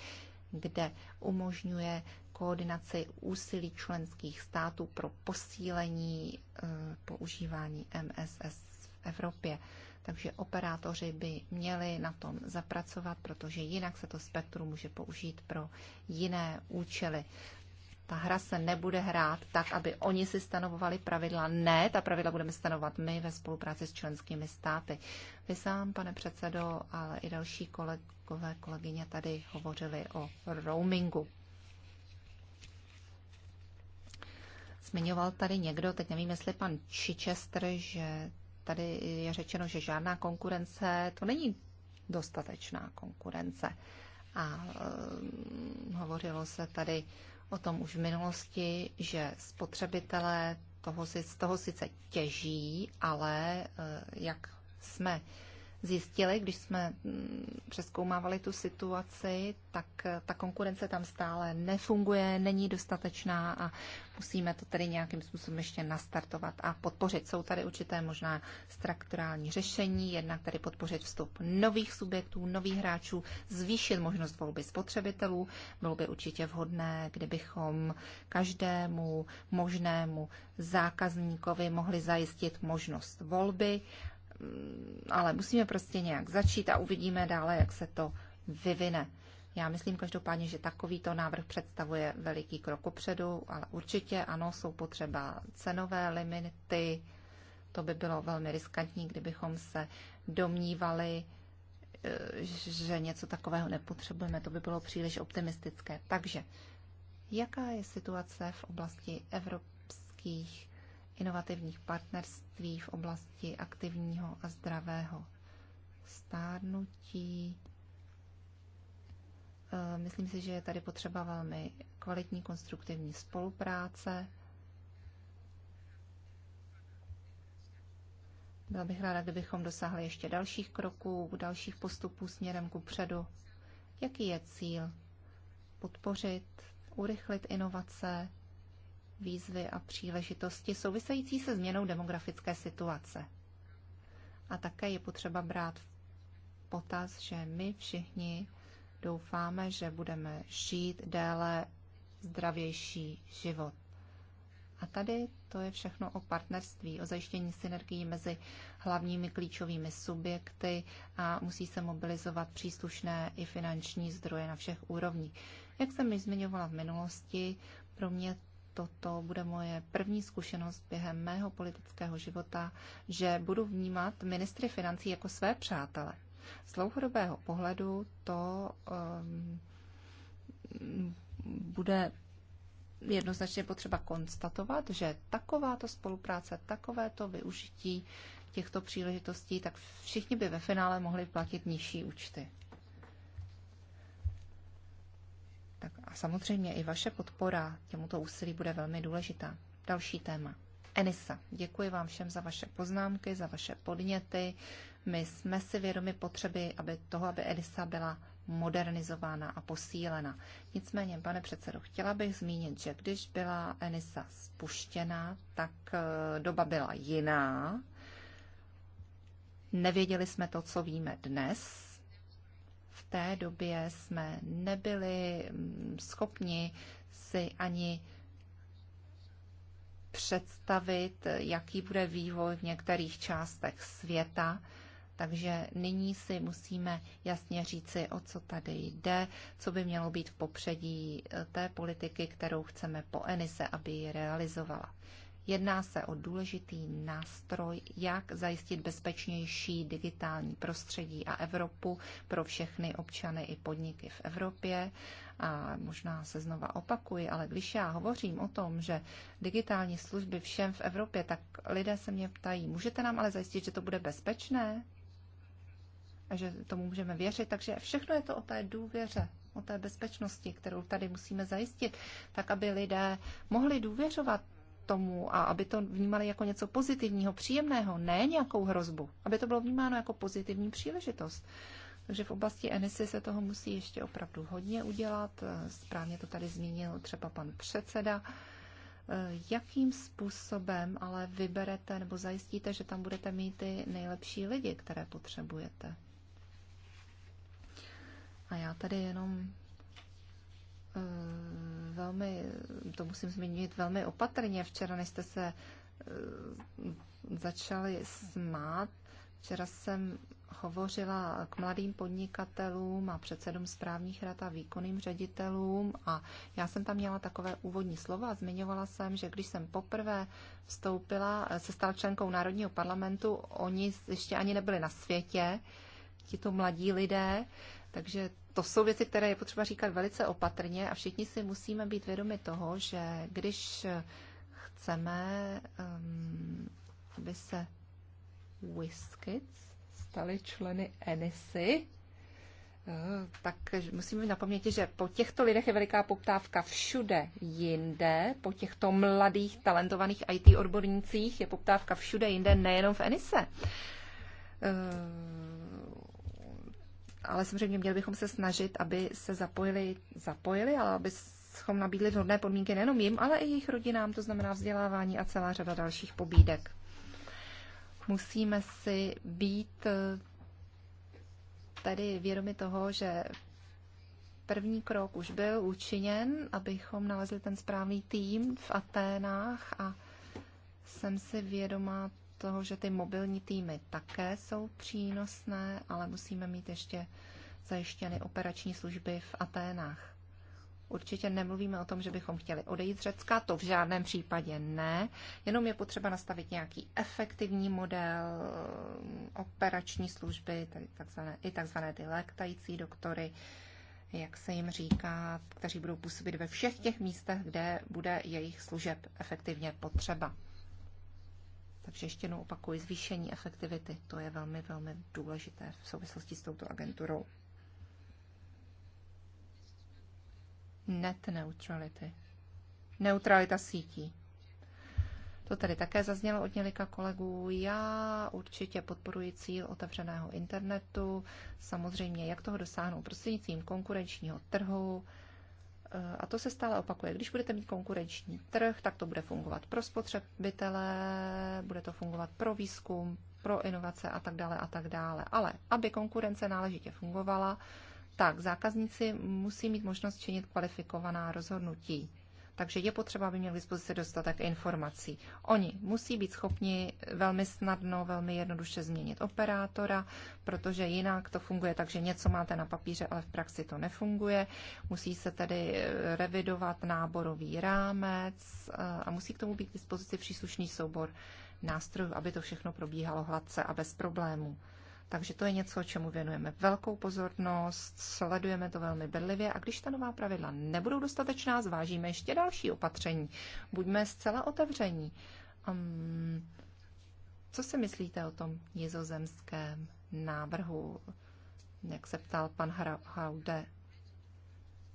kde umožňuje koordinaci úsilí členských států pro posílení eh, používání MSS v Evropě takže operátoři by měli na tom zapracovat, protože jinak se to spektrum může použít pro jiné účely. Ta hra se nebude hrát tak, aby oni si stanovovali pravidla. Ne, ta pravidla budeme stanovat my ve spolupráci s členskými státy. Vy sám, pane předsedo, ale i další kolegové, kolegyně tady hovořili o roamingu. Zmiňoval tady někdo, teď nevím, jestli pan Chichester, že tady je řečeno, že žádná konkurence, to není dostatečná konkurence. A uh, hovořilo se tady o tom už v minulosti, že spotřebitelé toho, z toho sice těží, ale uh, jak jsme zjistili, když jsme mm, přeskoumávali tu situaci, tak eh, ta konkurence tam stále nefunguje, není dostatečná a musíme to tedy nějakým způsobem ještě nastartovat a podpořit. Jsou tady určité možná strukturální řešení, jednak tady podpořit vstup nových subjektů, nových hráčů, zvýšit možnost volby spotřebitelů. Bylo by určitě vhodné, kdybychom každému možnému zákazníkovi mohli zajistit možnost volby Mm, ale musíme prostě nějak začít a uvidíme dále, jak se to vyvine. Já myslím každopádně, že takovýto návrh představuje veliký krok opředu, ale určitě ano, jsou potřeba cenové limity. To by bylo velmi riskantní, kdybychom se domnívali, eh, že něco takového nepotřebujeme. To by bylo příliš optimistické. Takže jaká je situace v oblasti evropských inovativních partnerství v oblasti aktivního a zdravého stárnutí. Eh, myslím si, že je tady potřeba velmi kvalitní konstruktivní spolupráce. Byla bych ráda, kdybychom dosáhli ještě dalších kroků, dalších postupů směrem ku předu. Jaký je cíl? Podpořit, urychlit inovace, výzvy a příležitosti související se změnou demografické situace. A také je potřeba brát v potaz, že my všichni doufáme, že budeme žít déle zdravější život. A tady to je všechno o partnerství, o zajištění synergií mezi hlavními klíčovými subjekty a musí se mobilizovat příslušné i finanční zdroje na všech úrovních. Jak jsem již zmiňovala v minulosti, pro mě toto bude moje první zkušenost během mého politického života, že budu vnímat ministry financí jako své přátele. Z dlouhodobého pohledu to um, bude jednoznačně potřeba konstatovat, že takováto spolupráce, takovéto využití těchto příležitostí, tak všichni by ve finále mohli platit nižší účty. samozřejmě i vaše podpora těmuto úsilí bude velmi důležitá. Další téma. Enisa, děkuji vám všem za vaše poznámky, za vaše podněty. My jsme si vědomi potřeby aby toho, aby Enisa byla modernizována a posílena. Nicméně, pane předsedo, chtěla bych zmínit, že když byla Enisa spuštěna, tak eh, doba byla jiná. Nevěděli jsme to, co víme dnes, v té době jsme nebyli mm, schopni si ani představit, jaký bude vývoj v některých částech světa. Takže nyní si musíme jasně říci, o co tady jde, co by mělo být v popředí té politiky, kterou chceme po Enise, aby ji realizovala. Jedná se o důležitý nástroj, jak zajistit bezpečnější digitální prostředí a Evropu pro všechny občany i podniky v Evropě. A možná se znova opakuji, ale když já hovořím o tom, že digitální služby všem v Evropě, tak lidé se mě ptají, můžete nám ale zajistit, že to bude bezpečné? A že tomu můžeme věřit, takže všechno je to o té důvěře o té bezpečnosti, kterou tady musíme zajistit, tak aby lidé mohli důvěřovat tomu a aby to vnímali jako něco pozitivního, příjemného, ne nějakou hrozbu, aby to bylo vnímáno jako pozitivní příležitost. Takže v oblasti Enisy se toho musí ještě opravdu hodně udělat. Správně to tady zmínil třeba pan předseda. Jakým způsobem ale vyberete nebo zajistíte, že tam budete mít ty nejlepší lidi, které potřebujete? A já tady jenom Eh, velmi, to musím zmínit velmi opatrně. Včera, než jste se eh, začali smát, včera jsem hovořila k mladým podnikatelům a předsedům správních rad a výkonným ředitelům a já jsem tam měla takové úvodní slova a zmiňovala jsem, že když jsem poprvé vstoupila, eh, se stala členkou Národního parlamentu, oni ještě ani nebyli na světě, tito mladí lidé, takže to jsou věci, které je potřeba říkat velice opatrně a všichni si musíme být vědomi toho, že když chceme, um, aby se whiskets staly členy Enisy, eh, tak musíme na paměti, že po těchto lidech je veliká poptávka všude jinde, po těchto mladých, talentovaných IT odbornících je poptávka všude jinde, nejenom v Enise. Eh, ale samozřejmě měli bychom se snažit, aby se zapojili, zapojili, ale aby schom nabídli vhodné podmínky nejenom jim, ale i jejich rodinám, to znamená vzdělávání a celá řada dalších pobídek. Musíme si být eh, tedy vědomi toho, že první krok už byl učiněn, abychom nalezli ten správný tým v Aténách a jsem si vědomá toho, že ty mobilní týmy také jsou přínosné, ale musíme mít ještě zajištěny operační služby v Aténách. Určitě nemluvíme o tom, že bychom chtěli odejít z Řecka, to v žádném případě ne, jenom je potřeba nastavit nějaký efektivní model eh, operační služby, tedy takzvané, i takzvané ty léktající doktory, jak se jim říká, kteří budou působit ve všech těch místech, kde bude jejich služeb efektivně potřeba. Takže ještě jednou opakuji, zvýšení efektivity, to je velmi, velmi důležité v souvislosti s touto agenturou. Net neutrality. Neutralita sítí. To tady také zaznělo od několika kolegů. Já určitě podporuji cíl otevřeného internetu. Samozřejmě, jak toho dosáhnout prostřednictvím konkurenčního trhu, a to se stále opakuje. Když budete mít konkurenční trh, tak to bude fungovat pro spotřebitele, bude to fungovat pro výzkum, pro inovace a tak dále a tak dále. Ale aby konkurence náležitě fungovala, tak zákazníci musí mít možnost činit kvalifikovaná rozhodnutí takže je potřeba, aby měli k dispozici dostatek informací. Oni musí být schopni velmi snadno, velmi jednoduše změnit operátora, protože jinak to funguje tak, že něco máte na papíře, ale v praxi to nefunguje. Musí se tedy eh, revidovat náborový rámec eh, a musí k tomu být k dispozici příslušný soubor nástrojů, aby to všechno probíhalo hladce a bez problémů. Takže to je něco, čemu věnujeme velkou pozornost, sledujeme to velmi bedlivě a když ta nová pravidla nebudou dostatečná, zvážíme ještě další opatření. Buďme zcela otevření. Um, co si myslíte o tom nizozemském návrhu, jak se ptal pan Haude?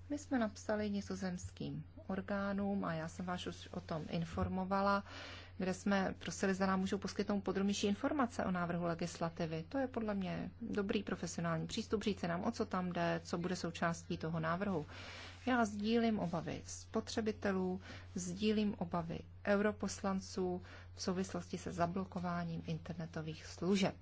My jsme napsali nizozemským orgánům a já jsem vás už o tom informovala. Uh, kde jsme prosili, zda nám můžou poskytnout podrobnější informace o návrhu legislativy. To je podle mě dobrý profesionální přístup, říct nám, o co tam jde, co bude součástí toho návrhu. Já sdílím obavy spotřebitelů, sdílím obavy europoslanců v souvislosti se zablokováním internetových služeb.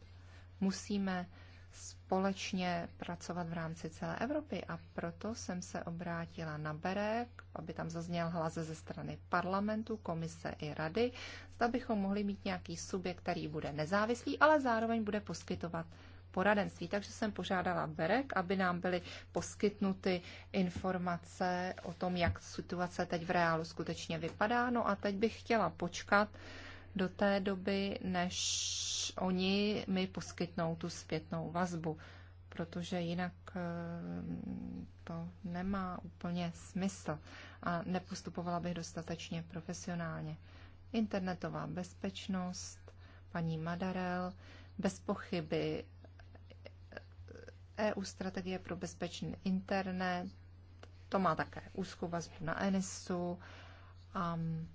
Musíme společně pracovat v rámci celé Evropy a proto jsem se obrátila na Berek, aby tam zazněl hlas ze strany parlamentu, komise i rady, zda bychom mohli mít nějaký subjekt, který bude nezávislý, ale zároveň bude poskytovat poradenství. Takže jsem požádala Berek, aby nám byly poskytnuty informace o tom, jak situace teď v reálu skutečně vypadá. No a teď bych chtěla počkat, do té doby, než oni mi poskytnou tu zpětnou vazbu, protože jinak eh, to nemá úplně smysl a nepostupovala bych dostatečně profesionálně. Internetová bezpečnost, paní Madarel, bez pochyby EU eh, e strategie pro bezpečný internet, to má také úzkou vazbu na ENISu. Um,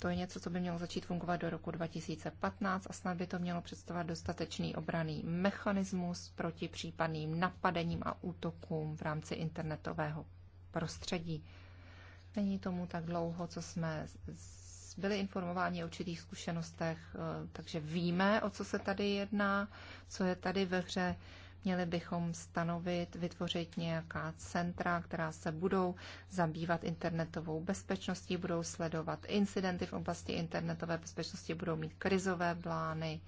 to je něco, co by mělo začít fungovat do roku 2015 a snad by to mělo představovat dostatečný obraný mechanismus proti případným napadením a útokům v rámci internetového prostředí. Není tomu tak dlouho, co jsme byli informováni o určitých zkušenostech, eh, takže víme, o co se tady jedná, co je tady ve hře. Měli bychom stanovit, vytvořit nějaká centra, která se budou zabývat internetovou bezpečností, budou sledovat incidenty v oblasti internetové bezpečnosti, budou mít krizové plány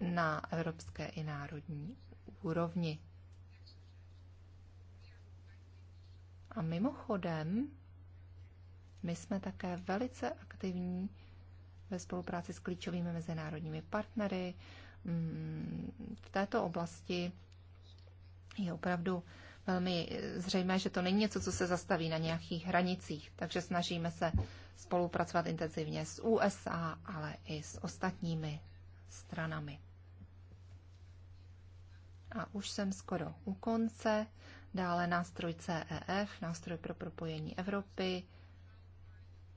na evropské i národní úrovni. A mimochodem, my jsme také velice aktivní ve spolupráci s klíčovými mezinárodními partnery, Mm, v této oblasti je opravdu velmi zřejmé, že to není něco, co se zastaví na nějakých hranicích, takže snažíme se spolupracovat intenzivně s USA, ale i s ostatními stranami. A už jsem skoro u konce. Dále nástroj CEF, nástroj pro propojení Evropy.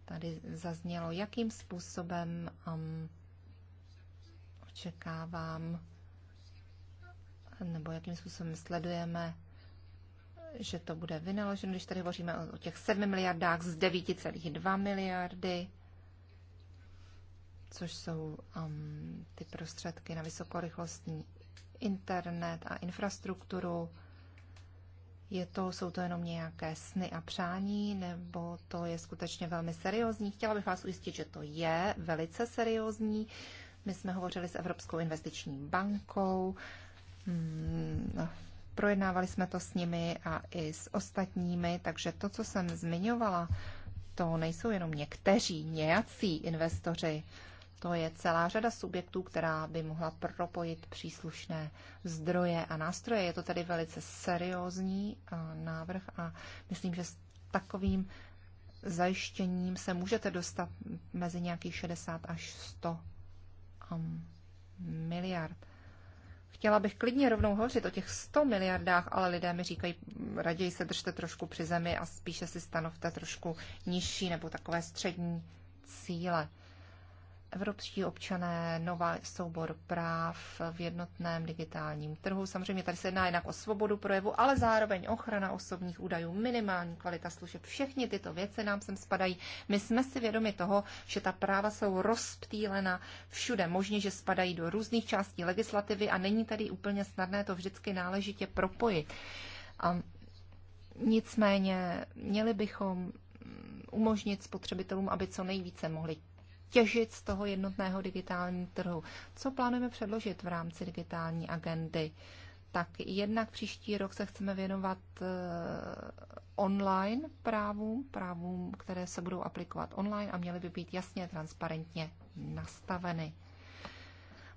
Tady zaznělo, jakým způsobem um, očekávám, nebo jakým způsobem sledujeme, že to bude vynaloženo, když tady hovoříme o, těch 7 miliardách z 9,2 miliardy, což jsou um, ty prostředky na vysokorychlostní internet a infrastrukturu. Je to, jsou to jenom nějaké sny a přání, nebo to je skutečně velmi seriózní? Chtěla bych vás ujistit, že to je velice seriózní. My jsme hovořili s Evropskou investiční bankou, mm, projednávali jsme to s nimi a i s ostatními, takže to, co jsem zmiňovala, to nejsou jenom někteří, nějací investoři, to je celá řada subjektů, která by mohla propojit příslušné zdroje a nástroje. Je to tedy velice seriózní návrh a myslím, že s takovým zajištěním se můžete dostat mezi nějakých 60 až 100 miliard. Chtěla bych klidně rovnou hovořit o těch 100 miliardách, ale lidé mi říkají, raději se držte trošku při zemi a spíše si stanovte trošku nižší nebo takové střední cíle. Evropští občané, nová soubor práv v jednotném digitálním trhu. Samozřejmě tady se jedná jednak o svobodu projevu, ale zároveň ochrana osobních údajů, minimální kvalita služeb. Všechny tyto věci nám sem spadají. My jsme si vědomi toho, že ta práva jsou rozptýlena všude. Možně, že spadají do různých částí legislativy a není tady úplně snadné to vždycky náležitě propojit. A nicméně měli bychom umožnit spotřebitelům, aby co nejvíce mohli těžit z toho jednotného digitálního trhu. Co plánujeme předložit v rámci digitální agendy? Tak jednak příští rok se chceme věnovat eh, online právům, právům, které se budou aplikovat online a měly by být jasně transparentně nastaveny.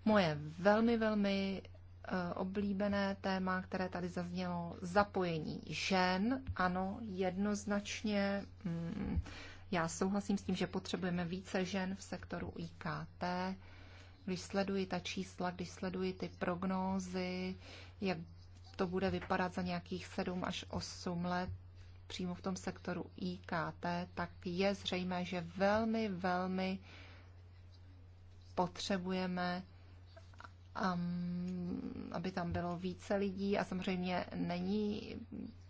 Moje velmi, velmi eh, oblíbené téma, které tady zaznělo, zapojení žen. Ano, jednoznačně. Hmm, já souhlasím s tím, že potřebujeme více žen v sektoru IKT. Když sleduji ta čísla, když sleduji ty prognózy, jak to bude vypadat za nějakých 7 až 8 let přímo v tom sektoru IKT, tak je zřejmé, že velmi, velmi potřebujeme, aby tam bylo více lidí a samozřejmě není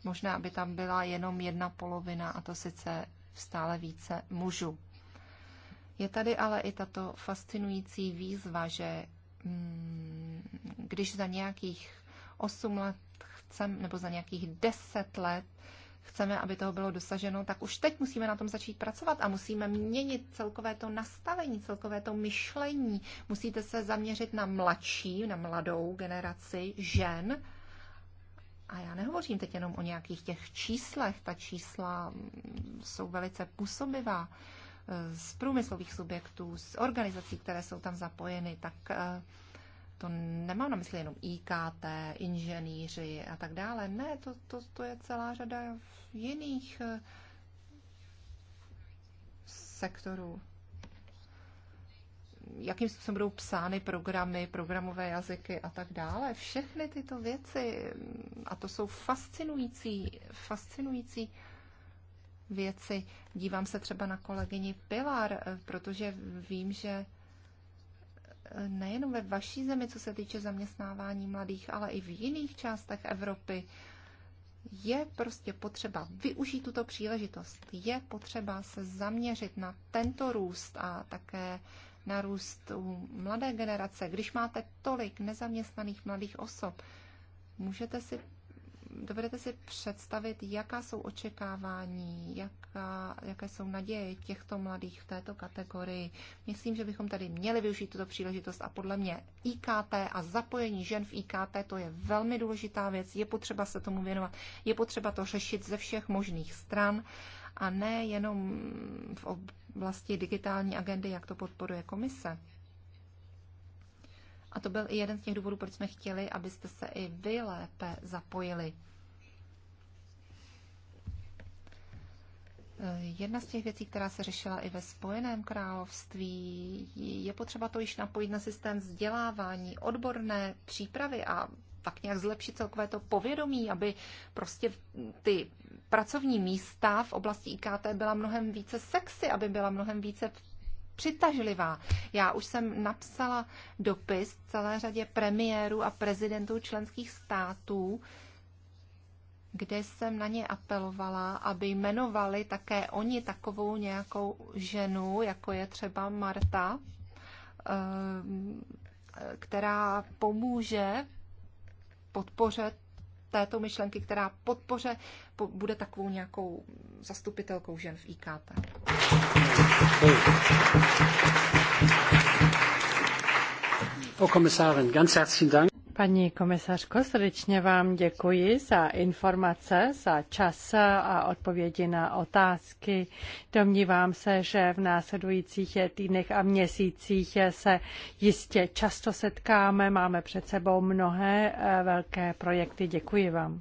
možné, aby tam byla jenom jedna polovina a to sice stále více mužů. Je tady ale i tato fascinující výzva, že mm, když za nějakých 8 let chcem, nebo za nějakých 10 let chceme, aby toho bylo dosaženo, tak už teď musíme na tom začít pracovat a musíme měnit celkové to nastavení, celkové to myšlení. Musíte se zaměřit na mladší, na mladou generaci žen, a já nehovořím teď jenom o nějakých těch číslech, ta čísla mm, jsou velice působivá eh, z průmyslových subjektů, z organizací, které jsou tam zapojeny, tak eh, to nemám na mysli jenom IKT, inženýři a tak dále. Ne, to, to, to je celá řada jiných eh, sektorů jakým způsobem budou psány programy, programové jazyky a tak dále. Všechny tyto věci, a to jsou fascinující, fascinující věci. Dívám se třeba na kolegyni Pilar, protože vím, že eh, nejenom ve vaší zemi, co se týče zaměstnávání mladých, ale i v jiných částech Evropy, je prostě potřeba využít tuto příležitost. Je potřeba se zaměřit na tento růst a také narůstu mladé generace, když máte tolik nezaměstnaných mladých osob, můžete si, dovedete si představit, jaká jsou očekávání, jaká, jaké jsou naděje těchto mladých v této kategorii. Myslím, že bychom tady měli využít tuto příležitost a podle mě IKT a zapojení žen v IKT, to je velmi důležitá věc, je potřeba se tomu věnovat, je potřeba to řešit ze všech možných stran a ne jenom v oblasti digitální agendy, jak to podporuje komise. A to byl i jeden z těch důvodů, proč jsme chtěli, abyste se i vy lépe zapojili. Jedna z těch věcí, která se řešila i ve Spojeném království, je potřeba to již napojit na systém vzdělávání, odborné přípravy a tak nějak zlepšit celkové to povědomí, aby prostě ty pracovní místa v oblasti IKT byla mnohem více sexy, aby byla mnohem více přitažlivá. Já už jsem napsala dopis celé řadě premiérů a prezidentů členských států, kde jsem na ně apelovala, aby jmenovali také oni takovou nějakou ženu, jako je třeba Marta, eh, která pomůže podpoře této myšlenky, která podpoře bude takovou nějakou zastupitelkou žen v IKT. Frau Kommissarin, ganz herzlichen Dank. Paní komisařko, srdečně vám děkuji za informace, za čas a odpovědi na otázky. Domnívám se, že v následujících týdnech a měsících se jistě často setkáme. Máme před sebou mnohé eh, velké projekty. Děkuji vám.